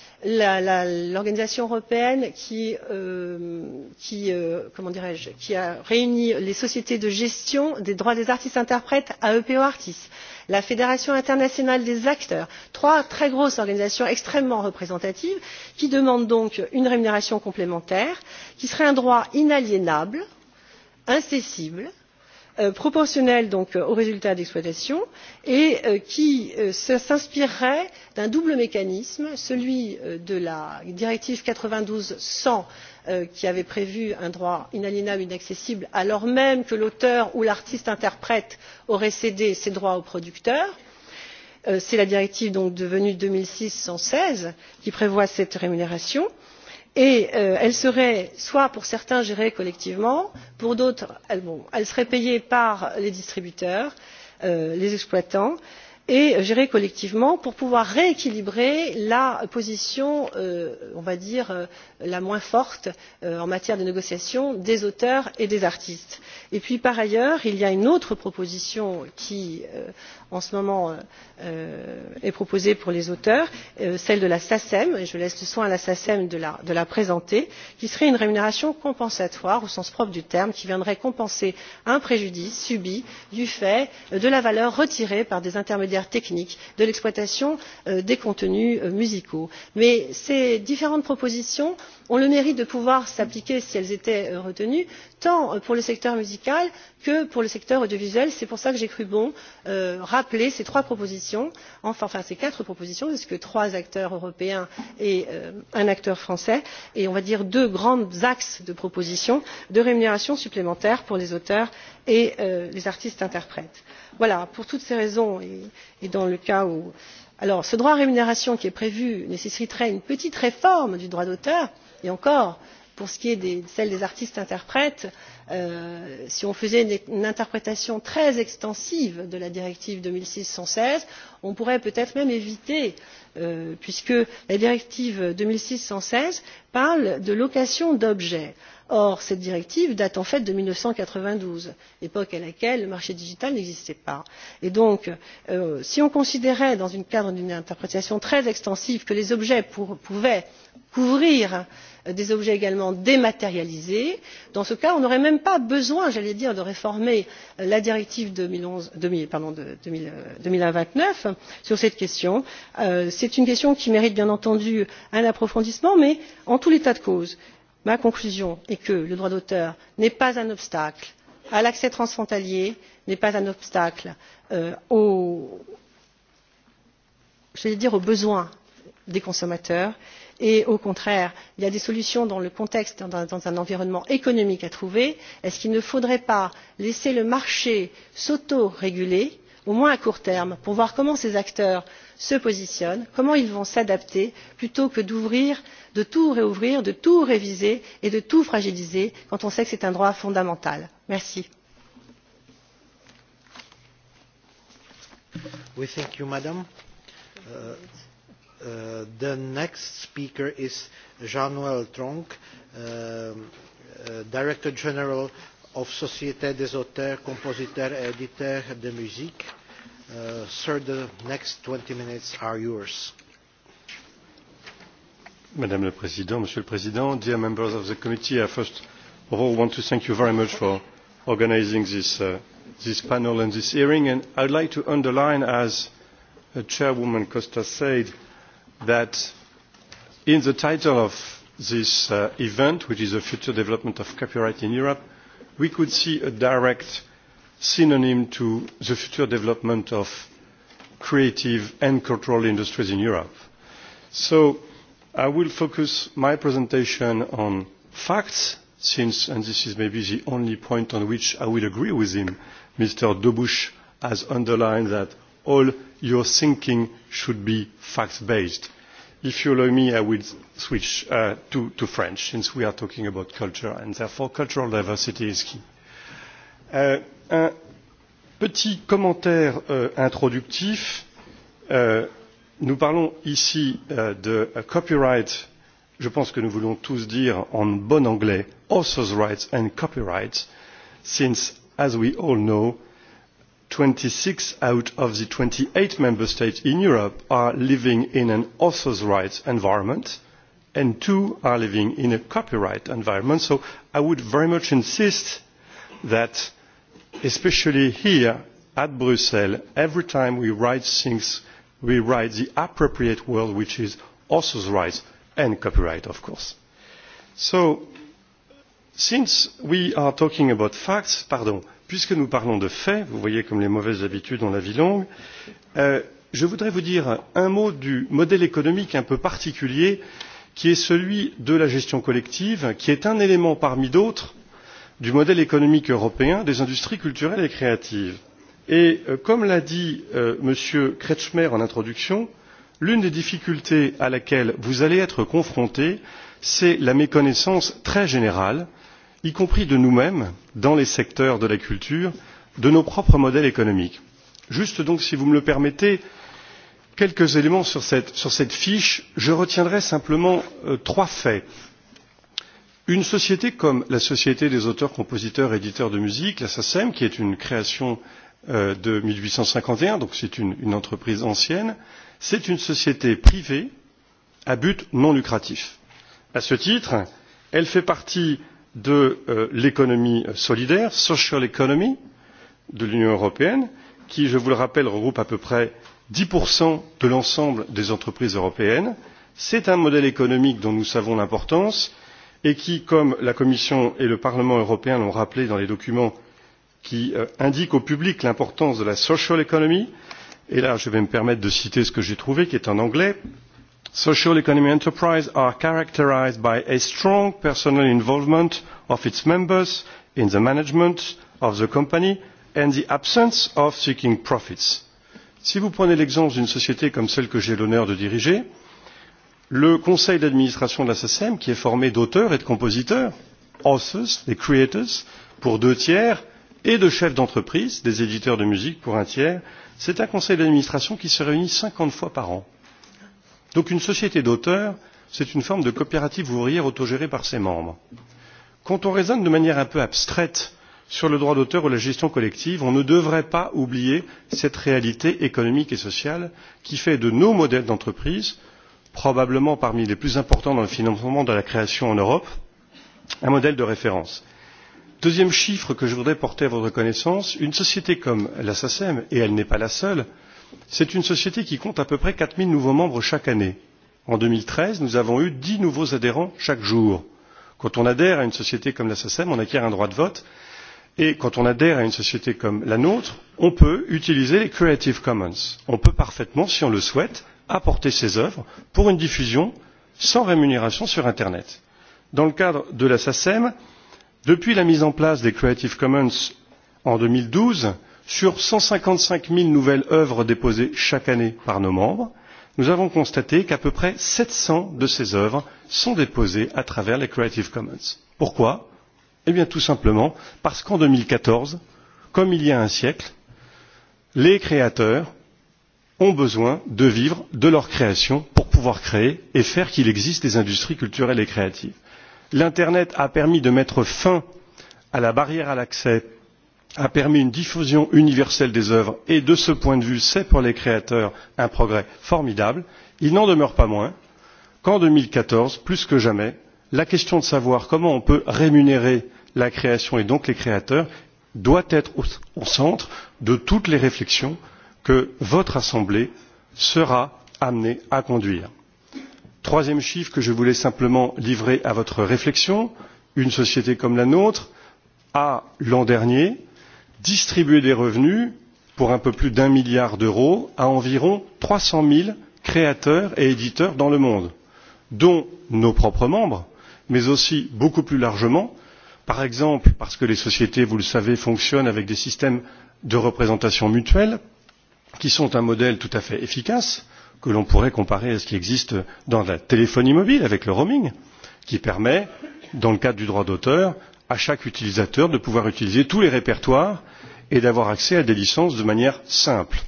Speaker 17: l'organisation européenne euh, euh, qui, a réuni les sociétés de gestion des droits des artistes interprètes aepo artis la fédération internationale des acteurs trois très grosses organisations extrêmement représentatives qui demandent donc une rémunération complémentaire qui serait un droit inaliénable incessible Euh, proportionnelle euh, aux résultats d'exploitation et euh, qui s'inspirerait d'un double mécanisme celui de la directive quatre vingt douze cent qui avait prévu un droit inaliénable inaccessible alors même que l'auteur ou l'artiste interprète aurait cédé ses droits au producteur c'est la directive devenue deux mille six cent seize qui prévoit cette rémunération et et euh, elle serait soit pour certains gérée collectivement pour d'autres elle serait payée par les distributeurs euh, les exploitants et euh, gérée collectivement pour pouvoir rééquilibrer la position on va dire la moins forte en matière de négociation des auteurs et des artistes. par ailleurs il y a une autre proposition qui en ce moment euh, est proposée pour les auteurs euh, celle de la sacem et je laisse le soin à la sacem de la, de la présenter qui serait une rémunération compensatoire au sens propre du terme qui viendrait compenser un préjudice subi du fait de la valeur retirée par des intermédiaires techniques de l'exploitation euh, des contenus musicaux. mais ces différentes propositions ont le mérite de pouvoir s'appliquer si elles étaient retenues tant pour le secteur musical que pour le secteur audiovisuel. c'est pour cela que j'ai cru bon de euh, rappeler ces trois propositions enfin, ces quatre propositions puisque trois acteurs européens et euh, un acteur français et on va dire deux grands axes de propositions de rémunération supplémentaire pour les auteurs et euh, les artistes interprètes. voilà pour toutes ces raisons et, dans le cas où ce droit à rémunération qui est prévu nécessiterait une petite réforme du droit d'auteur et encore pour ce qui est de celle des artistes interprètes euh, si on faisait une, interprétation très extensive de la directive deux mille six cent seize on pourrait peut être même éviter euh, puisque la directive deux mille six cent seize parle de location d'objets or cette directive date en fait de mille neuf cent quatre vingt douze époque à laquelle le marché numérique n'existait pas. donc euh, si on considérait dans le cadre d'une interprétation très extensive que les objets pouvaient couvrir euh, des objets également dématérialisés dans ce cas on n'aurait même pas besoin j'allais dire de réformer euh, la directive deux mille un vingt neuf sur cette question. c'est une question qui mérite bien entendu un approfondissement mais en tout état de cause ma conclusion est que le droit d'auteur n'est pas un obstacle à l'accès transfrontalier n'est pas un obstacle euh, aux besoins des consommateurs et au contraire il y a des solutions dans le contexte dans un environnement économique à trouver. ne faudrait il pas laisser le marché s'autoréguler au moins à court terme pour voir comment ces acteurs se positionnent comment ils vont s'adapter plutôt que de tout rouvrir de tout réviser et de tout fragiliser quand on sait que c'est un droit fondamental. merci
Speaker 1: of Société des auteurs, compositeurs et éditeurs de musique. Uh, sir, the next 20 minutes are yours.
Speaker 18: Madame le Président, Monsieur le Président, dear members of the committee, I first of all want to thank you very much for organizing this, uh, this panel and this hearing. And I'd like to underline, as uh, Chairwoman Costa said, that in the title of this uh, event, which is the future development of copyright in Europe, we could see a direct synonym to the future development of creative and cultural industries in Europe. So I will focus my presentation on facts, since, and this is maybe the only point on which I will agree with him, Mr. Dobush has underlined that all your thinking should be facts-based if you allow me i will switch uh, to, to french since we are talking about culture and therefore cultural diversity is key. Uh, un uh, petit commentaire uh, introductif uh, nous parlons ici uh, de copyright je pense que nous voulons tous dire en bon anglais authors' rights and copyright since as we all know twenty six out of the twenty eight member states in europe are living in an authors' rights environment and two are living in a copyright environment so i would very much insist that especially here at brussels every time we write things we write the appropriate word which is authors' rights and copyright of course. so since we are talking about facts pardon puisque nous parlons de faits vous voyez comme les mauvaises habitudes ont la vie longue euh, je voudrais vous dire un mot du modèle économique un peu particulier qui est celui de la gestion collective qui est un élément parmi d'autres du modèle économique européen des industries culturelles et créatives. Et euh, comme l'a dit euh, m. kretschmer en introduction l'une des difficultés à laquelle vous allez être confrontés c'est la méconnaissance très générale euh, y compris de nous mêmes dans les secteurs de la culture de nos propres modèles économiques. juste donc si vous me le permettez quelques éléments sur cette, fiche je retiendrai simplement euh, trois faits une société comme la société des auteurs compositeurs éditeurs de musique la sacem qui est une création euh, de mille huit cent cinquante et un donc c'est une entreprise ancienne c'est une société privée à but non lucratif. à ce titre elle fait partie de euh, l'économie solidaire social economy de l'union européenne qui je vous le rappelle regroupe à peu près dix de l'ensemble des entreprises européennes. c'est un modèle économique dont nous savons l'importance et qui comme la commission et le parlement européen l'ont rappelé dans les documents qui euh, indiquent au public l'importance de la social economy et là je vais me permettre de citer ce que j'ai trouvé qui est en anglais social economy enterprises are characterised by a strong personal involvement of its members in the management of the company and the absence of seeking profits. si vous prenez l'exemple d'une société comme celle que j'ai l'honneur de diriger le conseil d'administration de la sacem qui est formé d'auteurs et de compositeurs authors des creators pour deux tiers et de chefs d'entreprise des éditeurs de musique pour un tiers c'est un conseil d'administration qui se réunit cinquante fois par an donc une société d'auteurs c'est une forme de coopérative ouvrière autogérée par ses membres. quand on raisonne de manière un peu abstraite sur le droit d'auteur ou la gestion collective on ne devrait pas oublier cette réalité économique et sociale qui fait de nos modèles d'entreprise probablement parmi les plus importants dans le financement de la création en europe un modèle de référence. deuxième chiffre que je voudrais porter à votre connaissance une société comme la sacem et elle n'est pas la seule c'est une société qui compte à peu près quatre zéro nouveaux membres chaque année. en deux mille treize nous avons eu dix nouveaux adhérents chaque jour. quand on adhère à une société comme la sacem on acquiert un droit de vote et quand on adhère à une société comme la nôtre on peut utiliser les creative commons. on peut parfaitement si on le souhaite apporter ses œuvres pour une diffusion sans rémunération sur internet. dans le cadre de la sacem depuis la mise en place des creative commons en deux mille douze sur cent cinquante cinq zéro nouvelles œuvres déposées chaque année par nos membres, nous avons constaté qu'à peu près sept cents de ces œuvres sont déposées à travers les Creative Commons. Pourquoi Eh bien tout simplement parce qu'en deux mille quatorze comme il y a un siècle, les créateurs ont besoin de vivre de leur création pour pouvoir créer et faire qu'il existe des industries culturelles et créatives. L'Internet a permis de mettre fin à la barrière à l'accès a permis une diffusion universelle des œuvres et de ce point de vue c'est pour les créateurs un progrès formidable il n'en demeure pas moins qu'en deux mille quatorze plus que jamais la question de savoir comment on peut rémunérer la création et donc les créateurs doit être au, centre de toutes les réflexions que votre assemblée sera amenée à conduire. troisième chiffre que je voulais simplement livrer à votre réflexion une société comme la nôtre a l'an dernier distribuer des revenus pour un peu plus d'un milliard d'euros à environ trois cents zéro créateurs et éditeurs dans le monde dont nos propres membres mais aussi beaucoup plus largement par exemple parce que les sociétés vous le savez fonctionnent avec des systèmes de représentation mutuelle qui sont un modèle tout à fait efficace que l'on pourrait comparer à ce qui existe dans la téléphonie mobile avec le roaming qui permet dans le cadre du droit d'auteur à chaque utilisateur de pouvoir utiliser tous les répertoires et d'avoir accès à des licences de manière simple.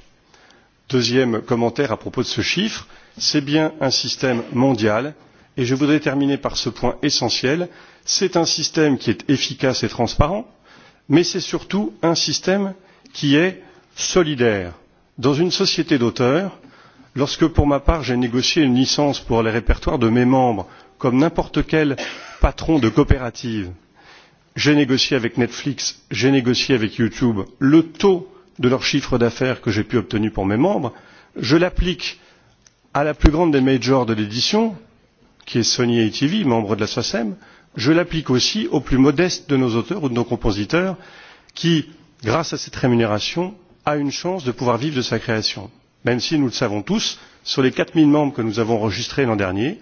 Speaker 18: deuxième commentaire à propos de ce chiffre c'est bien un système mondial et je voudrais terminer par ce point essentiel c'est un système qui est efficace et transparent mais c'est surtout un système qui est solidaire. dans une société d'auteurs lorsque pour ma part j'ai négocié une licence pour les répertoires de mes membres comme n'importe quel patron de coopérative j'ai négocié avec netflix j'ai négocié avec youtube le taux de leur chiffre d'affaires que j'ai pu obtenir pour mes membres je l'applique à la plus grande des majors de l'édition qui est sony atv membre de la sacem je l'applique aussi aux plus modestes de nos auteurs ou de nos compositeurs qui grâce à cette rémunération a une chance de pouvoir vivre de sa création même si nous le savons tous sur les quatre zéro membres que nous avons enregistrés l'an dernier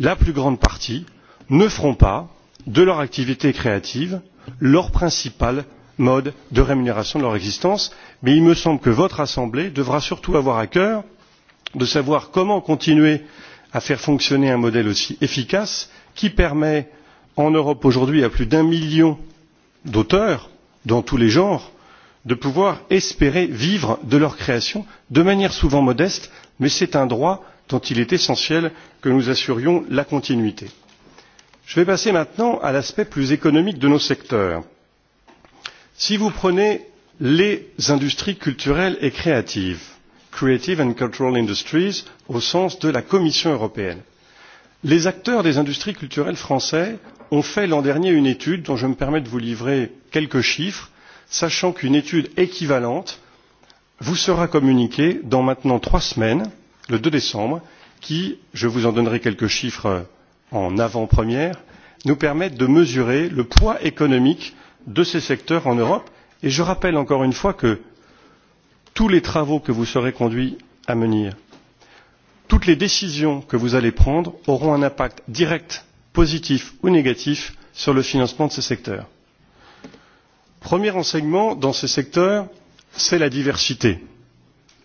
Speaker 18: la plus grande partie ne feront pas de leur activité créative leur principal mode de rémunération de leur existence mais il me semble que votre assemblée devra surtout avoir à cœur de savoir comment continuer à faire fonctionner un modèle aussi efficace qui permet en europe aujourd'hui à plus d'un million d'auteurs dans tous les genres de pouvoir espérer vivre de leur création de manière souvent modeste mais c'est un droit dont il est essentiel que nous assurions la continuité je vais passer maintenant à l'aspect plus économique de nos secteurs. si vous prenez les industries culturelles et créatives creative and cultural industries au sens de la commission européenne les acteurs des industries culturelles françaises ont fait l'an dernier une étude dont je me permets de vous livrer quelques chiffres sachant qu'une étude équivalente vous sera communiquée dans maintenant trois semaines le deux décembre qui je vous en donnerai quelques chiffres en avant première nous permettent de mesurer le poids économique de ces secteurs en europe et je rappelle encore une fois que tous les travaux que vous serez conduits à mener toutes les décisions que vous allez prendre auront un impact direct positif ou négatif sur le financement de ces secteurs. le premier enseignement dans ces secteurs c'est la diversité.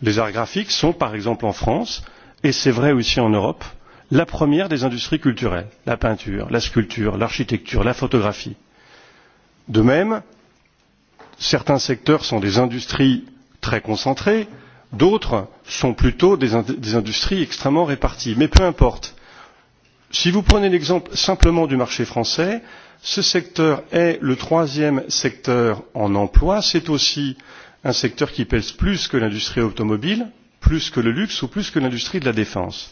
Speaker 18: les arts graphiques sont par exemple en france et c'est vrai aussi en europe la première des industries culturelles la peinture la sculpture l'architecture la photographie. de même certains secteurs sont des industries très concentrées d'autres sont plutôt des, industries extrêmement réparties mais peu importe. si vous prenez l'exemple simplement du marché français ce secteur est le troisième secteur en emploi c'est aussi un secteur qui pèse plus que l'industrie automobile plus que le luxe ou plus que l'industrie de la défense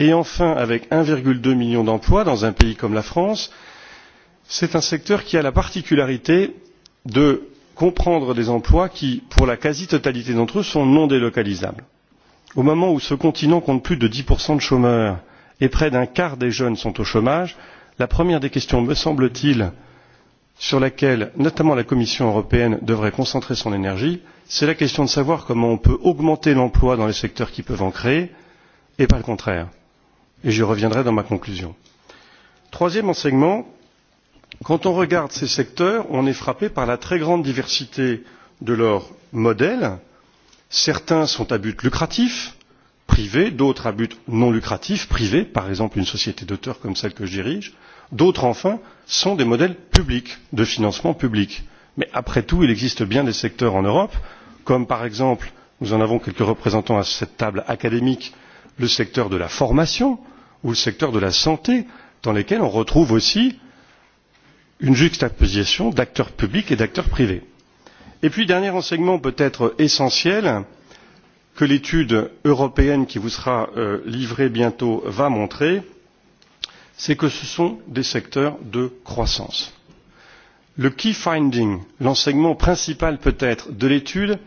Speaker 18: et enfin avec un deux million d'emplois dans un pays comme la france c'est un secteur qui a la particularité de comprendre des emplois qui pour la quasi totalité d'entre eux sont non délocalisables. au moment où ce continent compte plus de dix de chômeurs et près d'un quart des jeunes sont au chômage la première des questions me semble t il sur laquelle notamment la commission européenne devrait concentrer son énergie c'est la question de savoir comment on peut augmenter l'emploi dans les secteurs qui peuvent en créer et pas le contraire et je reviendrai dans ma conclusion. troisième enseignement quand on regarde ces secteurs on est frappé par la très grande diversité de leurs modèles certains sont à but lucratif privé d'autres à but non lucratif privé par exemple une société d'auteurs comme celle que je dirige d'autres enfin sont des modèles publics de financement public. mais après tout il existe bien des secteurs en europe comme par exemple nous en avons quelques représentants à cette table académique le secteur de la formation ou le secteur de la santé dans lesquels on retrouve aussi une juxtaposition d'acteurs publics et d'acteurs privés. et puis dernier enseignement peut être essentiel que l'étude européenne qui vous sera euh, livrée bientôt va montrer c'est que ce sont des secteurs de croissance. le key finding l'enseignement principal peut être de l'étude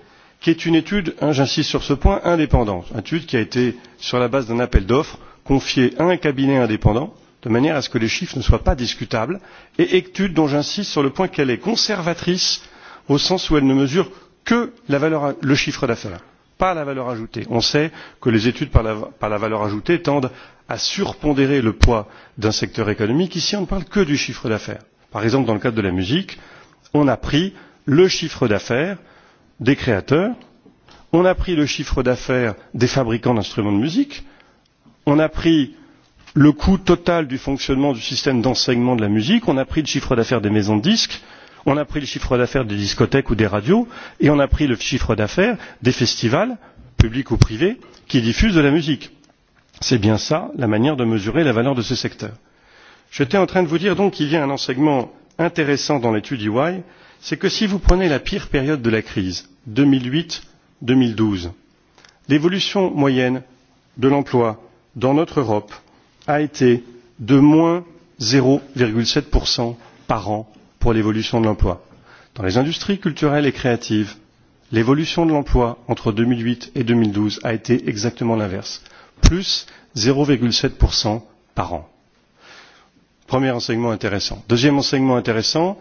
Speaker 18: qui est une étude hein, j'insiste sur ce point indépendante une étude qui a été sur la base d'un appel d'offres confiée à un cabinet indépendant de manière à ce que les chiffres ne soient pas discutables et étude dont j'insiste sur le point qu'elle est conservatrice au sens où elle ne mesure que la valeur, le chiffre d'affaires pas la valeur ajoutée. on sait que les études par la, par la valeur ajoutée tendent à surpondérer le poids d'un secteur économique. ici on ne parle que du chiffre d'affaires. par exemple dans le cadre de la musique on a pris le chiffre d'affaires des créateurs on a pris le chiffre d'affaires des fabricants d'instruments de musique on a pris le coût total du fonctionnement du système d'enseignement de la musique on a pris le chiffre d'affaires des maisons de disques on a pris le chiffre d'affaires des discothèques ou des radios et on a pris le chiffre d'affaires des festivals publics ou privés qui diffusent de la musique. c'est bien cela la manière de mesurer la valeur de ce secteur. j'étais en train de vous dire donc qu'il y a un enseignement intéressant dans l'étude ey c'est que si vous prenez la pire période de la crise deux mille huit deux mille douze l'évolution moyenne de l'emploi dans notre europe a été de moins zéro sept par an pour l'évolution de l'emploi. dans les industries culturelles et créatives l'évolution de l'emploi entre deux mille huit et deux mille douze a été exactement l'inverse plus zéro sept par an. premier enseignement intéressant. deuxième enseignement intéressant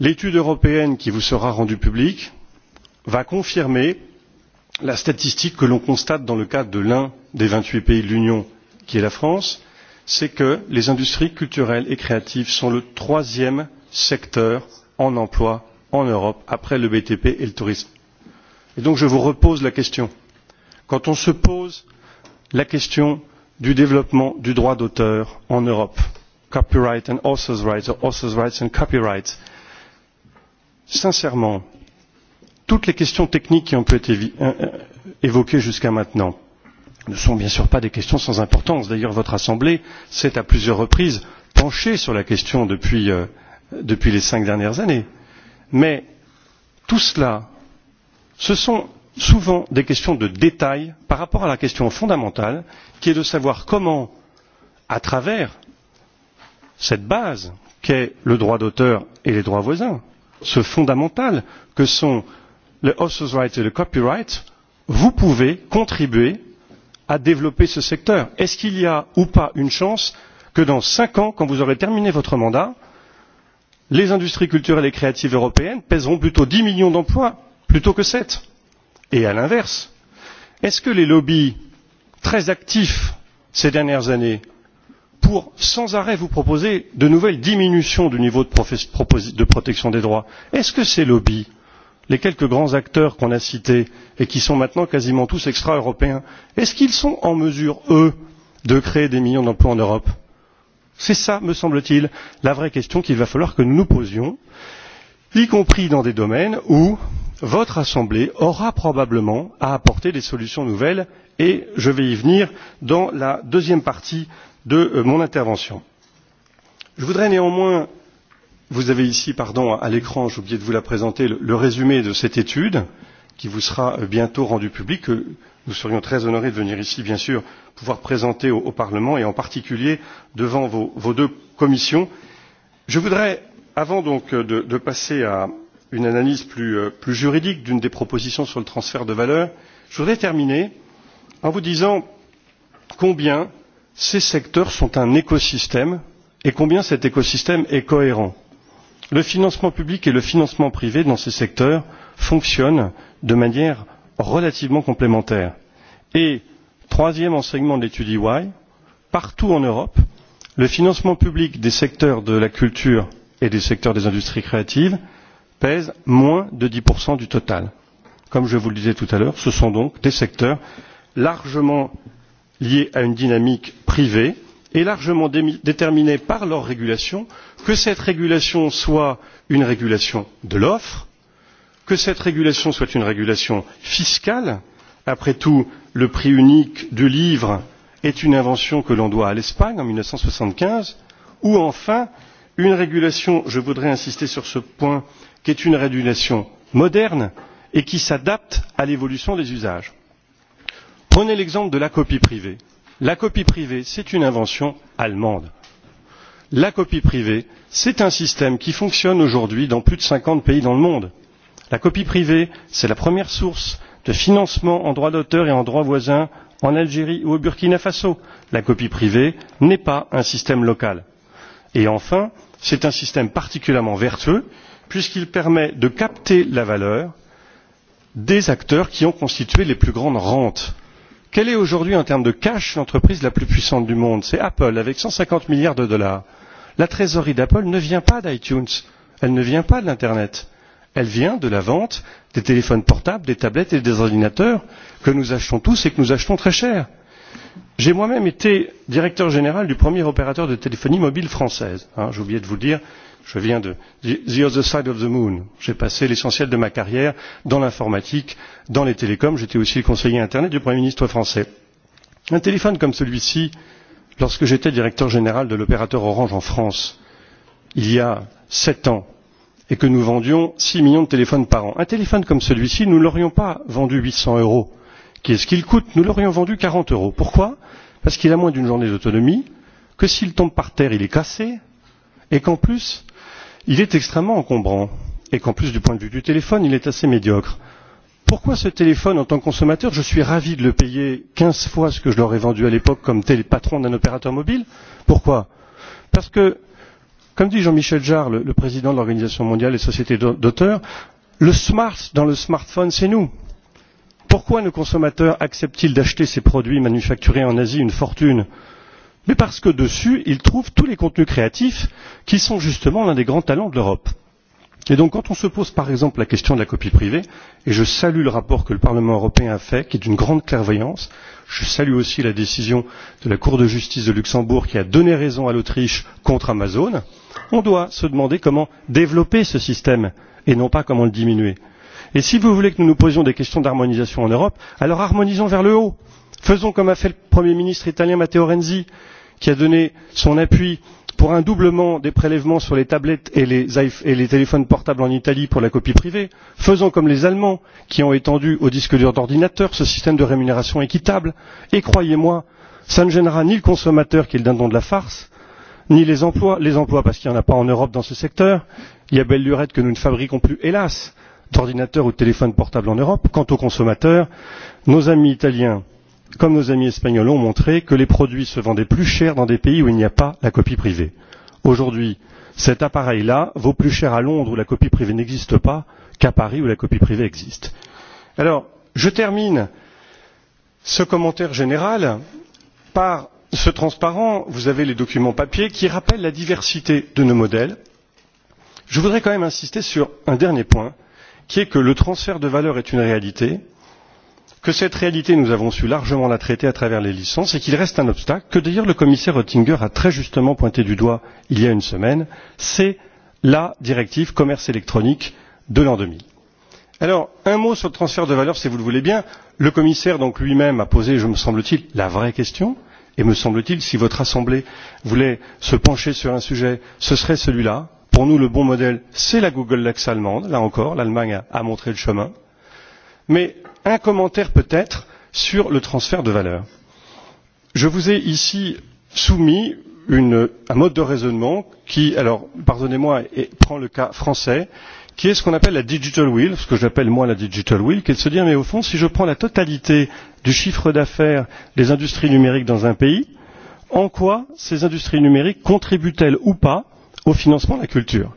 Speaker 18: l'étude européenne qui vous sera rendue publique va confirmer la statistique que l'on constate dans le cas de l'un des vingt huit pays de l'union qui est la france c'est que les industries culturelles et créatives sont le troisième secteur en emploi en europe après le btp et le tourisme. Et donc je vous repose la question quand on se pose la question du développement du droit d'auteur en europe copyright and authors' rights or authors' rights and copyright sincèrement toutes les questions techniques qui ont pu être euh, euh, évoquées jusqu'à maintenant ne sont bien sûr pas des questions sans importance. D'ailleurs, votre Assemblée s'est à plusieurs reprises penchée sur la question depuis, euh, depuis les cinq dernières années. Mais tout cela, ce sont souvent des questions de détail par rapport à la question fondamentale qui est de savoir comment, à travers cette base qu'est le droit d'auteur et les droits voisins, ce fondamental que sont le authors' rights et le copyright vous pouvez contribuer à développer ce secteur. est ce qu'il y a ou pas une chance que dans cinq ans quand vous aurez terminé votre mandat les industries culturelles et créatives européennes pèseront plutôt dix millions d'emplois plutôt que sept et à l'inverse est ce que les lobbies très actifs ces dernières années pour sans arrêt vous proposer de nouvelles diminutions du niveau de, de protection des droits est ce que ces lobbies les quelques grands acteurs qu'on a cités et qui sont maintenant quasiment tous extra européens est ce qu'ils sont en mesure eux de créer des millions d'emplois en europe? c'est cela me semble t il la vraie question qu'il va falloir que nous nous posions y compris dans des domaines où votre assemblée aura probablement à apporter des solutions nouvelles et je vais y venir dans la deuxième partie de euh, mon intervention. je voudrais néanmoins Vous avez ici, pardon, à l'écran, j'ai oublié de vous la présenter, le, le résumé de cette étude qui vous sera euh, bientôt rendu public. Que nous serions très honorés de venir ici, bien sûr, pouvoir présenter au, au Parlement et en particulier devant vos, vos deux commissions. Je voudrais, avant donc euh, de, de passer à une analyse plus, euh, plus juridique d'une des propositions sur le transfert de valeur, je voudrais terminer en vous disant combien ces secteurs sont un écosystème et combien cet écosystème est cohérent le financement public et le financement privé dans ces secteurs fonctionnent de manière relativement complémentaire. et troisième enseignement de l'étude ey partout en europe le financement public des secteurs de la culture et des secteurs des industries créatives pèse moins de dix du total. comme je vous le disais tout à l'heure ce sont donc des secteurs largement liés à une dynamique privée est largement déterminée par leur régulation que cette régulation soit une régulation de l'offre que cette régulation soit une régulation fiscale après tout le prix unique du livre est une invention que l'on doit à l'espagne en mille neuf cent soixante quinze ou enfin une régulation je voudrais insister sur ce point qui est une régulation moderne et qui s'adapte à l'évolution des usages. prenez l'exemple de la copie privée la copie privée c'est une invention allemande. la copie privée c'est un système qui fonctionne aujourd'hui dans plus de cinquante pays dans le monde. la copie privée c'est la première source de financement en droit d'auteur et en droit voisin en algérie ou au burkina faso. la copie privée n'est pas un système local. et enfin c'est un système particulièrement vertueux puisqu'il permet de capter la valeur des acteurs qui ont constitué les plus grandes rentes quelle est aujourd'hui en termes de cash l'entreprise la plus puissante du monde? c'est apple avec cent cinquante milliards de dollars. la trésorerie d'apple ne vient pas d'itunes elle ne vient pas de l'internet elle vient de la vente des téléphones portables des tablettes et des ordinateurs que nous achetons tous et que nous achetons très cher. j'ai moi même été directeur général du premier opérateur de téléphonie mobile française j'ai oublié de vous le dire je viens de the other side of the moon j'ai passé l'essentiel de ma carrière dans l'informatique dans les télécoms j'étais aussi le conseiller internet du premier ministre français. un téléphone comme celui ci lorsque j'étais directeur général de l'opérateur orange en france il y a sept ans et que nous vendions six millions de téléphones par an un téléphone comme celui ci nous ne l'aurions pas vendu huit cents euros qui est ce qu'il coûte nous l'aurions vendu quarante euros. pourquoi? parce qu'il a moins d'une journée d'autonomie que s'il tombe par terre il est cassé et qu'en plus il est extrêmement encombrant et qu'en plus du point de vue du téléphone il est assez médiocre. pourquoi ce téléphone en tant que consommateur je suis ravi de le payer quinze fois ce que je l'aurais vendu à l'époque comme patron d'un opérateur mobile? pourquoi? parce que comme dit jean michel jarre le, le président de l'organisation mondiale des sociétés d'auteurs le smart dans le smartphone c'est nous. pourquoi nos consommateurs acceptent ils d'acheter ces produits manufacturés en asie une fortune? mais parce que dessus ils trouvent tous les contenus créatifs qui sont justement l'un des grands talents de l'europe. et donc quand on se pose par exemple la question de la copie privée et je salue le rapport que le parlement européen a fait qui est d'une grande clairvoyance je salue aussi la décision de la cour de justice de luxembourg qui a donné raison à l'autriche contre amazon on doit se demander comment développer ce système et non pas comment le diminuer. et si vous voulez que nous nous posions des questions d'harmonisation en europe alors harmonisons vers le haut faisons comme a fait le premier ministre italien matteo renzi qui a donné son appui pour un doublement des prélèvements sur les tablettes et les téléphones portables en italie pour la copie privée faisons comme les allemands qui ont étendu aux disques durs d'ordinateur ce système de rémunération équitable et croyez moi cela ne gênera ni le consommateur qui est le dindon de la farce ni les emplois les emplois parce qu'il n'y en a pas en europe dans ce secteur il y a belle lurette que nous ne fabriquons plus hélas d'ordinateurs ou de téléphones portables en europe. quant aux consommateurs nos amis italiens comme nos amis espagnols l'ont montré que les produits se vendaient plus cher dans des pays où il n'y a pas la copie privée. aujourd'hui cet appareil là vaut plus cher à londres où la copie privée n'existe pas qu'à paris où la copie privée existe. Alors, je termine ce commentaire général par ce transparent vous avez les documents papier qui rappellent la diversité de nos modèles. je voudrais quand même insister sur un dernier point qui est que le transfert de valeur est une réalité que cette réalité nous avons su largement la traiter à travers les licences et qu'il reste un obstacle que d'ailleurs le commissaire oettinger a très justement pointé du doigt il y a une semaine c'est la directive commerce électronique de l'an. deux mille alors un mot sur le transfert de valeur si vous le voulez bien le commissaire donc lui même a posé me semble t il la vraie question et me semble t il si votre assemblée voulait se pencher sur un sujet ce serait celui là. pour nous le bon modèle c'est la google lex allemande là encore l'allemagne a montré le chemin mais un commentaire peut être sur le transfert de valeur. je vous ai ici soumis une, un mode de raisonnement qui alors pardonnez moi prend le cas français qui est ce qu'on appelle la digital wheel ce que j'appelle moi la digital wheel qui est de se dire mais au fond si je prends la totalité du chiffre d'affaires des industries numériques dans un pays en quoi ces industries numériques contribuent elles ou pas au financement de la culture?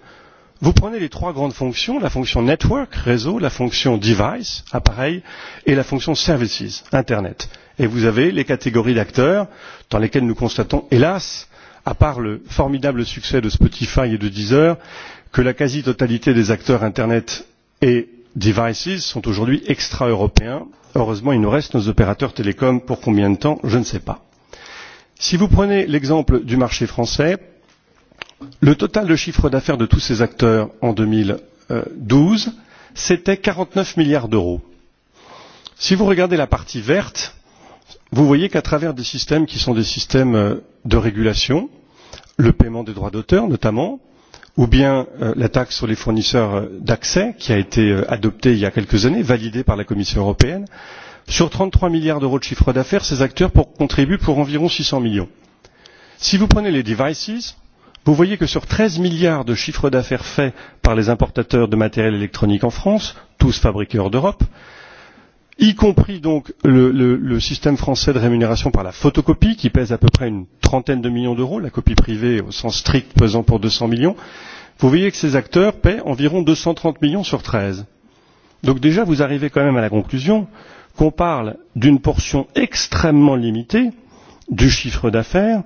Speaker 18: vous prenez les trois grandes fonctions la fonction network réseau la fonction device appareil et la fonction services internet et vous avez les catégories d'acteurs dans lesquelles nous constatons hélas à part le formidable succès de spotify et de deezer que la quasi totalité des acteurs internet et devices sont aujourd'hui extra européens. heureusement il nous reste nos opérateurs télécoms pour combien de temps je ne sais pas. si vous prenez l'exemple du marché français le total de chiffre d'affaires de tous ces acteurs en deux mille douze c'était quarante neuf milliards d'euros. si vous regardez la partie verte vous voyez qu'à travers des systèmes qui sont des systèmes euh, de régulation le paiement des droits d'auteur notamment ou bien euh, la taxe sur les fournisseurs euh, d'accès qui a été adoptée il y a quelques années validée par la commission européenne sur trente trois milliards d'euros de chiffre d'affaires ces acteurs pour, contribuent pour environ six cents millions. si vous prenez les devices vous voyez que sur treize milliards de chiffre d'affaires fait par les importateurs de matériel électronique en france tous fabriqués hors d'europe y compris donc le, le, le système français de rémunération par la photocopie qui pèse à peu près une trentaine de millions d'euros la copie privée au sens strict pesant pour deux cents millions vous voyez que ces acteurs paient environ deux cent trente millions sur treize donc déjà vous arrivez quand même à la conclusion qu'on parle d'une portion extrêmement limitée du chiffre d'affaires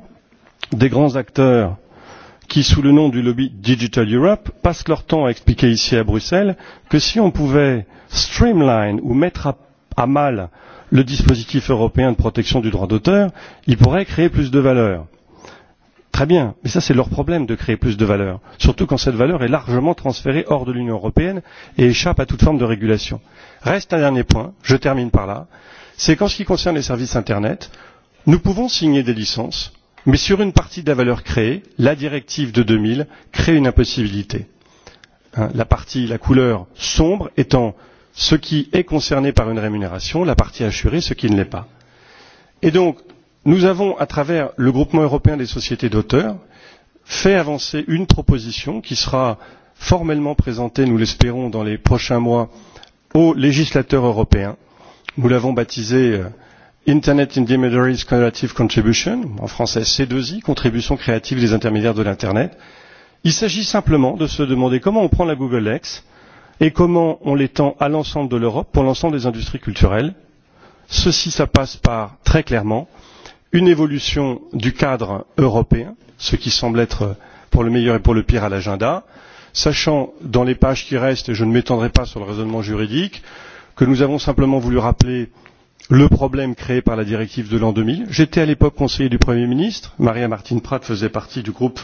Speaker 18: des grands acteurs qui sous le nom du lobby digital europe passent leur temps à expliquer ici à bruxelles que si on pouvait streamline ou mettre à, à mal le dispositif européen de protection du droit d'auteur il pourrait créer plus de valeur. Très bien, mais ça c'est leur problème de créer plus de valeur, surtout quand cette valeur est largement transférée hors de l'Union européenne et échappe à toute forme de régulation. Reste un dernier point, je termine par là, c'est qu'en ce qui concerne les services Internet, nous pouvons signer des licences mais sur une partie de la valeur créée la directive de deux mille crée une impossibilité la partie la couleur sombre étant ce qui est concerné par une rémunération la partie assurée ce qui ne l'est pas. et donc nous avons à travers le groupement européen des sociétés d'auteurs fait avancer une proposition qui sera formellement présentée nous l'espérons dans les prochains mois aux législateurs européens. nous l'avons baptisée euh, Internet Intermediaries Creative Contribution, en français C2I, contribution créative des intermédiaires de l'Internet. Il s'agit simplement de se demander comment on prend la Google X et comment on l'étend à l'ensemble de l'Europe pour l'ensemble des industries culturelles. Ceci, ça passe par, très clairement, une évolution du cadre européen, ce qui semble être pour le meilleur et pour le pire à l'agenda, sachant dans les pages qui restent, et je ne m'étendrai pas sur le raisonnement juridique, que nous avons simplement voulu rappeler le problème créé par la directive de l'an deux mille j'étais à l'époque conseiller du premier ministre maria martin pratt faisait partie du groupe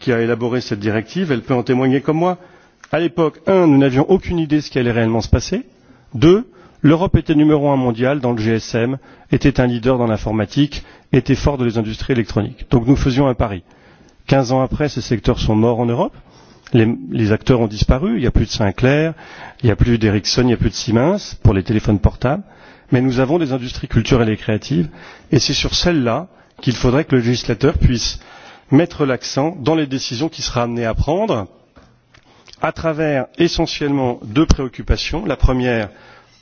Speaker 18: qui a élaboré cette directive elle peut en témoigner comme moi à l'époque un nous n'avions aucune idée de ce qui allait réellement se passer deux l'europe était numéro un mondial dans le gsm était un leader dans l'informatique était fort dans les industries électroniques donc nous faisions un pari. quinze ans après ces secteurs sont morts en europe les, les acteurs ont disparu il n'y a plus de Sinclair il n'y a plus d'Ericsson il n'y a plus de Siemens pour les téléphones portables mais nous avons des industries culturelles et créatives et c'est sur celles là qu'il faudrait que le législateur puisse mettre l'accent dans les décisions qu'il sera amené à prendre à travers essentiellement deux préoccupations la première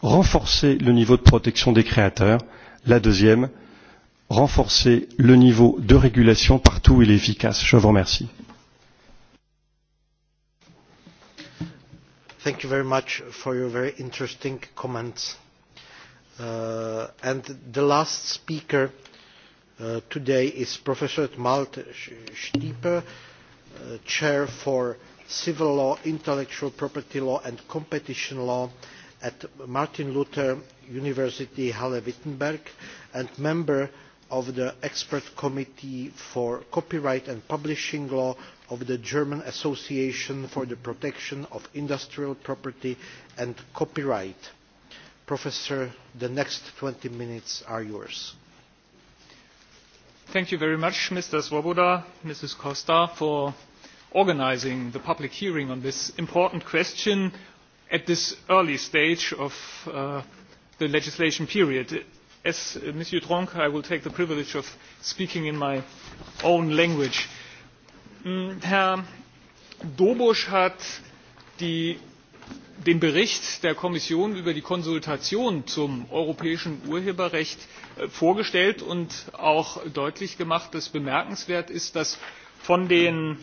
Speaker 18: renforcer le niveau de protection des créateurs la deuxième renforcer le niveau de régulation partout où il est efficace. je vous
Speaker 1: remercie. Thank you very much for your very interesting comments. Uh, and the last speaker uh, today is Professor Malte Stieper, uh, Chair for Civil Law, Intellectual Property Law and Competition Law at Martin Luther University Halle-Wittenberg and member of the Expert Committee for Copyright and Publishing Law of the German Association for the Protection of Industrial Property and Copyright Professor, the next 20 minutes are yours.
Speaker 19: Thank you very much, Mr. Swoboda, Mrs. Costa, for organizing the public hearing on this important question at this early stage of uh, the legislation period. As uh, Monsieur Tronk, I will take the privilege of speaking in my own language. Mm, Herr Dobusch hat die den bericht der kommission über die konsultation zum europäischen urheberrecht äh, vorgestellt und auch deutlich gemacht dass bemerkenswert ist dass von den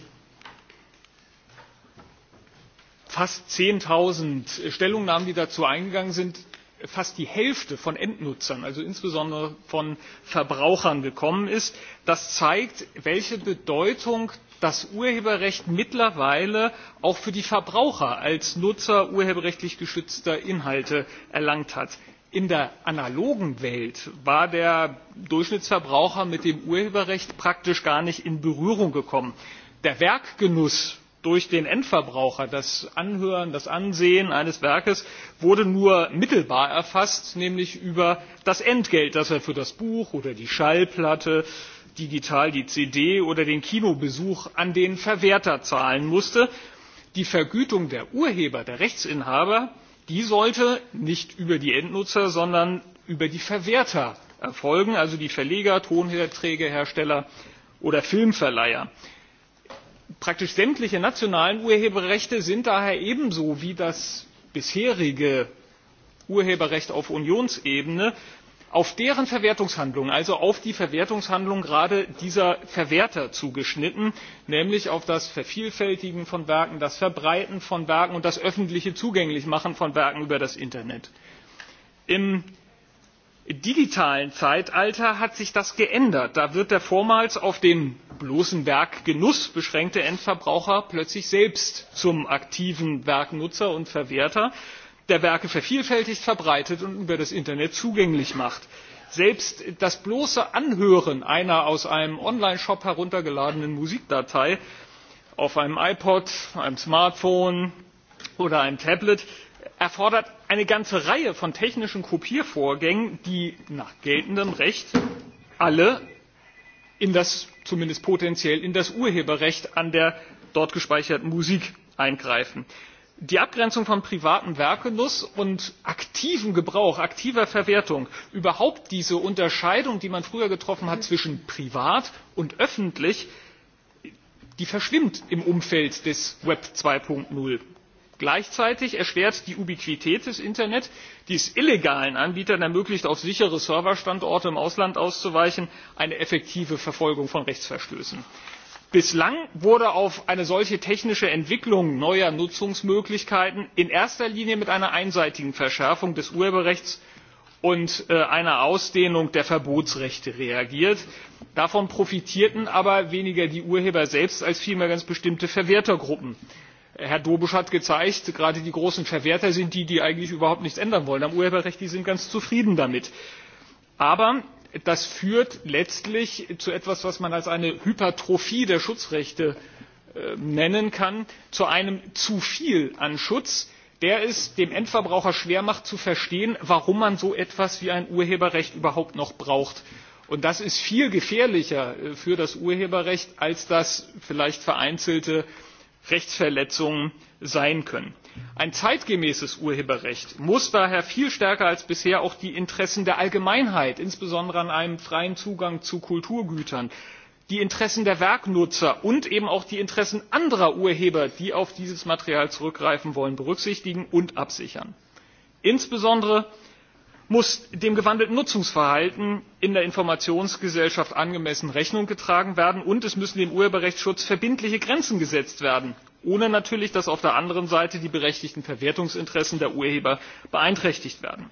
Speaker 19: fast zehn null stellungnahmen die dazu eingegangen sind fast die hälfte von endnutzern also insbesondere von verbrauchern gekommen ist. das zeigt welche bedeutung dass urheberrecht mittlerweile auch für die verbraucher als nutzer urheberrechtlich geschützter inhalte erlangt hat. in der analogen welt war der durchschnittsverbraucher mit dem urheberrecht praktisch gar nicht in berührung gekommen. der werkgenuss durch den endverbraucher das anhören das ansehen eines werkes wurde nur mittelbar erfasst nämlich über das entgelt das er für das buch oder die schallplatte digital die CD oder den Kinobesuch an den Verwerter zahlen musste. Die Vergütung der Urheber, der Rechtsinhaber, die sollte nicht über die Endnutzer, sondern über die Verwerter erfolgen, also die Verleger, Tonträgerhersteller oder Filmverleiher. Praktisch sämtliche nationalen Urheberrechte sind daher ebenso wie das bisherige Urheberrecht auf Unionsebene auf deren verwertungshandlung also auf die verwertungshandlung gerade dieser verwerter zugeschnitten nämlich auf das vervielfältigen von werken das verbreiten von werken und das öffentliche zugänglichmachen von werken über das internet. im digitalen zeitalter hat sich das geändert. da wird der vormals auf den bloßen werkgenuss beschränkte endverbraucher plötzlich selbst zum aktiven werknutzer und verwerter der werke vervielfältigt verbreitet und über das internet zugänglich macht. selbst das bloße anhören einer aus einem online shop heruntergeladenen musikdatei auf einem ipod einem smartphone oder einem tablet erfordert eine ganze reihe von technischen kopiervorgängen die nach geltendem recht alle in das zumindest potenziell in das urheberrecht an der dort gespeicherten musik eingreifen die abgrenzung von privatem werkgenuss und aktivem gebrauch aktiver verwertung überhaupt diese unterscheidung die man früher getroffen hat mhm. zwischen privat und öffentlich die verschwimmt im umfeld des web. zwei null gleichzeitig erschwert die ubiquität des internet die es illegalen anbietern ermöglicht auf sichere serverstandorte im ausland auszuweichen eine effektive verfolgung von rechtsverstößen bislang wurde auf eine solche technische entwicklung neuer nutzungsmöglichkeiten in erster linie mit einer einseitigen verschärfung des urheberrechts und äh, einer ausdehnung der verbotsrechte reagiert. davon profitierten aber weniger die urheber selbst als vielmehr ganz bestimmte verwertergruppen. herr dobesch hat gezeigt gerade die großen verwerter sind die die eigentlich überhaupt nichts am urheberrecht ändern wollen die sind ganz zufrieden damit. aber das führt letztlich zu etwas was man als eine hypertrophie der schutzrechte äh, nennen kann zu einem zu viel an schutz der es dem endverbraucher schwer macht zu verstehen warum man so etwas wie ein urheberrecht überhaupt noch braucht. und das ist viel gefährlicher äh, für das urheberrecht als das vielleicht vereinzelte rechtsverletzungen sein können ein zeitgemäßes urheberrecht muss daher viel stärker als bisher auch die interessen der allgemeinheit insbesondere an einem freien zugang zu kulturgütern die interessen der werknutzer und eben auch die interessen anderer urheber die auf dieses material zurückgreifen wollen berücksichtigen und absichern. insbesondere muss dem gewandelten nutzungsverhalten in der informationsgesellschaft angemessen rechnung getragen werden und es müssen dem urheberrechtsschutz verbindliche grenzen gesetzt werden ohne natürlich dass auf der anderen seite die berechtigten verwertungsinteressen der urheber beeinträchtigt werden.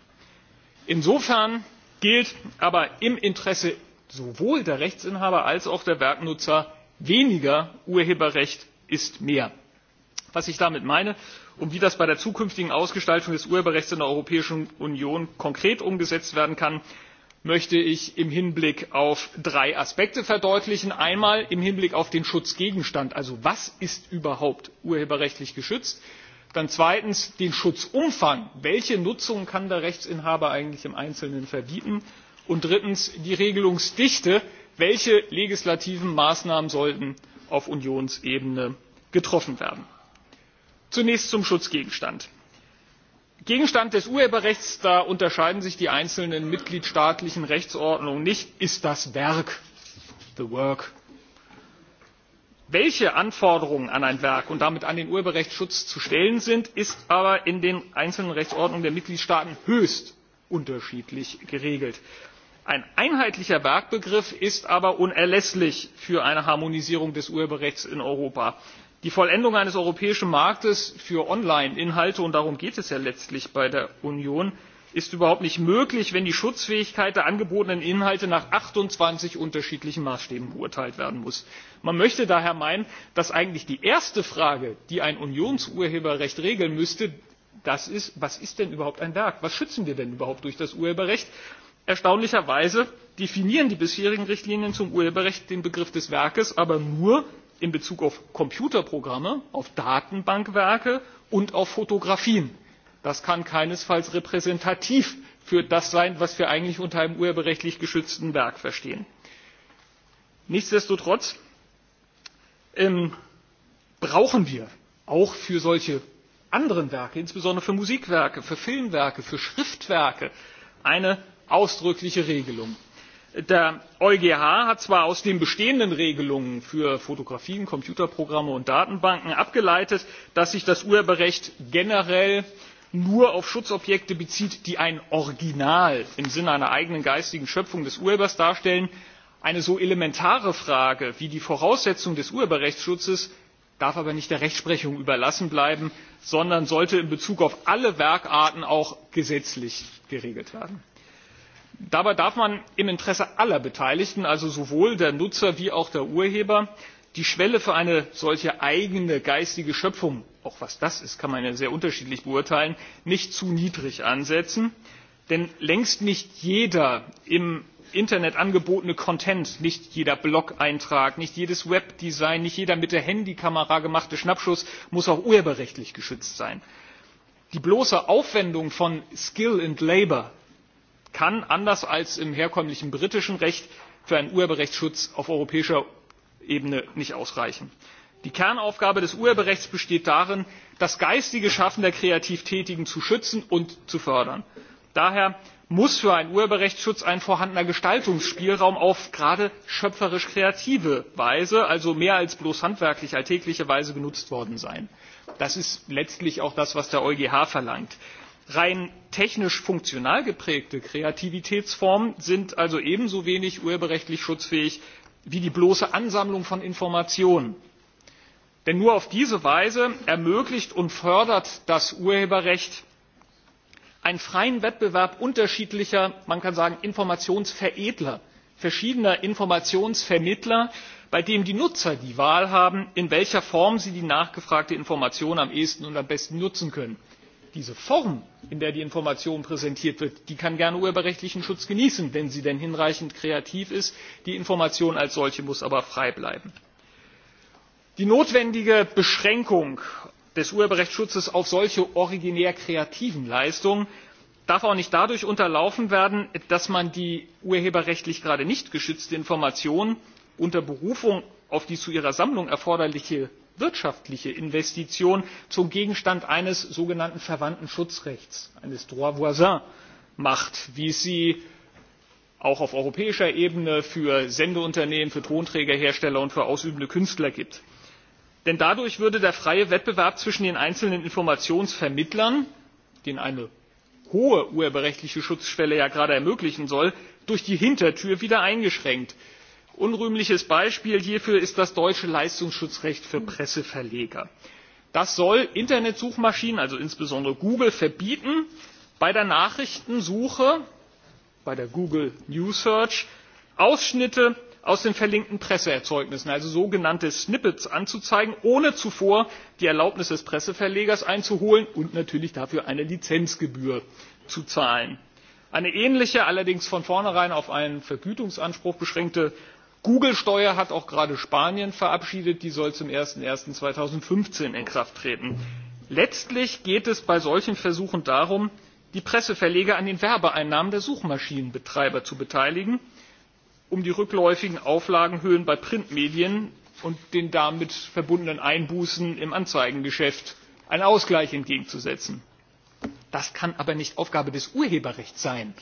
Speaker 19: insofern gilt aber im interesse sowohl der rechtsinhaber als auch der werknutzer weniger urheberrecht ist mehr. was ich damit meine und wie das bei der zukünftigen ausgestaltung des urheberrechts in der europäischen union konkret umgesetzt werden kann möchte ich im hinblick auf drei aspekte verdeutlichen einmal im hinblick auf den schutzgegenstand also was ist überhaupt urheberrechtlich geschützt dann zweitens den schutzumfang welche nutzung kann der rechtsinhaber eigentlich im einzelnen verbieten und drittens die regelungsdichte welche legislativen maßnahmen sollten auf unionsebene getroffen werden? zunächst zum schutzgegenstand gegenstand des urheberrechts da unterscheiden sich die einzelnen mitgliedstaatlichen rechtsordnungen nicht ist das werk the work. welche anforderungen an ein werk und damit an den urheberrechtsschutz zu stellen sind ist aber in den einzelnen rechtsordnungen der mitgliedstaaten höchst unterschiedlich geregelt. ein einheitlicher werkbegriff ist aber unerlässlich für eine harmonisierung des urheberrechts in europa die vollendung eines europäischen marktes für online inhalte und darum geht es ja letztlich bei der union ist überhaupt nicht möglich wenn die schutzfähigkeit der angebotenen inhalte nach achtundzwanzig unterschiedlichen maßstäben beurteilt werden muss. man möchte daher meinen dass eigentlich die erste frage die ein unionsurheberrecht regeln müsste das ist was ist denn überhaupt ein werk? was schützen wir denn überhaupt durch das urheberrecht? erstaunlicherweise definieren die bisherigen richtlinien zum urheberrecht den begriff des werkes aber nur in bezug auf computerprogramme auf datenbankwerke und auf fotografien. das kann keinesfalls repräsentativ für das sein was wir eigentlich unter einem urheberrechtlich geschützten werk verstehen. nichtsdestotrotz ähm, brauchen wir auch für solche anderen werke insbesondere für musikwerke für filmwerke für schriftwerke eine ausdrückliche regelung der eugh hat zwar aus den bestehenden regelungen für fotografien computerprogramme und datenbanken abgeleitet dass sich das urheberrecht generell nur auf schutzobjekte bezieht die ein original im sinne einer eigenen geistigen schöpfung des urhebers darstellen eine so elementare frage wie die voraussetzung des urheberrechtsschutzes darf aber nicht der rechtsprechung überlassen bleiben sondern sollte in bezug auf alle werkarten auch gesetzlich geregelt werden dabei darf man im interesse aller beteiligten also sowohl der nutzer wie auch der urheber die schwelle für eine solche eigene geistige schöpfung auch was das ist kann man ja sehr unterschiedlich beurteilen nicht zu niedrig ansetzen denn längst nicht jeder im internet angebotene content nicht jeder blogeintrag nicht jedes webdesign nicht jeder mit der handykamera gemachte schnappschuss muss auch urheberrechtlich geschützt sein. die bloße aufwendung von skill and labour kann anders als im herkömmlichen britischen recht für einen urheberrechtsschutz auf europäischer ebene nicht ausreichen. die kernaufgabe des urheberrechts besteht darin das geistige schaffen der kreativ tätigen zu schützen und zu fördern. daher muss für einen urheberrechtsschutz ein vorhandener gestaltungsspielraum auf gerade schöpferisch kreative weise also mehr als bloß handwerklich alltägliche weise genutzt worden sein. das ist letztlich auch das was der eugh verlangt rein technisch funktional geprägte kreativitätsformen sind also ebenso wenig urheberrechtlich schutzfähig wie die bloße ansammlung von informationen. denn nur auf diese weise ermöglicht und fördert das urheberrecht einen freien wettbewerb unterschiedlicher man kann sagen informationsveredler verschiedener informationsvermittler bei dem die nutzer die wahl haben in welcher form sie die nachgefragte information am ehesten und am besten nutzen können diese form in der die information präsentiert wird die kann gerne urheberrechtlichen schutz genießen wenn sie denn hinreichend kreativ ist die information als solche muss aber frei bleiben. die notwendige beschränkung des urheberrechtsschutzes auf solche originär kreativen leistungen darf auch nicht dadurch unterlaufen werden dass man die urheberrechtlich gerade nicht geschützte information unter berufung auf die zu ihrer sammlung erforderliche wirtschaftliche Investition zum Gegenstand eines sogenannten verwandten Schutzrechts, eines droit voisin macht, wie es sie auch auf europäischer Ebene für Sendeunternehmen, für Tonträgerhersteller und für ausübende Künstler gibt. Denn dadurch würde der freie Wettbewerb zwischen den einzelnen Informationsvermittlern, den eine hohe urheberrechtliche Schutzschwelle ja gerade ermöglichen soll, durch die Hintertür wieder eingeschränkt unrühmliches beispiel hierfür ist das deutsche leistungsschutzrecht für presseverleger. das soll internetsuchmaschinen also insbesondere google verbieten bei der nachrichtensuche bei der google news search ausschnitte aus den verlinkten presseerzeugnissen also sogenannte snippets anzuzeigen ohne zuvor die erlaubnis des presseverlegers einzuholen und natürlich dafür eine lizenzgebühr zu zahlen. eine ähnliche allerdings von vornherein auf einen vergütungsanspruch beschränkte google steuer hat auch gerade spanien verabschiedet die soll zum. eins januar zweitausendfünfzehn in kraft treten. letztlich geht es bei solchen versuchen darum die presseverleger an den werbeeinnahmen der suchmaschinenbetreiber zu beteiligen um die rückläufigen auflagenhöhen bei printmedien und den damit verbundenen einbußen im anzeigengeschäft einen ausgleich entgegenzusetzen. das kann aber nicht aufgabe des urheberrechts sein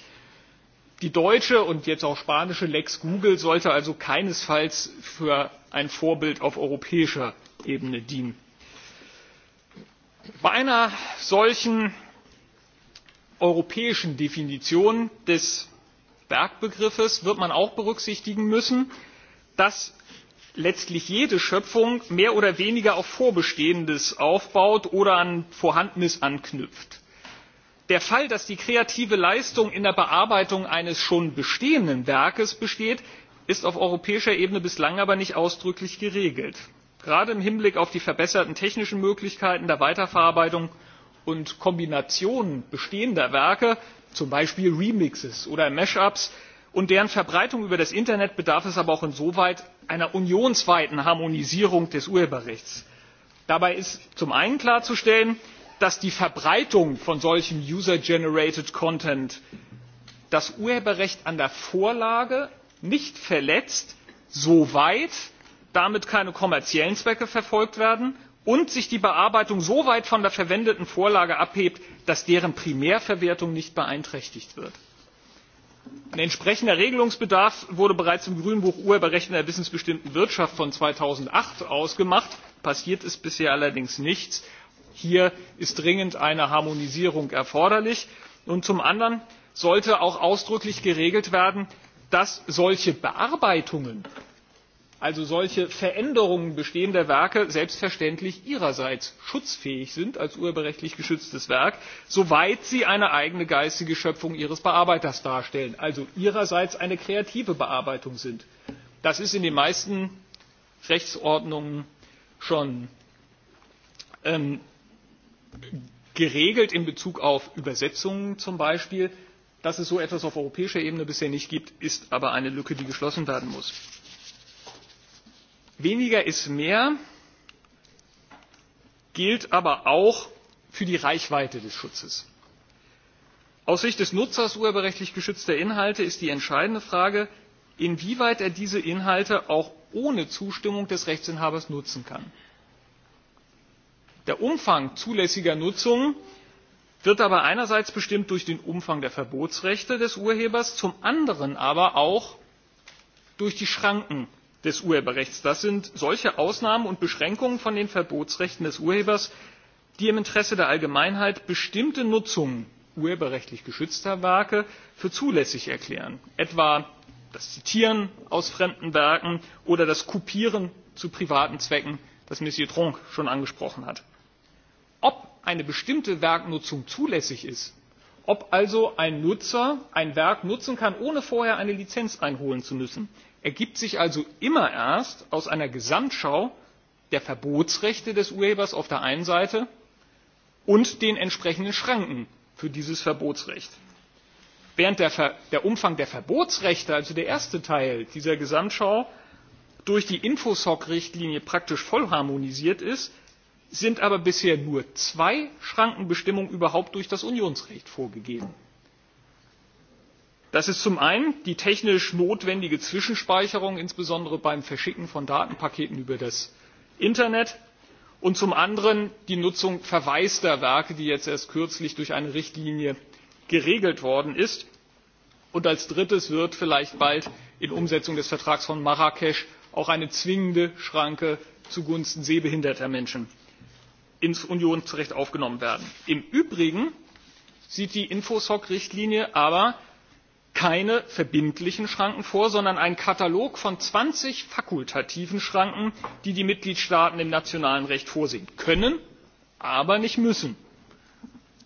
Speaker 19: die deutsche und jetzt auch spanische lex google sollte also keinesfalls für ein vorbild auf europäischer ebene dienen. bei einer solchen europäischen definition des werkbegriffes wird man auch berücksichtigen müssen dass letztlich jede schöpfung mehr oder weniger auf vorbestehendes aufbaut oder an vorhandenes anknüpft der fall dass die kreative leistung in der bearbeitung eines schon bestehenden werkes besteht ist auf europäischer ebene bislang aber nicht ausdrücklich geregelt gerade im hinblick auf die verbesserten technischen möglichkeiten der weiterverarbeitung und kombination bestehender werke zum beispiel remixes oder mash ups und deren verbreitung über das internet bedarf es aber auch insoweit einer unionsweiten harmonisierung des urheberrechts. dabei ist zum einen klarzustellen dass die verbreitung von solchem user generated content das urheberrecht an der vorlage nicht verletzt soweit damit keine kommerziellen zwecke verfolgt werden und sich die bearbeitung so weit von der verwendeten vorlage abhebt dass deren primärverwertung nicht beeinträchtigt wird. ein entsprechender regelungsbedarf wurde bereits im grünbuch urheberrecht in der wissensbestimmten wirtschaft von zweitausendacht ausgemacht passiert ist bisher allerdings nichts hier ist dringend eine harmonisierung erforderlich. und zum anderen sollte auch ausdrücklich geregelt werden dass solche bearbeitungen also solche veränderungen bestehender werke selbstverständlich ihrerseits schutzfähig sind als urheberrechtlich geschütztes werk soweit sie eine eigene geistige schöpfung ihres bearbeiters darstellen also ihrerseits eine kreative bearbeitung sind. das ist in den meisten rechtsordnungen schon ähm, geregelt in Bezug auf Übersetzungen zum Beispiel. Dass es so etwas auf europäischer Ebene bisher nicht gibt, ist aber eine Lücke, die geschlossen werden muss. Weniger ist mehr gilt aber auch für die Reichweite des Schutzes. Aus Sicht des Nutzers urheberrechtlich geschützter Inhalte ist die entscheidende Frage, inwieweit er diese Inhalte auch ohne Zustimmung des Rechtsinhabers nutzen kann der umfang zulässiger nutzung wird aber einerseits bestimmt durch den umfang der verbotsrechte des urhebers zum anderen aber auch durch die schranken des urheberrechts. das sind solche ausnahmen und beschränkungen von den verbotsrechten des urhebers die im interesse der allgemeinheit bestimmte nutzungen urheberrechtlich geschützter werke für zulässig erklären etwa das zitieren aus fremden werken oder das kopieren zu privaten zwecken das monsieur tronc schon angesprochen hat ob eine bestimmte werknutzung zulässig ist ob also ein nutzer ein werk nutzen kann ohne vorher eine lizenz einholen zu müssen ergibt sich also immer erst aus einer gesamtschau der verbotsrechte des urhebers auf der einen seite und den entsprechenden schranken für dieses verbotsrecht. während der, der umfang der verbotsrechte also der erste teil dieser gesamtschau durch die infosoc richtlinie praktisch vollharmonisiert ist sind aber bisher nur zwei Schrankenbestimmungen überhaupt durch das Unionsrecht vorgegeben. Das ist zum einen die technisch notwendige Zwischenspeicherung, insbesondere beim Verschicken von Datenpaketen über das Internet, und zum anderen die Nutzung verwaister Werke, die jetzt erst kürzlich durch eine Richtlinie geregelt worden ist. Und als drittes wird vielleicht bald in Umsetzung des Vertrags von Marrakesch auch eine zwingende Schranke zugunsten sehbehinderter Menschen ins unionsrecht aufgenommen werden. im übrigen sieht die infosoc richtlinie aber keine verbindlichen schranken vor sondern einen katalog von zwanzig fakultativen schranken die die mitgliedstaaten im nationalen recht vorsehen können aber nicht müssen.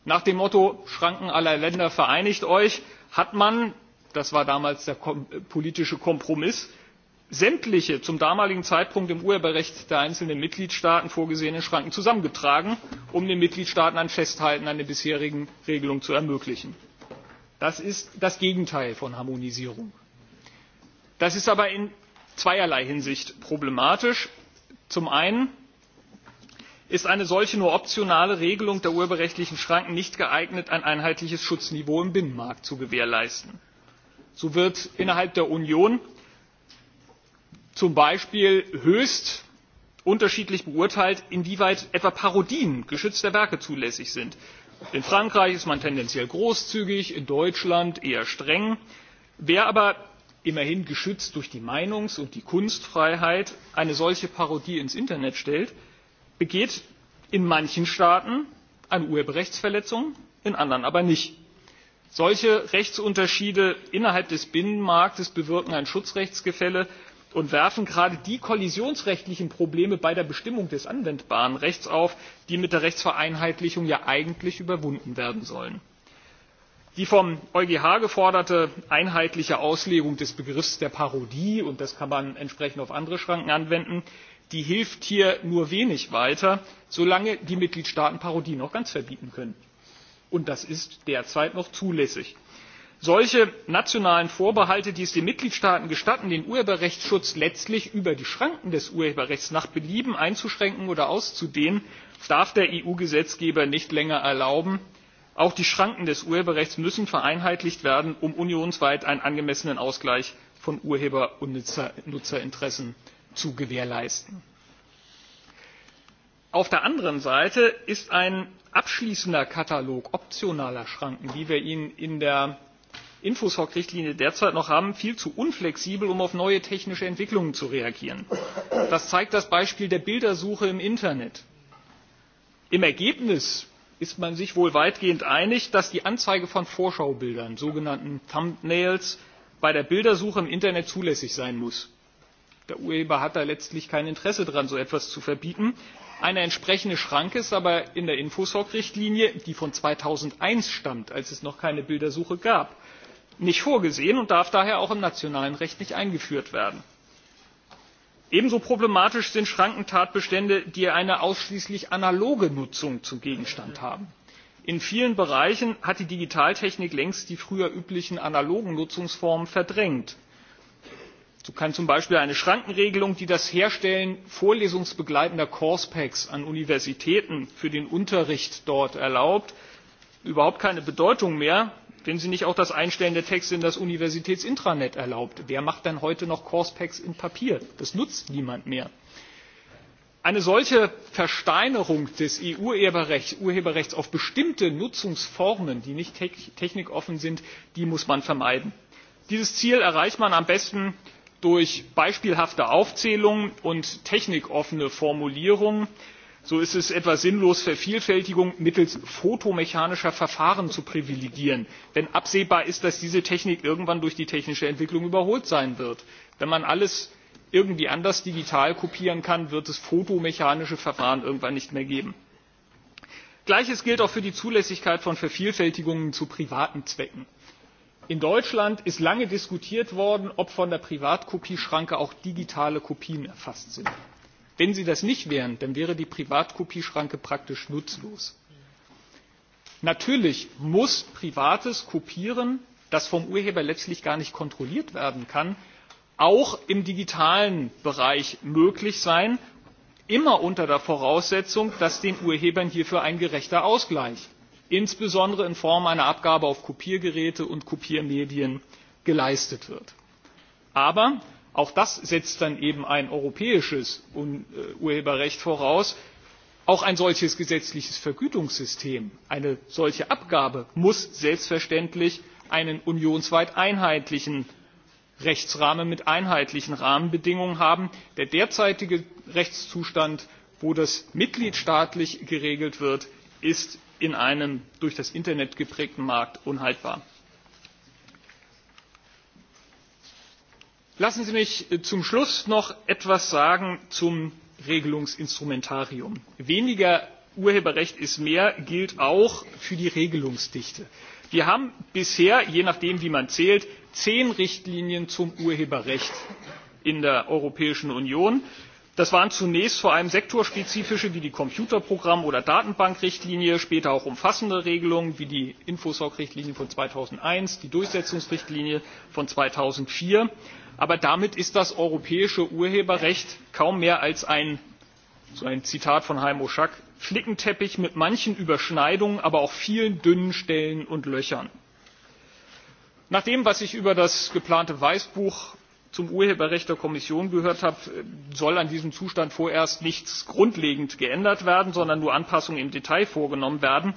Speaker 19: nach dem motto schranken aller länder vereinigt euch hat man das war damals der politische kompromiss sämtliche zum damaligen zeitpunkt im urheberrecht der einzelnen mitgliedstaaten vorgesehenen schranken zusammengetragen um den mitgliedstaaten ein festhalten an den bisherigen regelungen zu ermöglichen. das ist das gegenteil von harmonisierung. das ist aber in zweierlei hinsicht problematisch. zum einen ist eine solche nur optionale regelung der urheberrechtlichen schranken nicht geeignet ein einheitliches schutzniveau im binnenmarkt zu gewährleisten. so wird innerhalb der union zum Beispiel höchst unterschiedlich beurteilt, inwieweit etwa Parodien geschützter Werke zulässig sind. In Frankreich ist man tendenziell großzügig, in Deutschland eher streng. Wer aber immerhin geschützt durch die Meinungs- und die Kunstfreiheit eine solche Parodie ins Internet stellt, begeht in manchen Staaten eine Urheberrechtsverletzung, in anderen aber nicht. Solche Rechtsunterschiede innerhalb des Binnenmarktes bewirken ein Schutzrechtsgefälle, und werfen gerade die kollisionsrechtlichen Probleme bei der Bestimmung des anwendbaren Rechts auf, die mit der Rechtsvereinheitlichung ja eigentlich überwunden werden sollen. Die vom EuGH geforderte einheitliche Auslegung des Begriffs der Parodie, und das kann man entsprechend auf andere Schranken anwenden, die hilft hier nur wenig weiter, solange die Mitgliedstaaten Parodien noch ganz verbieten können. Und das ist derzeit noch zulässig solche nationalen vorbehalte die es den mitgliedstaaten gestatten den urheberrechtsschutz letztlich über die schranken des urheberrechts nach belieben einzuschränken oder auszudehnen darf der eu gesetzgeber nicht länger erlauben. auch die schranken des urheberrechts müssen vereinheitlicht werden um unionsweit einen angemessenen ausgleich von urheber und nutzerinteressen zu gewährleisten. auf der anderen seite ist ein abschließender katalog optionaler schranken wie wir ihn in der Infosoc-Richtlinie derzeit noch haben, viel zu unflexibel, um auf neue technische Entwicklungen zu reagieren. Das zeigt das Beispiel der Bildersuche im Internet. Im Ergebnis ist man sich wohl weitgehend einig, dass die Anzeige von Vorschaubildern, sogenannten Thumbnails, bei der Bildersuche im Internet zulässig sein muss. Der Urheber hat da letztlich kein Interesse daran, so etwas zu verbieten. Eine entsprechende Schranke ist aber in der Infosoc-Richtlinie, die von 2001 stammt, als es noch keine Bildersuche gab, nicht vorgesehen und darf daher auch im nationalen recht nicht eingeführt werden. ebenso problematisch sind schrankentatbestände die eine ausschließlich analoge nutzung zum gegenstand haben. in vielen bereichen hat die digitaltechnik längst die früher üblichen analogen nutzungsformen verdrängt. so kann zum beispiel eine schrankenregelung die das herstellen vorlesungsbegleitender course packs an universitäten für den unterricht dort erlaubt überhaupt keine bedeutung mehr wenn sie nicht auch das einstellen der texte in das universitätsintranet erlaubt. wer macht denn heute noch course packs in papier? das nutzt niemand mehr. eine solche versteinerung des eu urheberrechts auf bestimmte nutzungsformen die nicht technikoffen sind die muss man vermeiden. dieses ziel erreicht man am besten durch beispielhafte aufzählungen und technikoffene formulierungen so ist es etwas sinnlos vervielfältigung mittels fotomechanischer verfahren zu privilegieren wenn absehbar ist dass diese technik irgendwann durch die technische entwicklung überholt sein wird. wenn man alles irgendwie anders digital kopieren kann wird es fotomechanische verfahren irgendwann nicht mehr geben. gleiches gilt auch für die zulässigkeit von vervielfältigungen zu privaten zwecken. in deutschland ist lange diskutiert worden ob von der privatkopieschranke auch digitale kopien erfasst sind wenn sie das nicht wären dann wäre die privatkopieschranke praktisch nutzlos. natürlich muss privates kopieren das vom urheber letztlich gar nicht kontrolliert werden kann auch im digitalen bereich möglich sein immer unter der voraussetzung dass den urhebern hierfür ein gerechter ausgleich insbesondere in form einer abgabe auf kopiergeräte und kopiermedien geleistet wird. aber auch das setzt dann eben ein europäisches äh, urheberrecht voraus auch ein solches gesetzliches vergütungssystem eine solche abgabe muss selbstverständlich einen unionsweit einheitlichen rechtsrahmen mit einheitlichen rahmenbedingungen haben. der derzeitige rechtszustand wo das mitgliedstaatlich geregelt wird ist in einem durch das internet geprägten markt unhaltbar. lassen sie mich äh, zum schluss noch etwas zum regelungsinstrumentarium sagen weniger urheberrecht ist mehr gilt auch für die regelungsdichte. wir haben bisher je nachdem wie man zählt zehn richtlinien zum urheberrecht in der europäischen union. das waren zunächst vor allem sektorspezifische wie die computerprogramm oder datenbankrichtlinie später auch umfassende regelungen wie die infosoc richtlinie von zweitausendeins die durchsetzungsrichtlinie von zweitausendvier aber damit ist das europäische urheberrecht kaum mehr als ein so ein zitat von heimo schack flickenteppich mit manchen überschneidungen aber auch vielen dünnen stellen und löchern. nach dem was ich über das geplante weißbuch zum urheberrecht der kommission gehört habe soll an diesem zustand vorerst nichts grundlegend geändert werden sondern nur anpassungen im detail vorgenommen werden.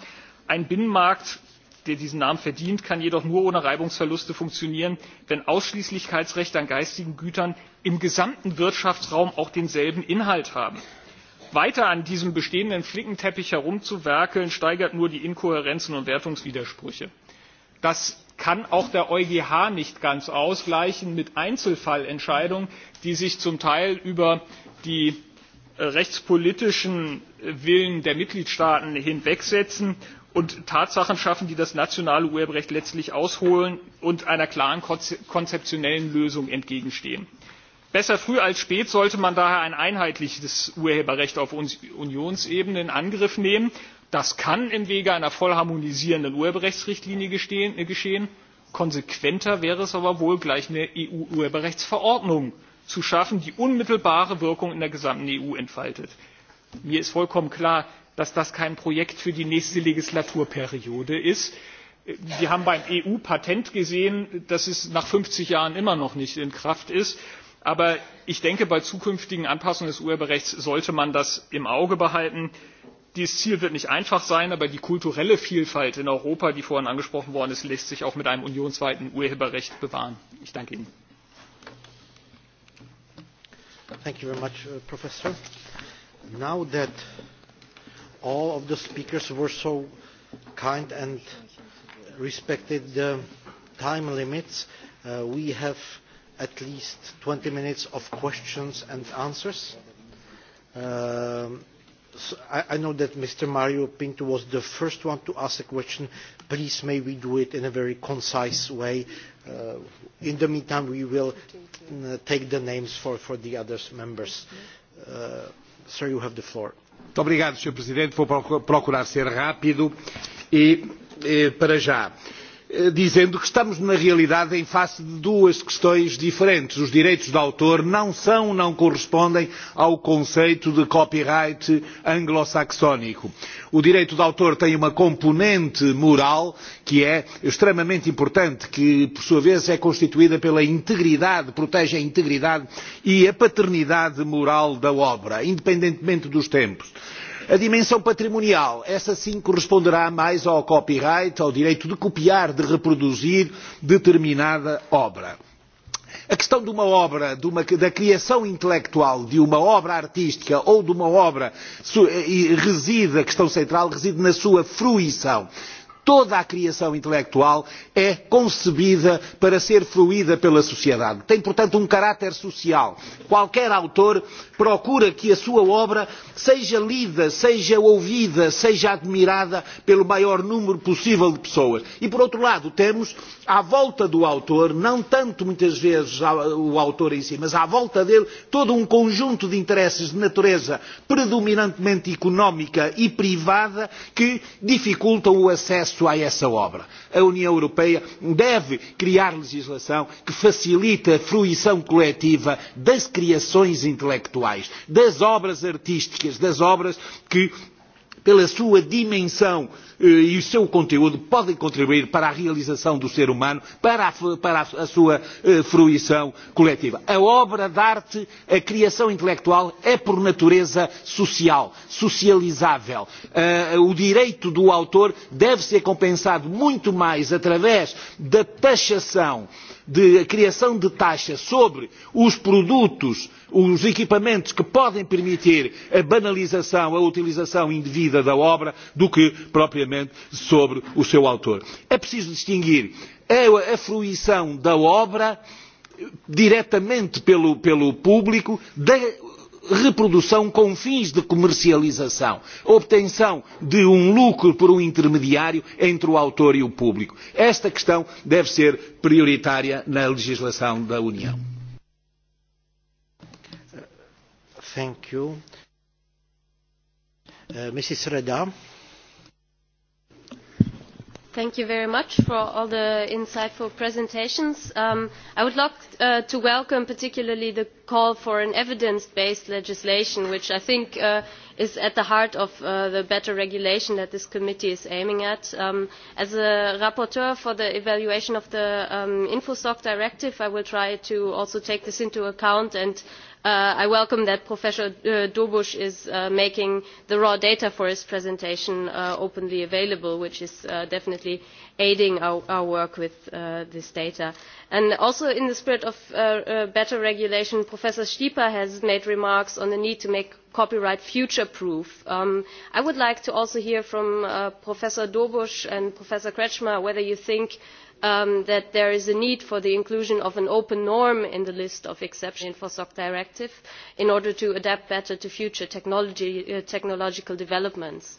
Speaker 19: ein binnenmarkt der diesen namen verdient kann jedoch nur ohne reibungsverluste funktionieren wenn ausschließlichkeitsrechte an geistigen gütern im gesamten wirtschaftsraum auch denselben inhalt haben. weiter an diesem bestehenden flickenteppich herumzuwerkeln steigert nur die inkohärenzen und wertungswidersprüche. das kann auch der eugh nicht ganz ausgleichen mit einzelfallentscheidungen die sich zum teil über die äh, rechtspolitischen willen der mitgliedstaaten hinwegsetzen und Tatsachen schaffen, die das nationale Urheberrecht letztlich ausholen und einer klaren konzeptionellen Lösung entgegenstehen. Besser früh als spät sollte man daher ein einheitliches Urheberrecht auf Unionsebene in Angriff nehmen. Das kann im Wege einer voll harmonisierenden Urheberrechtsrichtlinie äh, geschehen. Konsequenter wäre es aber wohl, gleich eine EU-Urheberrechtsverordnung zu schaffen, die unmittelbare Wirkung in der gesamten EU entfaltet. Mir ist vollkommen klar, dass das kein projekt für die nächste legislaturperiode ist. wir haben beim eu patent gesehen dass es nach fünfzig jahren immer noch nicht in kraft ist. aber ich denke bei zukünftigen anpassungen des urheberrechts sollte man das im auge behalten. dieses ziel wird nicht einfach sein aber die kulturelle vielfalt in europa die vorhin angesprochen worden ist lässt sich auch mit einem unionsweiten urheberrecht bewahren. ich danke ihnen.
Speaker 1: Thank you very much, uh, Professor. Now that all of the speakers were so kind and respected the time limits. Uh, we have at least 20 minutes of questions and answers. Um, so I, I know that Mr. Mario Pinto was the first one to ask a question. Please may we do it in a very concise way. Uh, in the meantime, we will uh, take the names for, for the other members. Uh, sir, you have the floor
Speaker 20: senhor presidente vou procurar ser rápido e, e para já Eh, dizendo que estamos na realidade em face de duas questões diferentes os direitos de autor não são não correspondem ao conceito de copyright anglo saxónico. o direito de autor tem uma componente moral que é extremamente importante que por sua vez é constituída pela integridade protege a integridade e a paternidade moral da obra independentemente dos tempos a dimensão patrimonial essa sim corresponderá mais ao copyright ao direito de copiar de reproduzir determinada obra a questão de uma obra de uma, da criação intelectual de uma obra artística ou de uma obra e reside a questão central reside na sua fruição toda a criação intelectual é concebida para ser fruída pela sociedade. Tem, portanto, um caráter social. Qualquer autor procura que a sua obra seja lida, seja ouvida, seja admirada pelo maior número possível de pessoas. E, por outro lado, temos à volta do autor, não tanto muitas vezes o autor em si, mas à volta dele, todo um conjunto de interesses de natureza predominantemente económica e privada que dificultam o acesso acesso a essa obra. A União Europeia deve criar legislação que facilite a fruição coletiva das criações intelectuais, das obras artísticas, das obras que pela sua dimensão eh, e o seu conteúdo, podem contribuir para a realização do ser humano, para a, a, a sua eh, fruição coletiva. A obra de arte, a criação intelectual, é por natureza social, socializável. Eh, o direito do autor deve ser compensado muito mais através da taxação de criação de taxas sobre os produtos, os equipamentos que podem permitir a banalização, a utilização indevida da obra, do que propriamente sobre o seu autor. É preciso distinguir a, a fruição da obra diretamente pelo, pelo público da reprodução com fins de comercialização, obtenção de um lucro por um intermediário entre o autor e o público. Esta questão deve ser prioritária na legislação da União. Thank you.
Speaker 1: Uh, Mrs. Reda.
Speaker 21: Thank you very much for all the insightful presentations. Um, I would like uh, to welcome particularly the call for an evidence-based legislation, which I think uh, is at the heart of uh, the better regulation that this committee is aiming at. Um, as a rapporteur for the evaluation of the um, InfoSoc directive, I will try to also take this into account and Uh, i welcome that professor uh, dobus is uh, making the raw data for his presentation uh, openly available which is definitely aiding our, work with this data. And also in the spirit of better regulation professor stieper has made remarks on the need to make copyright future proof. Um, i would like to also hear from professor dobus and professor kretschmer whether you think that Um, that there is a need for the inclusion of an open norm in the list of exceptions in the fosoc directive in order to adapt better to future uh, technological developments.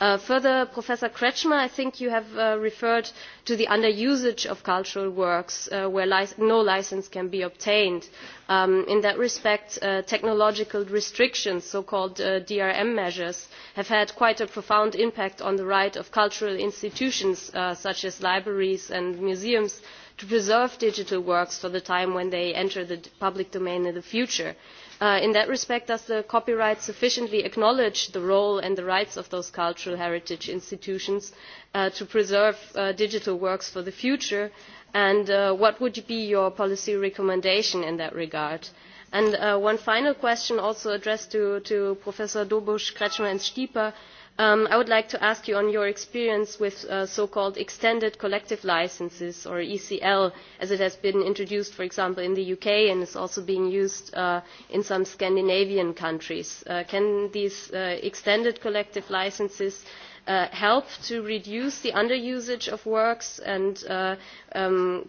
Speaker 21: Uh, further professor kretschmer i think you have uh, referred to the under usage of cultural works uh, where li no licence can be obtained. Um, in that respect uh, technological restrictions so called uh, drm measures have had quite a profound impact on the right of cultural institutions such as libraries and museums to preserve digital works for the time when they enter the public domain in the future. Uh, in that respect does the copyright sufficiently acknowledge the role and the rights of those cultural heritage institutions uh, to preserve uh, digital works for the future and what would be your policy recommendation in that regard? And, one final question also addressed to, Professor professors Kretschmer creu and stieper Um, i would like to ask you on your experience with uh, so called extended collective licences or ecl as it has been introduced for example in the uk and is also being used uh, in some scandinavian countries. Uh, can these extended collective licences help to reduce the under usage of works and um,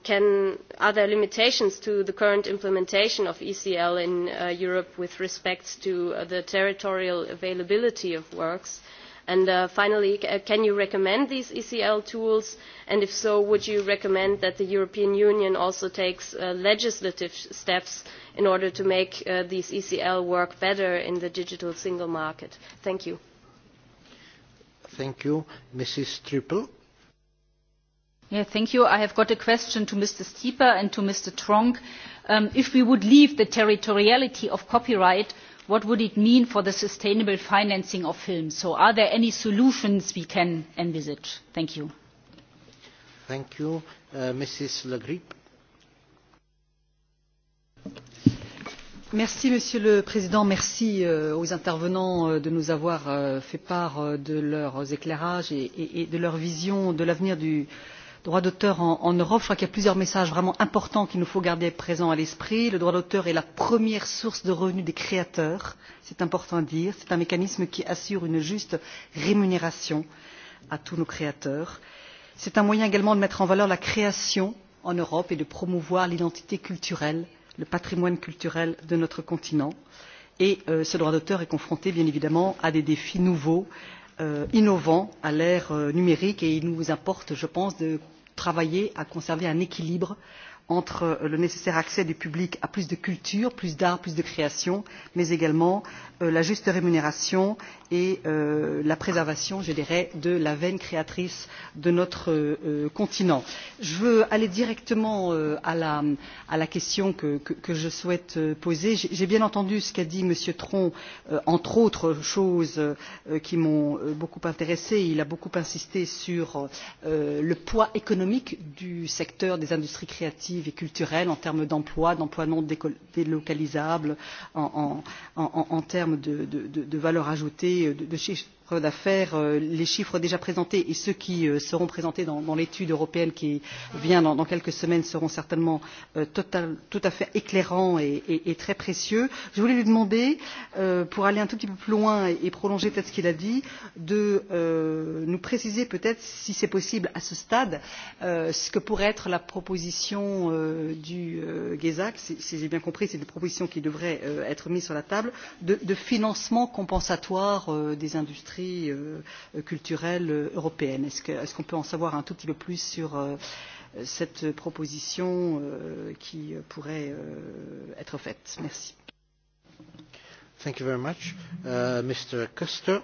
Speaker 21: are there limitations to the current implementation of ecl in europe with respect to the territorial availability of works? And uh, finally, uh, can you recommend these ECL tools? And if so, would you recommend that the European Union also takes uh, legislative steps in order to make uh, these ECL work better in the digital single market?
Speaker 10: Thank you.
Speaker 1: Thank you. Mrs. Triple.
Speaker 10: Yeah, thank you. I have got a question to Mr. Stieper and to Mr. Tronk. Um, if we would leave the territoriality of copyright what would it mean for the sustainable financing of film? So are there any solutions we can envisage? Thank you.
Speaker 1: Thank you. Uh, Mrs. Lagrip.
Speaker 2: Merci, monsieur le président merci euh, aux intervenants euh, de nous avoir euh, fait part euh, de leurs éclairages et, et, et de leur vision de l'avenir du, droits d'auteur en, europe je crois qu'il y a plusieurs messages vraiment importants qu'il nous faut garder présents à l'esprit le droit d'auteur est la première source de revenus des créateurs c'est important à dire c'est un mécanisme qui assure une juste rémunération à tous nos créateurs c'est un moyen également de mettre en valeur la création en europe et de promouvoir l'identité culturelle le patrimoine culturel de notre continent et euh, ce droit d'auteur est confronté bien évidemment à des défis nouveaux euh, innovants à l'ère euh, numérique et il nous importe je pense de travailler à conserver un équilibre entre entre euh, le nécessaire accès du public à plus de culture plus d'art plus de création mais également euh, la juste rémunération et euh, la préservation je dirais de la veine créatrice de notre continent. je veux aller directement à la, à la question que, que, que je souhaite poser. j'ai bien entendu ce qu'a dit m. tron entre autres choses qui m'ont beaucoup intéressé. il a beaucoup insisté sur le poids économique du secteur des industries créatives sportive et culturelle en termes d'emploi d'emplois non délocalisables en, en, en, en termes de, de, de valeur ajoutée de, de chiffres d'affaires euh, les chiffres déjà présentés et ceux qui euh, seront présentés dans, dans l'étude européenne qui vient dans, dans quelques semaines seront certainement euh, total, tout à fait éclairants et, et, et très précieux. je voulais lui demander euh, pour aller un tout petit peu plus loin et, et prolonger peut être ce qu'il a dit de euh, nous préciser peut être si c'est possible à ce stade euh, ce que pourrait être la proposition euh, du euh, gesac si, si j'ai bien compris c'est une proposition qui devrait euh, être mise sur la table de, de financement compensatoire euh, des industries industrie euh, culturelle euh, européenne. Est-ce qu'on est qu peut en savoir un tout petit peu plus sur euh, cette proposition qui pourrait
Speaker 11: être
Speaker 1: faite Merci. Thank you very much. Uh, Mr. Custer.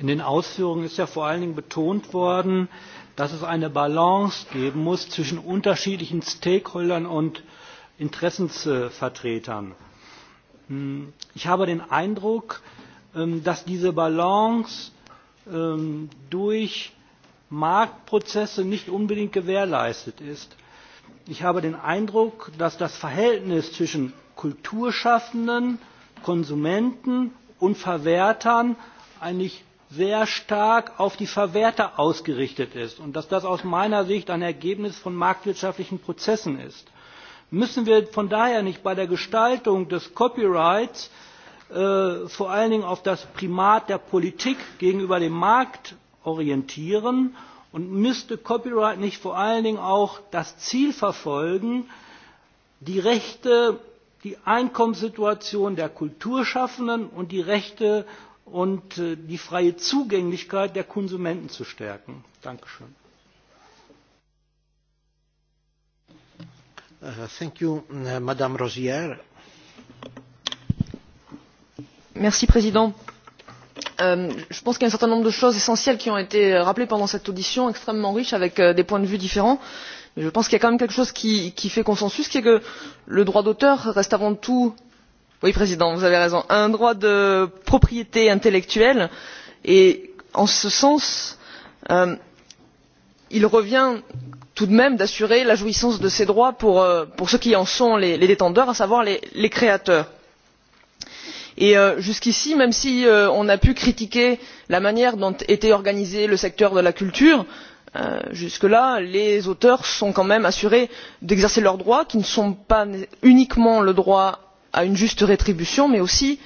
Speaker 8: In den Ausführungen ist ja vor allen Dingen betont worden, dass es eine Balance geben muss zwischen unterschiedlichen Stakeholdern und Interessensvertretern. Hm, ich habe den Eindruck, ähm, dass diese Balance ähm, durch Marktprozesse nicht unbedingt gewährleistet ist. Ich habe den Eindruck, dass das Verhältnis zwischen Kulturschaffenden, Konsumenten und Verwertern eigentlich sehr stark auf die Verwerter ausgerichtet ist und dass das aus meiner Sicht ein Ergebnis von marktwirtschaftlichen Prozessen ist. Müssen wir von daher nicht bei der Gestaltung des Copyrights äh, vor allen Dingen auf das Primat der Politik gegenüber dem Markt orientieren und müsste Copyright nicht vor allen Dingen auch das Ziel verfolgen, die Rechte, die Einkommenssituation der Kulturschaffenden und die Rechte und äh, die freie Zugänglichkeit der Konsumenten zu stärken. Dankeschön.
Speaker 1: Uh, thank uh, Madame Rosière.
Speaker 6: Merci, Président. Euh, je pense qu'il y a un certain nombre de choses essentielles qui ont été rappelées pendant cette audition, extrêmement riche, avec euh, des points de vue différents mais je pense qu'il y a quand même quelque chose qui, fait consensus qui est que le droit d'auteur reste avant tout oui président vous avez raison un droit de propriété intellectuelle et en ce sens euh, il revient comme vous l'avez dit à la commission de proposer des tout de même d'assurer la jouissance de ces droits euh, pour, ceux qui en sont les, détenteurs à savoir les, créateurs. Euh, jusqu'ici même si euh, on a pu critiquer la manière dont était organisé le secteur de la culture jusque là les auteurs sont quand même assurés d'exercer leurs droits qui ne sont pas uniquement le droit à une juste rétribution mais aussi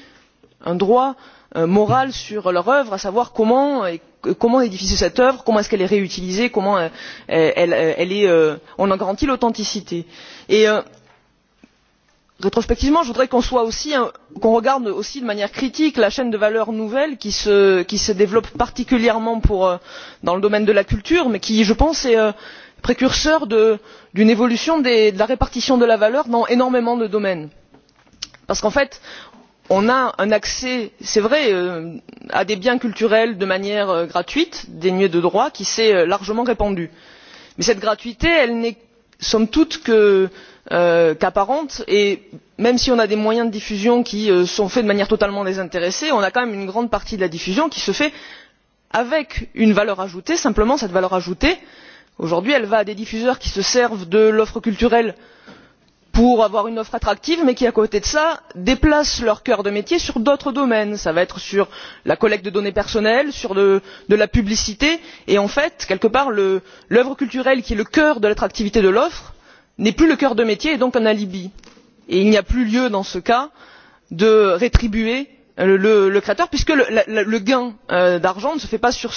Speaker 6: un droit moral sur leur œuvre à savoir comment et comment est diffusée cette œuvre comment est ce qu'elle est réutilisée comment euh, euh, euh, on en garantit l'authenticité rétrospectivement je voudrais qu'on soit aussi qu'on regarde aussi de manière critique la chaîne de valeur nouvelle qui se, développe particulièrement dans le domaine de la culture mais qui je pense est précurseur d'une évolution de la répartition de la valeur dans énormément de domaines parce qu'en fait on a un accès c'est vrai euh, à des biens culturels de manière euh, gratuite dénués de droits qui s'est euh, largement répandu mais cette gratuité elle n'est somme toute qu'apparente et même si on a des moyens de diffusion qui sont faits de manière totalement désintéressée on a quand même une grande partie de la diffusion qui se fait avec une valeur ajoutée simplement cette valeur ajoutée aujourd'hui elle va à des diffuseurs qui se servent de l'offre culturelle pour avoir une offre attractive mais qui à côté de cela déplacent leur cœur de métier sur d'autres domaines cela va être sur la collecte de données personnelles sur de la publicité et en fait quelque part l'œuvre culturelle qui est le cœur de l'attractivité de l'offre n'est plus le cœur de métier et donc un alibi. et il n'y a plus lieu dans ce cas de rétribuer le créateur puisque le gain euh, d'argent ne se fait pas sur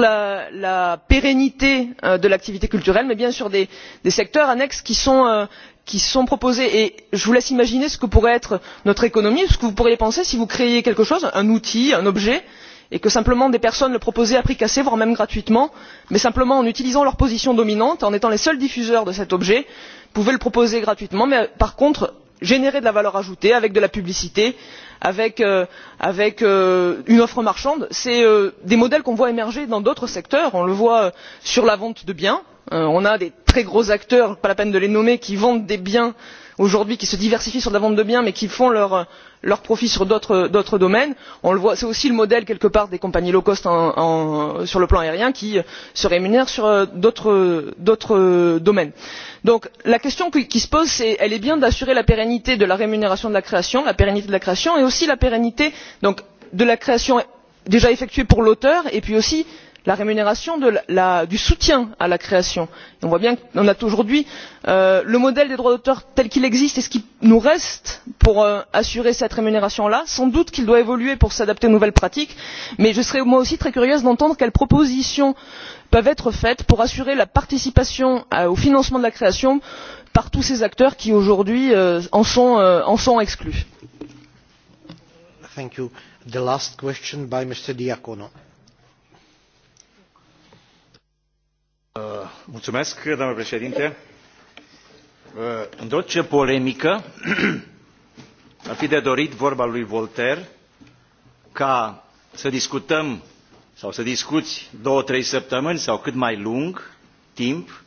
Speaker 6: la pérennité euh, de l'activité culturelle mais bien sur des secteurs annexes qui sont euh, qui sont proposées et je vous laisse imaginer ce que pourrait être notre économie ou ce que vous pourriez penser si vous créiez quelque chose un outil un objet et que simplement des personnes le proposaient à prix cassé voire même gratuitement mais simplement en utilisant leur position dominante en étant les seuls diffuseurs de cet objet pouvaient le proposer gratuitement mais par contre générer de la valeur ajoutée avec de la publicité avec, euh, euh, une offre marchande. ce sont euh, des modèles qu'on voit émerger dans d'autres secteurs on le voit sur la vente de biens Euh, on a de très gros acteurs pas la peine de les nommer qui vendent des biens aujourd'hui qui se diversifient sur la vente de biens mais qui font leurs profits sur d'autres domaines. c'est aussi le modèle quelque part des compagnies low cost sur le plan aérien qui se rémunèrent sur euh, d'autres domaines. donc la question qui se pose est bien d'assurer la pérennité de la rémunération de la création la pérennité de la création et aussi la pérennité de la création déjà effectuée pour l'auteur et puis aussi la rémunération du soutien à la création. on voit bien qu'on a aujourd'hui euh, le modèle des droits d'auteur tel qu'il existe et ce qu'il nous reste pour euh, assurer cette rémunération là. sans doute qu'il doit évoluer pour s'adapter aux nouvelles pratiques mais je serais moi aussi très curieuse d'entendre quelles propositions peuvent être faites pour assurer la participation euh, au financement de la création par tous ces acteurs qui aujourd'hui en sont exclus.
Speaker 22: Uh, doamnă președinte. Uh, în orice polemică ar fi de dorit vorba lui Voltaire ca să discutăm sau să discuți două, trei săptămâni sau cât mai lung timp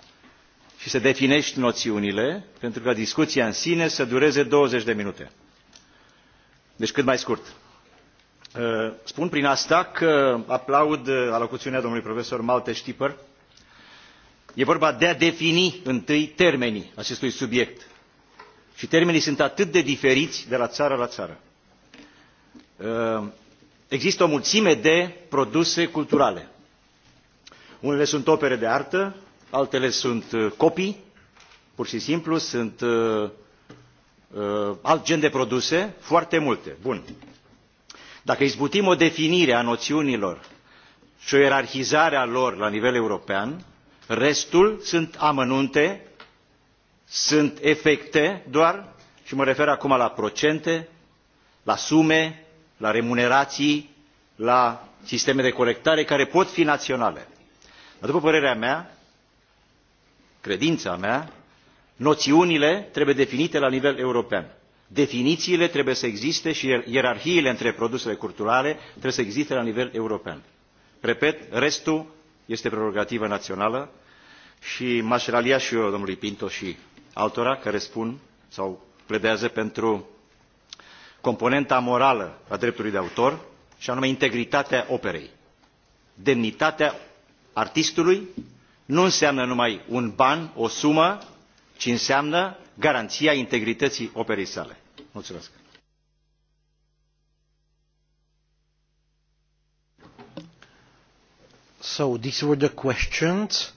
Speaker 22: și să definești noțiunile, pentru ca discuția în sine să dureze 20 de minute. Deci cât mai scurt. Uh, spun prin asta că aplaud alocuțiunea domnului profesor Malte Stipper, e vorba de a defini întâi termenii acestui subiect și termenii sunt atât de diferiți de la țară la țară. Uh, există o mulțime de produse culturale. Unele sunt opere de artă, altele sunt uh, copii, pur și simplu sunt uh, alt gen de produse, foarte multe. Bun. Dacă izbutim o definire a noțiunilor și o ierarhizare a lor la nivel european, restul sunt amănunte sunt efecte doar și mă refer acum la procente la sume la remunerații la sisteme de colectare care pot fi naționale. Dar după părerea mea credința mea noțiunile trebuie definite la nivel european definițiile trebuie să existe și ierarhiile între produsele culturale trebuie să existe la nivel european. repet restul este prerogativă națională și m-aș ralia și eu domnului Pinto și altora care spun sau pledează pentru componenta morală a dreptului de autor și anume integritatea operei. Demnitatea artistului nu înseamnă numai un ban, o sumă, ci înseamnă garanția integrității operei sale. Mulțumesc.
Speaker 1: So these were the questions.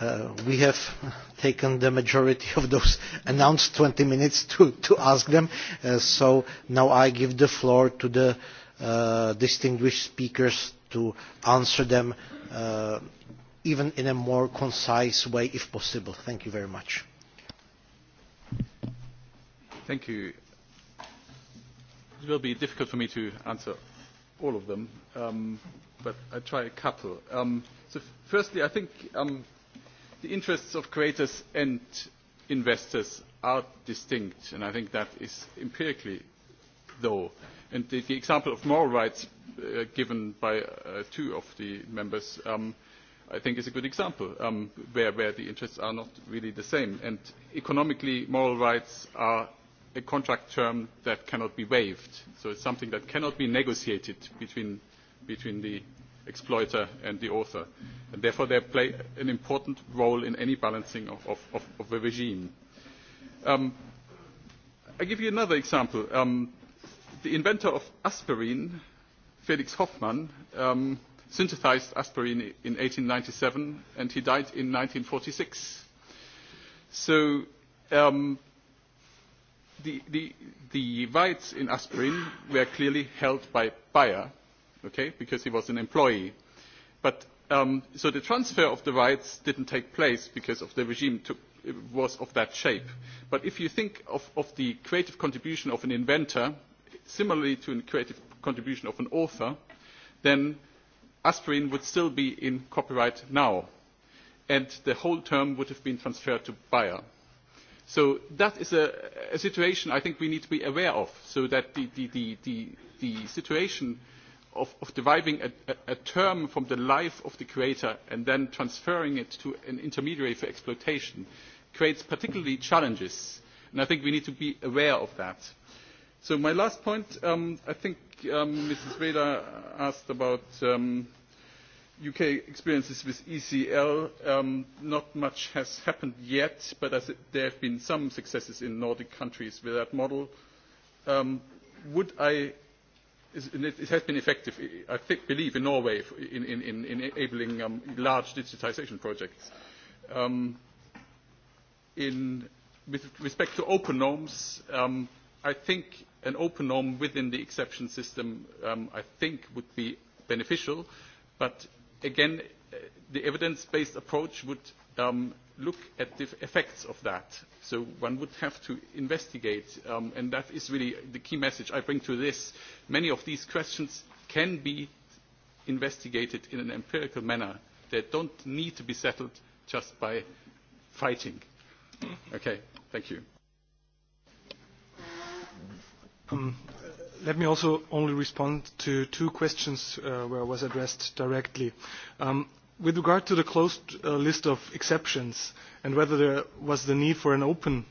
Speaker 1: Uh, we have taken the majority of those announced 20 minutes to, to ask them. Uh, so now I give the floor to the uh, distinguished speakers to answer them uh, even in a more concise way if possible. Thank you very much.
Speaker 12: Thank you. It will be difficult for me to answer all of them. Um, but I'll try a couple. Um, so firstly, I think um, the interests of creators and investors are distinct, and I think that is empirically though. And the, the example of moral rights uh, given by uh, two of the members, um, I think, is a good example um, where, where the interests are not really the same. And economically, moral rights are a contract term that cannot be waived. So it's something that cannot be negotiated between, between the exploiter and the author. And therefore, they play an important role in any balancing of, of, of, a regime. Um, I give you another example. Um, the inventor of aspirin, Felix Hoffmann, um, synthesized aspirin in 1897, and he died in 1946. So um, the, the, the rights in aspirin were clearly held by Bayer, okay, because he was an employee. But um, so the transfer of the rights didn't take place because of the regime took, was of that shape. But if you think of, of the creative contribution of an inventor, similarly to a creative contribution of an author, then aspirin would still be in copyright now, and the whole term would have been transferred to Bayer. So that is a, a situation I think we need to be aware of, so that the, the, the, the, the situation of, of deriving a, a, a term from the life of the creator and then transferring it to an intermediary for exploitation creates particularly challenges. And I think we need to be aware of that. So my last point, um, I think um, Mrs. Reda asked about um, UK experiences with ECL. Um, not much has happened yet, but as it, there have been some successes in Nordic countries with that model. Um, would I it has been effective, I think, believe, in Norway in, in, in enabling um, large digitization projects. Um, in, with respect to open norms, um, I think an open norm within the exception system, um, I think, would be beneficial. But again, uh, the evidence-based approach would um, look at the effects of that. So one would have to investigate, um, and that is really the key message I bring to this. Many of these questions can be investigated in an empirical manner. They don't need to be settled just by fighting. Okay, thank you.
Speaker 13: Um, let me also only respond to two questions uh, where I was addressed directly. Um, with regard to the closed uh, list of exceptions and whether there was the need for an open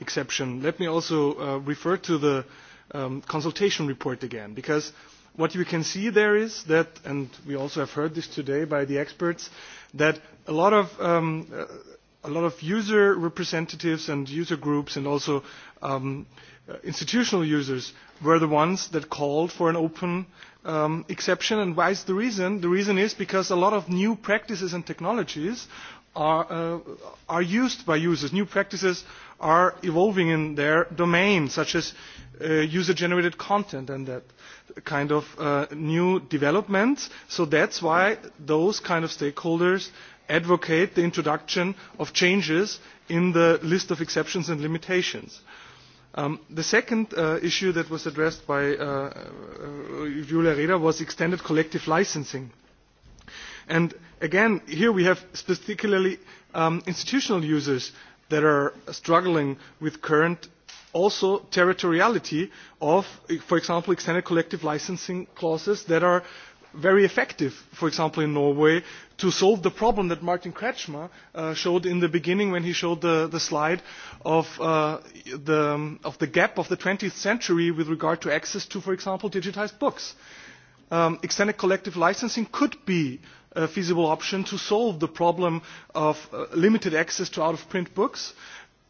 Speaker 13: exception, let me also uh, refer to the um, consultation report again, because what you can see there is that, and we also have heard this today by the experts, that a lot of um, a lot of user representatives and user groups and also um, uh, institutional users were the ones that called for an open um, exception. And why is the reason? The reason is because a lot of new practices and technologies are, uh, are used by users. New practices are evolving in their domain, such as uh, user-generated content and that kind of uh, new developments. So that's why those kind of stakeholders advocate the introduction of changes in the list of exceptions and limitations. Uh, Um, the second uh, issue that was addressed by uh, uh, Julia Reda was extended collective licensing. And again, here we have particularly um, institutional users that are struggling with current also territoriality of, for example, extended collective licensing clauses that are very effective, for example, in Norway, to solve the problem that Martin Kretschmer uh, showed in the beginning when he showed the, the slide of, uh, the, um, of the gap of the 20th century with regard to access to, for example, digitized books. Um, extended collective licensing could be a feasible option to solve the problem of uh, limited access to out-of-print books.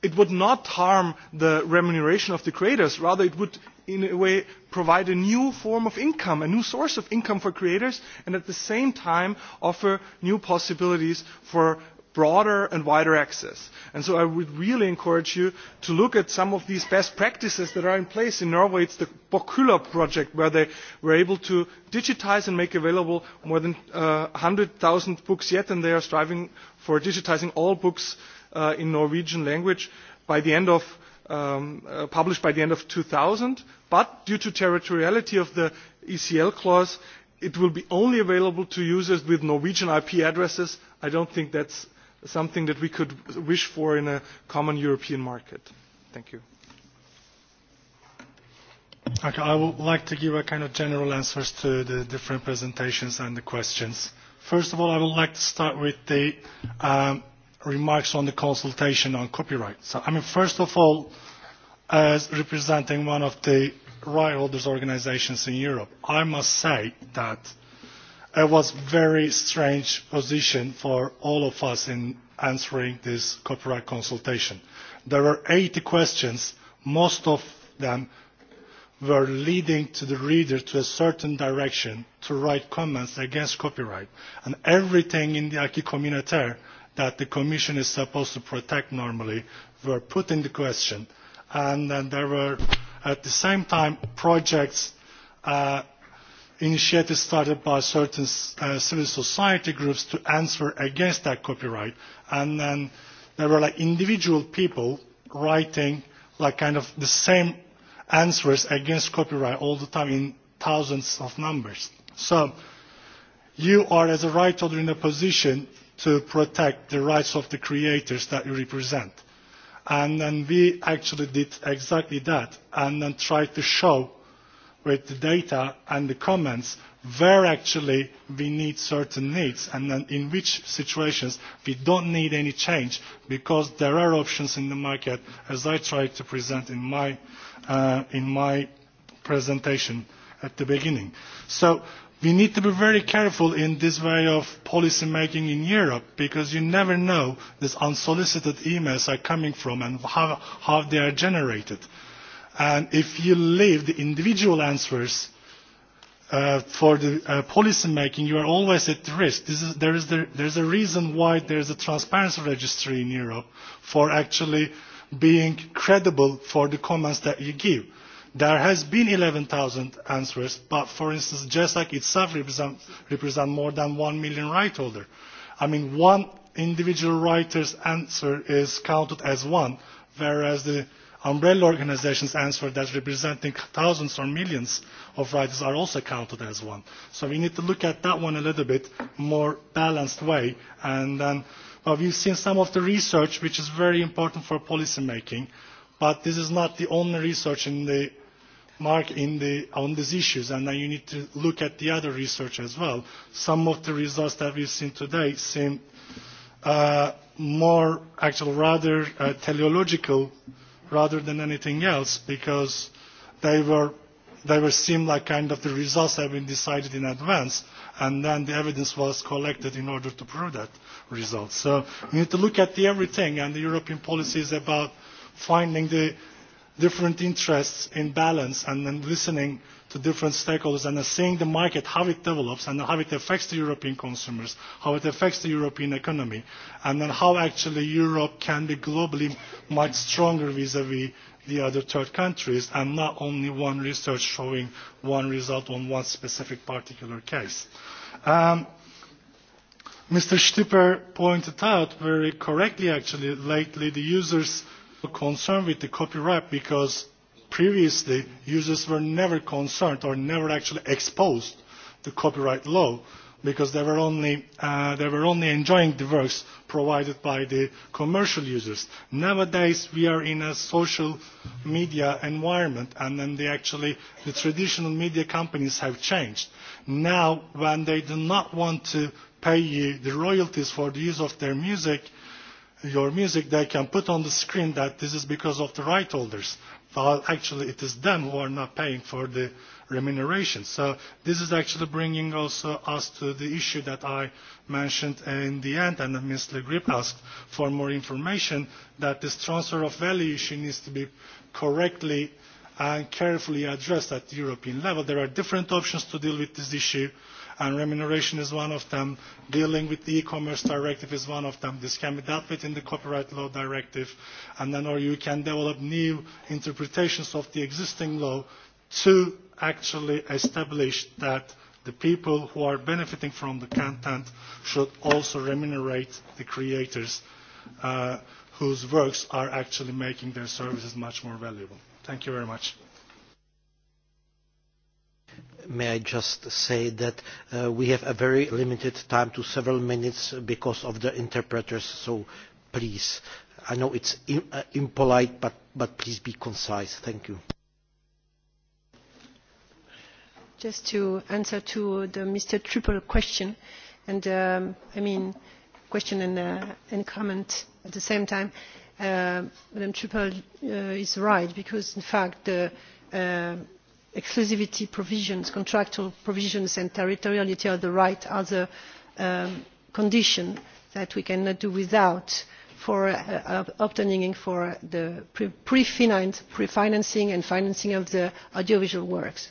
Speaker 13: It would not harm the remuneration of the creators. Rather, it would in a way provide a new form of income, a new source of income for creators, and at the same time offer new possibilities for broader and wider access. And so I would really encourage you to look at some of these best practices that are in place. In Norway, it's the Bokula project, where they were able to digitize and make available more than uh, 100,000 books yet, and they are striving for digitizing all books uh, in Norwegian language by the end of um, uh, published by the end of 2000, but due to territoriality of the ECL clause, it will be only available to users with Norwegian IP addresses. I don't think that's something that we could wish for in a common European market. Thank you. Okay, I would like to give a
Speaker 14: kind of general answers to the different presentations and the questions. First of all, I would like to start with the um, remarks on the consultation on copyright. So, I mean, first of all, as representing one of the right holders organizations in Europe, I must say that it was very strange position for all of us in answering this copyright consultation. There were 80 questions, most of them were leading to the reader to a certain direction to write comments against copyright. And everything in the acquis communautaire that the Commission is supposed to protect normally were put into question. And, and there were, at the same time, projects uh, initiatives started by certain uh, civil society groups to answer against that copyright. And then there were like individual people writing like kind of the same answers against copyright all the time in thousands of numbers. So you are as a right holder in a position to protect the rights of the creators that you represent. And, then we actually did exactly that and then tried to show with the data and the comments where actually we need certain needs and then in which situations we don't need any change because there are options in the market as I tried to present in my, uh, in my presentation at the beginning. So we need to be very careful in this way of policy making in Europe because you never know these unsolicited emails are coming from and how, how they are generated. And if you leave the individual answers uh, for the uh, policy making, you are always at risk. This is, there is the, there's a reason why there is a transparency registry in Europe for actually being credible for the comments that you give There has been 11,000 answers, but for instance, like itself represents represent more than 1 million right holder. I mean, one individual writer's answer is counted as one, whereas the umbrella organization's answer that's representing thousands or millions of writers are also counted as one. So we need to look at that one a little bit more balanced way. And then, um, well, we've seen some of the research, which is very important for policy making, but this is not the only research in the mark in the, on these issues, and then you need to look at the other research as well. Some of the results that we've seen today seem uh, more, actually, rather uh, teleological rather than anything else, because they were they were seem like kind of the results have been decided in advance, and then the evidence was collected in order to prove that result. So you need to look at the everything, and the European policy is about finding the different interests in balance and then listening to different stakeholders and then seeing the market, how it develops and how it affects the European consumers, how it affects the European economy, and then how actually Europe can be globally much stronger vis-à-vis -vis the other third countries and not only one research showing one result on one specific particular case. Um, Mr. Stipper pointed out very correctly actually lately the users' the concern with the copyright because previously users were never concerned or never actually exposed to copyright law because they were only uh, they were only enjoying the works provided by the commercial users. Nowadays we are in a social media environment and then they actually the traditional media companies have changed. Now when they do not want to pay you the royalties for the use of their music, your music, they can put on the screen that this is because of the right holders. While actually it is them who are not paying for the remuneration. So this is actually bringing also us to the issue that I mentioned in the end, and Ms. Le Grip asked for more information, that this transfer of value issue needs to be correctly and carefully addressed at the European level. There are different options to deal with this issue and remuneration is one of them. Dealing with the e-commerce directive is one of them. This can be dealt with in the copyright law directive, and then or you can develop new interpretations of the existing law to actually establish that the people who are benefiting from the content should also remunerate the creators uh, whose works are actually making their services much more valuable. Thank you very much
Speaker 1: may I just say that uh, we have a very limited time to several minutes because of the interpreters, so please, I know it's in, uh, impolite, but, but please be concise. Thank you.
Speaker 17: Just to answer to the Mr. Triple question, and um, I mean question and, uh, and comment at the same time, uh, Madam Triple uh, is right because in fact the uh, exclusivity provisions contractual provisions and territoriality of the right are the um, conditions that we cannot do without for uh, obtaining for the pre financing and financing of the audiovisual works.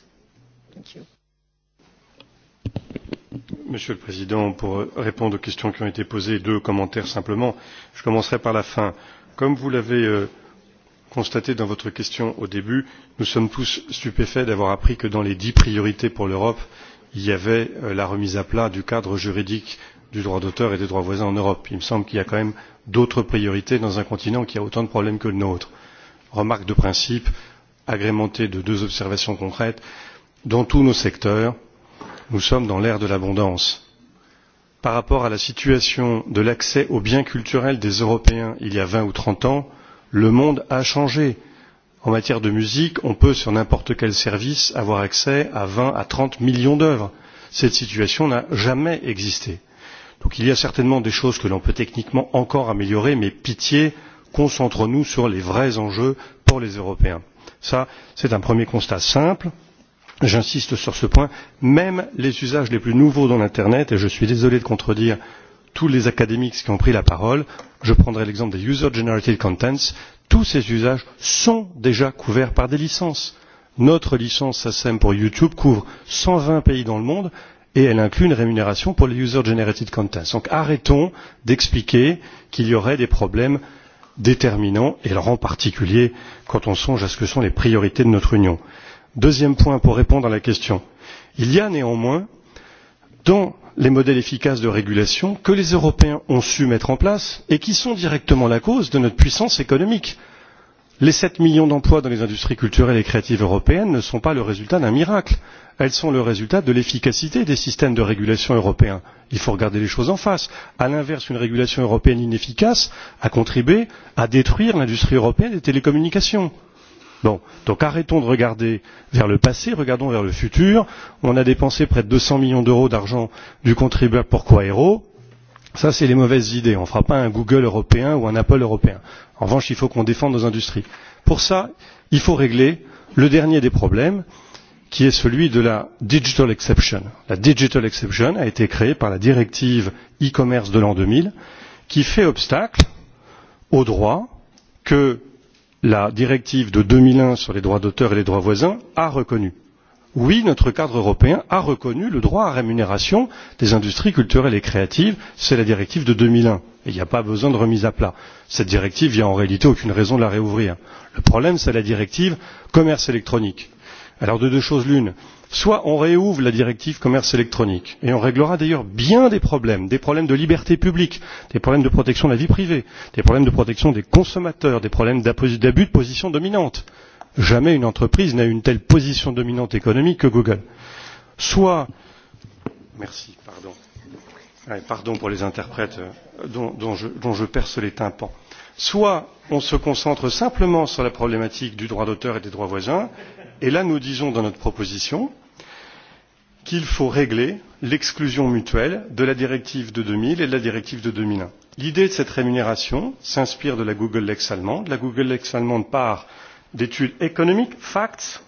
Speaker 18: Monsieur le Président, pour répondre aux questions qui ont été posées, deux commentaires simplement. Je commencerai par la fin. Comme vous l'avez euh, constaté dans votre question au début nous sommes tous stupéfaits d'avoir appris que dans les dix priorités pour l'europe il y avait euh, la remise à plat du cadre juridique du droit d'auteur et des droits voisins en europe. il me semble qu'il y a quand même d'autres priorités dans un continent qui a autant de problèmes que le nôtre. remarque de principe agrémentée de deux observations concrètes dans tous nos secteurs nous sommes dans l'ère de l'abondance par rapport à la situation de l'accès aux biens culturels des européens il y a vingt ou trente ans le monde a changé. En matière de musique, on peut sur n'importe quel service avoir accès à 20 à 30 millions d'œuvres. Cette situation n'a jamais existé. Donc il y a certainement des choses que l'on peut techniquement encore améliorer, mais pitié, concentrons-nous sur les vrais enjeux pour les Européens. Ça, c'est un premier constat simple. J'insiste sur ce point. Même les usages les plus nouveaux dans l'Internet, et je suis désolé de contredire tous les académiques qui ont pris la parole je prendrai l'exemple des user generated contents tous ces usages sont déjà couverts par des licences. notre licence SACEM pour YouTube couvre 120 pays dans le monde et elle inclut une rémunération pour les user generated contents. Donc arrêtons d'expliquer qu'il y aurait des problèmes déterminants et alors en particulier quand on songe à ce que sont les priorités de notre Union. Deuxième point pour répondre à la question. Il y a néanmoins dans les modèles efficaces de régulation que les européens ont su mettre en place et qui sont directement la cause de notre puissance économique. les sept millions d'emplois dans les industries culturelles et créatives européennes ne sont pas le résultat d'un miracle elles sont le résultat de l'efficacité des systèmes de régulation européens. il faut regarder les choses en face. à l'inverse une régulation européenne inefficace a contribué à détruire l'industrie européenne des télécommunications. Bon, donc arrêtons de regarder vers le passé, regardons vers le futur. On a dépensé près de 200 millions d'euros d'argent du contribuable pour Quaero. Ça, c'est les mauvaises idées. On ne fera pas un Google européen ou un Apple européen. En revanche, il faut qu'on défende nos industries. Pour ça, il faut régler le dernier des problèmes, qui est celui de la digital exception. La digital exception a été créée par la directive e-commerce de l'an 2000, qui fait obstacle au droit que la directive de deux mille un sur les droits d'auteur et les droits voisins a reconnu oui notre cadre européen a reconnu le droit à rémunération des industries culturelles et créatives c'est la directive de deux mille un et il n'y a pas besoin de remise à plat. cette directive il n'y a en réalité aucune raison de la rouvrir. le problème c'est la directive commerce électronique. alors de deux choses l'une soit on réouvre la directive commerce électronique et on réglera d'ailleurs bien des problèmes des problèmes de liberté publique des problèmes de protection de la vie privée des problèmes de protection des consommateurs des problèmes d'abus de position dominante jamais une entreprise n'a eu une telle position dominante économique que google soit merci pardon ouais, pardon pour les interprètes euh, dont, dont, je, dont je perce les tympans soit on se concentre simplement sur la problématique du droit d'auteur et des droits voisins et là nous disons dans notre proposition qu'il faut régler l'exclusion mutuelle de la directive de deux mille et de la directive de deux mille un l'idée de cette rémunération s'inspire de la google lex allemande. la google lex allemande part d'études économiques facts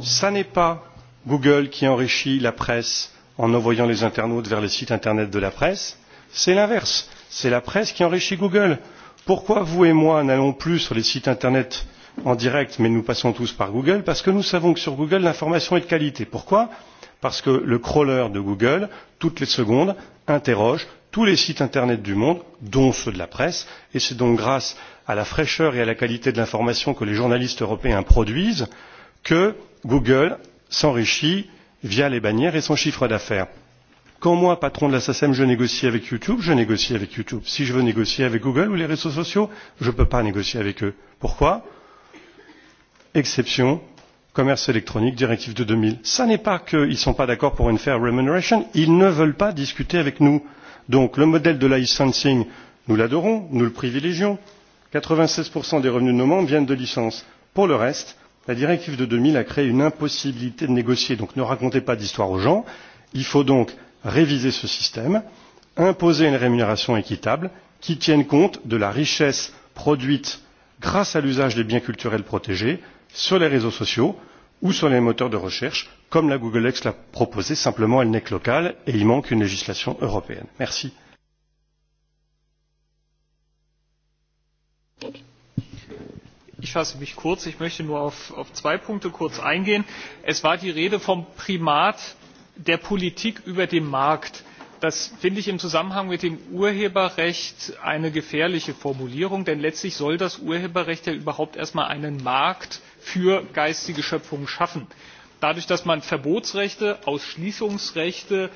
Speaker 18: ce n'est pas google qui enrichit la presse en envoyant les internautes vers les sites internet de la presse c'est l'inverse c'est la presse qui enrichit google. pourquoi vous et moi n'allons plus sur les sites internet en direct mais nous passons tous par google? parce que nous savons que sur google l'information est de qualité. pourquoi? parce que le crawler de google toutes les secondes interroge tous les sites internet du monde dont ceux de la presse et c'est donc grâce à la fraîcheur et à la qualité de l'information que les journalistes européens produisent que google s'enrichit via les bannières et son chiffre d'affaires. quand moi patron de la sacem je négocie avec youtube je négocie avec youtube. si je veux négocier avec google ou les réseaux sociaux je ne peux pas négocier avec eux. pourquoi? exception commerce électronique, directive de 2000. Ça n'est pas qu'ils ne sont pas d'accord pour une fair remuneration, ils ne veulent pas discuter avec nous. Donc le modèle de licensing, nous l'adorons, nous le privilégions. 96% des revenus de nos membres viennent de licences. Pour le reste, la directive de 2000 a créé une impossibilité de négocier. Donc ne racontez pas d'histoire aux gens. Il faut donc réviser ce système, imposer une rémunération équitable qui tienne compte de la richesse produite grâce à l'usage des biens culturels protégés sur les réseaux sociaux ou sur les moteurs de recherche comme la google x l'a proposé simplement elle n'est que locale et il manque une législation européenne. merci.
Speaker 19: Ich fasse mich kurz. Ich möchte nur auf, auf zwei Punkte kurz eingehen. Es war die Rede vom Primat der Politik über den Markt das finde ich im zusammenhang mit dem urheberrecht eine gefährliche formulierung denn letztlich soll das urheberrecht ja überhaupt erst einmal einen markt für geistige schöpfungen schaffen. dadurch dass man verbotsrechte ausschließungsrechte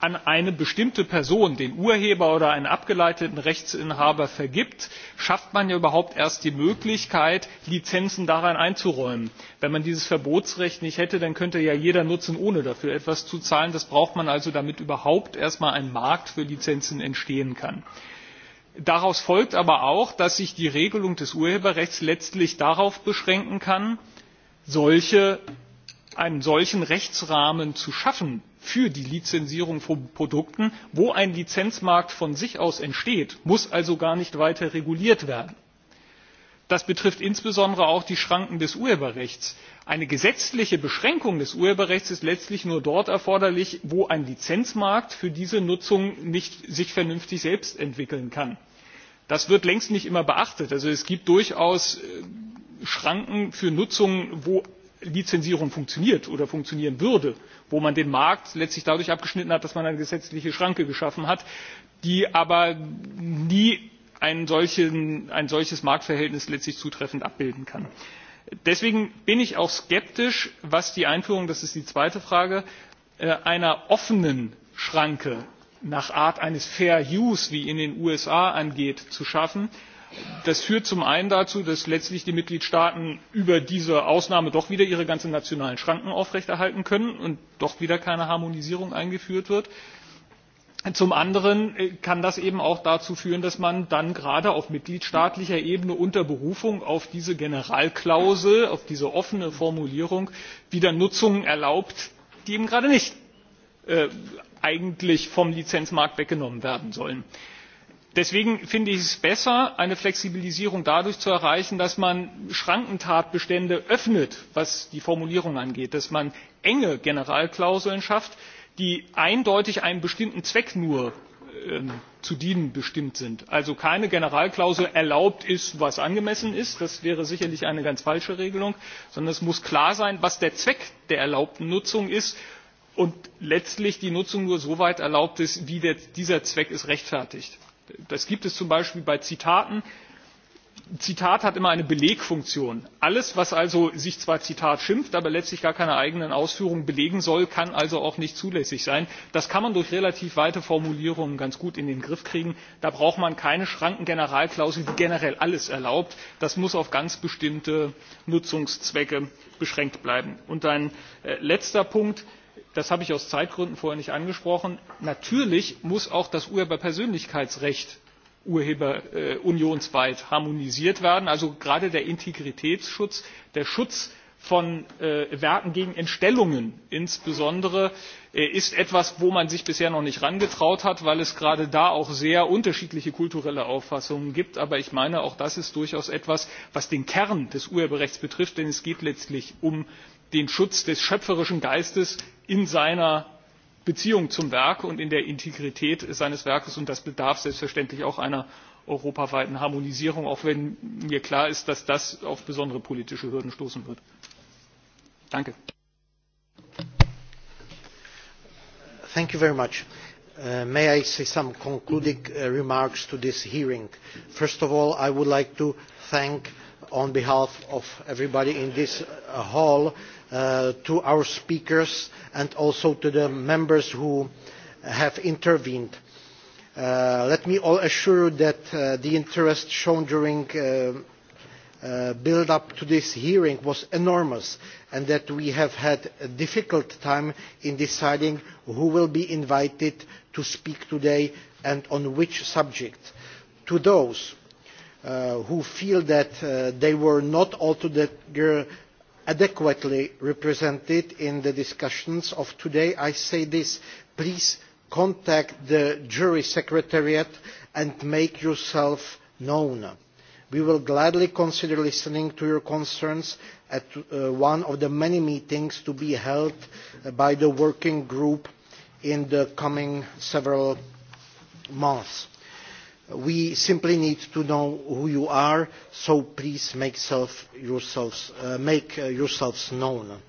Speaker 19: an eine bestimmte person den urheber oder einen abgeleiteten rechtsinhaber vergibt schafft man ja überhaupt erst die möglichkeit lizenzen daran einzuräumen. wenn man dieses verbotsrecht nicht hätte dann könnte ja jeder nutzen ohne dafür etwas zu zahlen. das braucht man also damit überhaupt erst einmal ein markt für lizenzen entstehen kann. daraus folgt aber auch dass sich die regelung des urheberrechts letztlich darauf beschränken kann einen solchen rechtsrahmen zu schaffen für die lizenzierung von produkten wo ein lizenzmarkt von sich aus entsteht muss also gar nicht weiter reguliert werden. das betrifft insbesondere auch die schranken des urheberrechts. eine gesetzliche beschränkung des urheberrechts ist letztlich nur dort erforderlich wo sich ein lizenzmarkt für diese nutzung nicht vernünftig selbst entwickeln kann. das wird längst nicht immer beachtet. es gibt durchaus äh, schranken für nutzungen lizenzierung funktioniert oder funktionieren würde wo man den markt letztlich dadurch abgeschnitten hat dass man eine gesetzliche schranke geschaffen hat die aber nie ein, solches marktverhältnis letztlich zutreffend abbilden kann. deswegen bin ich auch skeptisch was die einführung das ist die zweite frage äh, einer offenen schranke nach art eines fair use wie in den usa angeht zu schaffen das führt zum einen dazu dass letztlich die mitgliedstaaten über diese ausnahme doch wieder ihre ganzen nationalen schranken aufrechterhalten können und doch wieder keine harmonisierung eingeführt wird. zum anderen äh, kann das eben auch dazu führen dass man dann gerade auf mitgliedstaatlicher ebene unter berufung auf diese generalklausel auf diese offene formulierung wieder nutzungen erlaubt die eben gerade nicht äh, eigentlich vom lizenzmarkt weggenommen werden sollen deswegen finde ich es besser eine flexibilisierung dadurch zu erreichen dass man schrankentatbestände öffnet was die formulierung angeht dass man enge generalklauseln schafft die eindeutig einem bestimmten zweck ähm, zu dienen bestimmt sind also keine generalklausel erlaubt ist was angemessen ist das wäre sicherlich eine ganz falsche regelung sondern es muss klar sein was der zweck der erlaubten nutzung ist und letztlich die nutzung nur so weit erlaubt ist wie dieser zweck es rechtfertigt das gibt es zum beispiel bei zitaten zitat hat immer eine belegfunktion. alles was also sich zwar zitat schimpft aber letztlich gar keine eigenen ausführungen belegen soll kann also auch nicht zulässig sein. das kann man durch relativ weite formulierungen ganz gut in den griff kriegen. da braucht man keine schrankengeneralklausel die generell alles erlaubt. das muss auf ganz bestimmte nutzungszwecke beschränkt bleiben. ein äh, letzter punkt das habe ich aus zeitgründen vorher nicht angesprochen natürlich muss auch das urheberpersönlichkeitsrecht unionsweit harmonisiert werden also gerade der integritätsschutz der schutz von äh, werken gegen entstellungen insbesondere äh, ist etwas wo man sich bisher noch nicht herangetraut hat weil es gerade da auch sehr unterschiedliche kulturelle auffassungen gibt. aber ich meine auch das ist durchaus etwas was den kern des urheberrechts betrifft denn es geht letztlich um den schutz des schöpferischen geistes in seiner beziehung zum werk und in der integrität seines werkes und das bedarf selbstverständlich auch einer europaweiten harmonisierung auch wenn mir klar ist dass das auf besondere
Speaker 1: politische hürden stoßen wird. danke! Uh, to our speakers and also to the members who have intervened. Uh, let me all assure you that uh, the interest shown during the uh, uh build up to this hearing was enormous and that we have had a difficult time in deciding who will be invited to speak today and on which subject. to those uh, who feel that they were not altogether adequately represented in the discussions of today i say this please contact the juri secretariat and make yourself known. we will gladly consider listening to your concerns at uh, one of the many meetings to be held by the working group in the coming several months we simply need to know who you are so please make, yourselves, uh, make uh, yourselves known.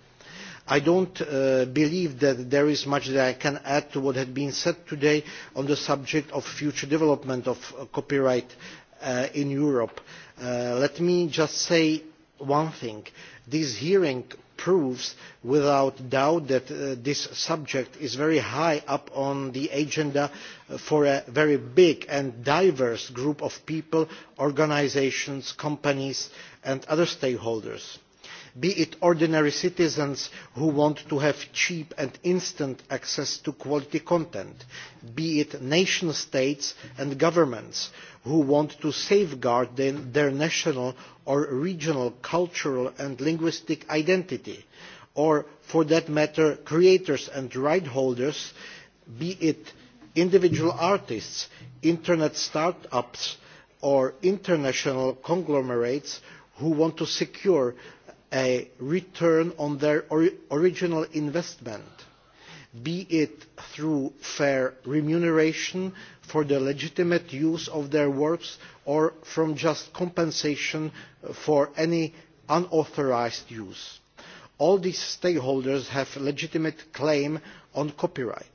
Speaker 1: i do not uh, believe that there is much that i can add to what has been said today on the subject of future development of uh, copyright uh, in europe. Uh, let me just say one thing this hearing proves without doubt that uh, this subject is very high up on the agenda uh, for a very big and diverse group of people organisations companies and other stakeholders be it ordinary citizens who want to have cheap and instant access to quality content be it nation states and governments who want to safeguard their national or regional cultural and linguistic identity or for that matter creators and right holders be it individual artists internet start ups or international conglomerates who want to secure a return on their original investment, be it through fair remuneration for the legitimate use of their works or from just compensation for any unauthorised use. All these stakeholders have a legitimate claim on copyright.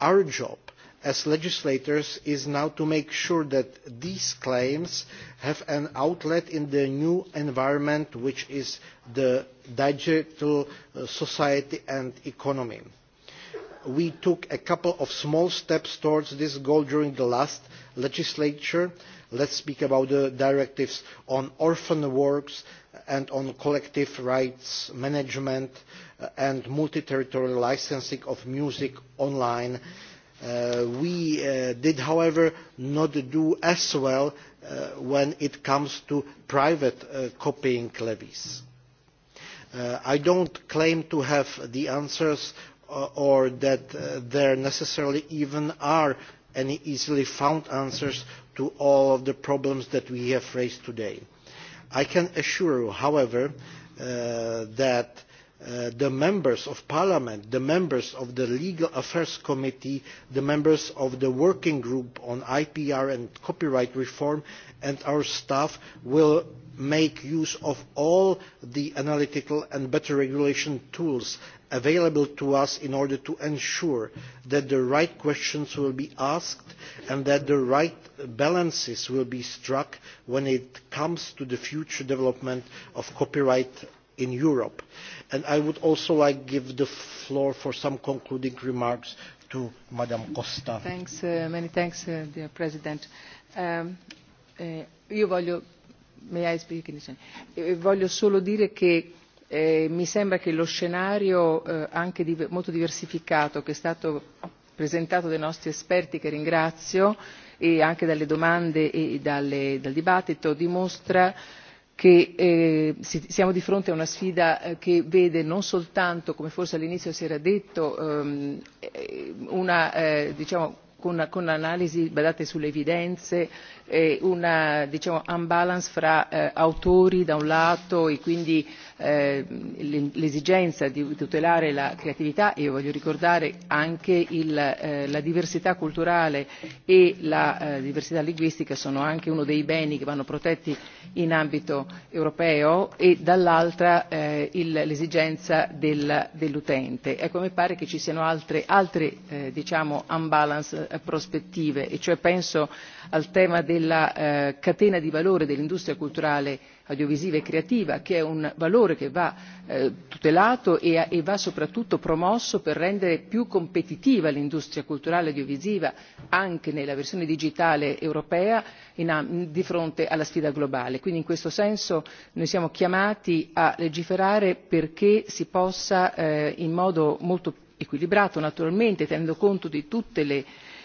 Speaker 1: Our job as legislators is now to make sure that these claims have an outlet in the new environment which is the digital uh, society and economy. We took a couple of small steps towards this goal during the last legislature. let us speak about the directives on orphan works and on collective rights management uh, and multi-territorial licensing of music online. Uh, Uh, we uh, did however not do as well uh, when it comes to private copying levies. i do not claim to have the answers or that there necessarily even are any easily found answers to all of the problems that we have raised today. i can assure you however that Uh, the members of parliament the members of the legal affairs committee the members of the working group on ipr and copyright reform and our staff will make use of all the analytical and better regulation tools available to us in order to ensure that the right questions will be asked and that the right balances will be struck when it comes to the future development of copyright in Europe. And I would also like to give the floor for some concluding remarks to ms Costa. Thanks,
Speaker 11: uh, many thanks, uh, dear President. Um, uh, io voglio, may I speak in eh, voglio solo dire che eh, mi sembra che lo scenario eh, anche di, molto diversificato che è stato presentato dai nostri esperti, che ringrazio, e anche dalle domande e, e dalle, dal dibattito, dimostra che eh, siamo di fronte a una sfida eh, che vede non soltanto come forse all'inizio si era detto ehm, eh, con, analisi basate sulle evidenze eh, un diciamo, unbalance fra autori da un lato e quindi Eh, l'esigenza di tutelare la creatività e io voglio ricordare anche eh, la diversità culturale e la eh, diversità linguistica sono anche uno dei beni che vanno protetti in ambito europeo e dall'altra l'esigenza dell'utente. Ecco, mi pare che ci siano altre, altre diciamo unbalance prospettive e cioè penso al tema della catena di valore dell'industria culturale audiovisiva e creativa che è un valore che va eh, tutelato e, e va soprattutto promosso per rendere più competitiva l'industria culturale e audiovisiva anche nella versione digitale europea di fronte alla sfida globale. quindi in questo senso noi siamo chiamati a legiferare perché si possa eh, in modo molto equilibrato naturalmente tenendo conto di tutti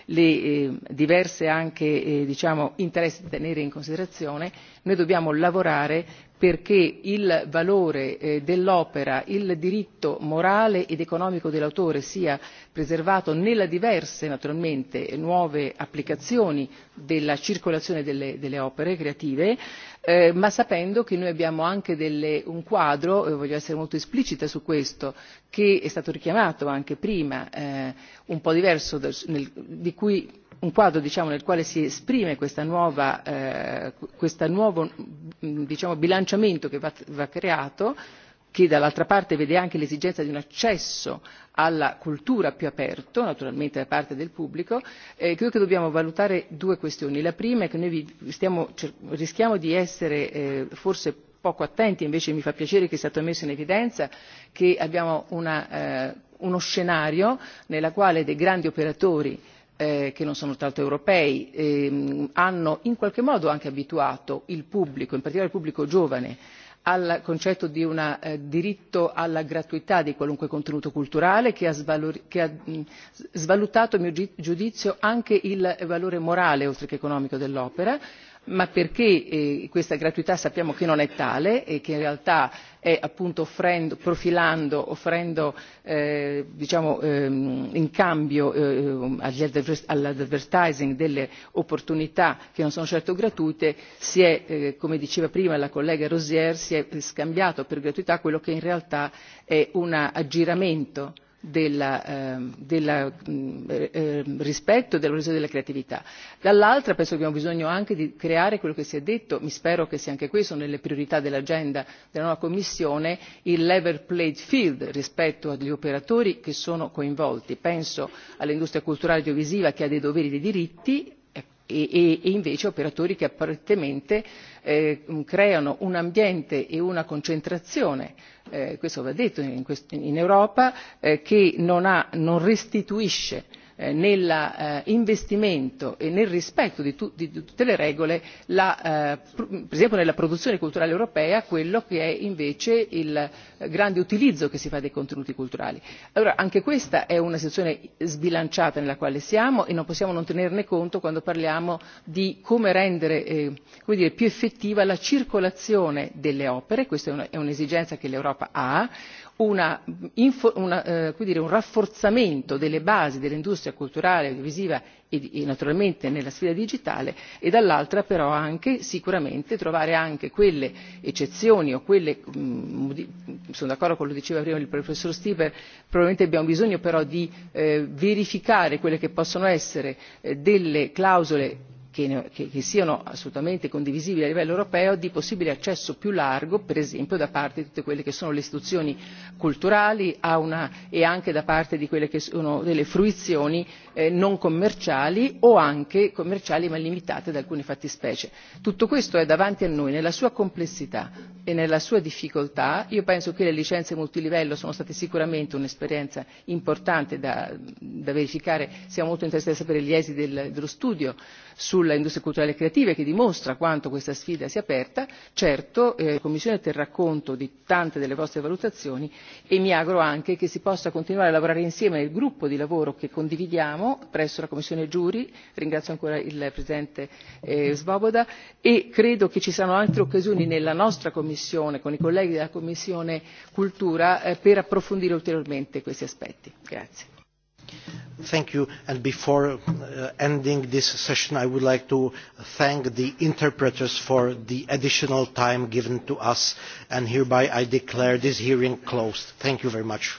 Speaker 11: i diversi interessi da tenere in considerazione noi dobbiamo lavorare perché il valore eh, dell'opera il diritto morale ed economico dell'autore sia preservato nelle diverse naturalmente nuove applicazioni della circolazione delle opere creative eh, ma sapendo che noi abbiamo anche un quadro e voglio essere molto esplicita su questo che è stato richiamato anche prima un po' diverso di cui un quadro diciamo, nel quale si esprime questo eh, nuovo mm, diciamo, bilanciamento che va, va creato che dall'altra parte vede anche l'esigenza di un accesso alla cultura più aperto naturalmente da parte del pubblico eh, credo che dobbiamo valutare due questioni la prima è che noi stiamo, rischiamo di essere eh, forse poco attenti invece mi fa piacere che sia stato messo in evidenza che abbiamo una, eh, uno scenario nel quale dei grandi operatori Eh, che non sono soltanto europei ehm, hanno in qualche modo anche abituato il pubblico in particolare il pubblico giovane al concetto di un eh, diritto alla gratuità di qualunque contenuto culturale che ha, svalutato a mio giudizio anche il valore morale oltre che economico dell'opera ma perché eh, questa gratuità sappiamo che non è tale e che in realtà è appunto profilando offrendo eh, diciamo ehm, in cambio eh, all'advertising delle opportunità che non sono certo gratuite si è come diceva prima la collega rozière si è scambiato per gratuità quello che in realtà è un aggiramento del eh, mm, ehm, rispetto e dell'orizzonte della creatività dall'altra penso che abbiamo bisogno anche di creare quello che si è detto mi spero che sia anche questo nelle priorità dell'agenda della nuova commissione il level played field rispetto agli operatori che sono coinvolti penso all'industria culturale e audiovisiva che ha dei doveri e dei diritti E, e, e invece operatori che apparentemente eh, creano un ambiente e una concentrazione eh, questo va detto in europa eh, che non restituisce Eh, nell'investimento eh, e nel rispetto di tutte le regole eh, per esempio nella produzione culturale europea quello che è invece il grande utilizzo che si fa dei contenuti culturali. allora anche questa è una situazione sbilanciata nella quale siamo e non possiamo non tenerne conto quando parliamo di come rendere più effettiva la circolazione delle opere questa è un'esigenza che l'europa ha Eh, un rafforzamento delle basi dell'industria culturale audiovisiva e, e, naturalmente nella sfida digitale e dall'altra però anche sicuramente trovare anche quelle eccezioni o quelle mm, sono d'accordo con quello che diceva prima il professor stieber probabilmente abbiamo bisogno però di eh, verificare quelle che possono essere eh, delle clausole che, siano assolutamente condivisibili a livello europeo di possibile accesso più largo per esempio da parte di tutte quelle che sono le istituzioni culturali e anche da parte di quelle che sono delle fruizioni eh, non commerciali o anche commerciali ma limitate da alcune fattispecie. tutto questo è davanti a noi nella sua complessità e nella sua difficoltà. io penso che le licenze multilivello sono state sicuramente un'esperienza importante da, verificare siamo molto interessati a sapere gli esiti dello studio sulle industrie culturali e creative che dimostra quanto questa sfida sia aperta certo eh, la commissione terrà conto di tante delle vostre valutazioni e mi auguro anche che si possa continuare a lavorare insieme nel gruppo di lavoro che condividiamo presso la commissione juri ringrazio ancora il presidente eh, swoboda e credo che ci saranno altre occasioni nella nostra commissione con i colleghi della commissione cultura eh, per approfondire ulteriormente questi aspetti.
Speaker 1: Thank you. And before uh, ending this session, I would like to thank the interpreters for the additional time given to us, and hereby I declare this hearing closed. Thank you very much.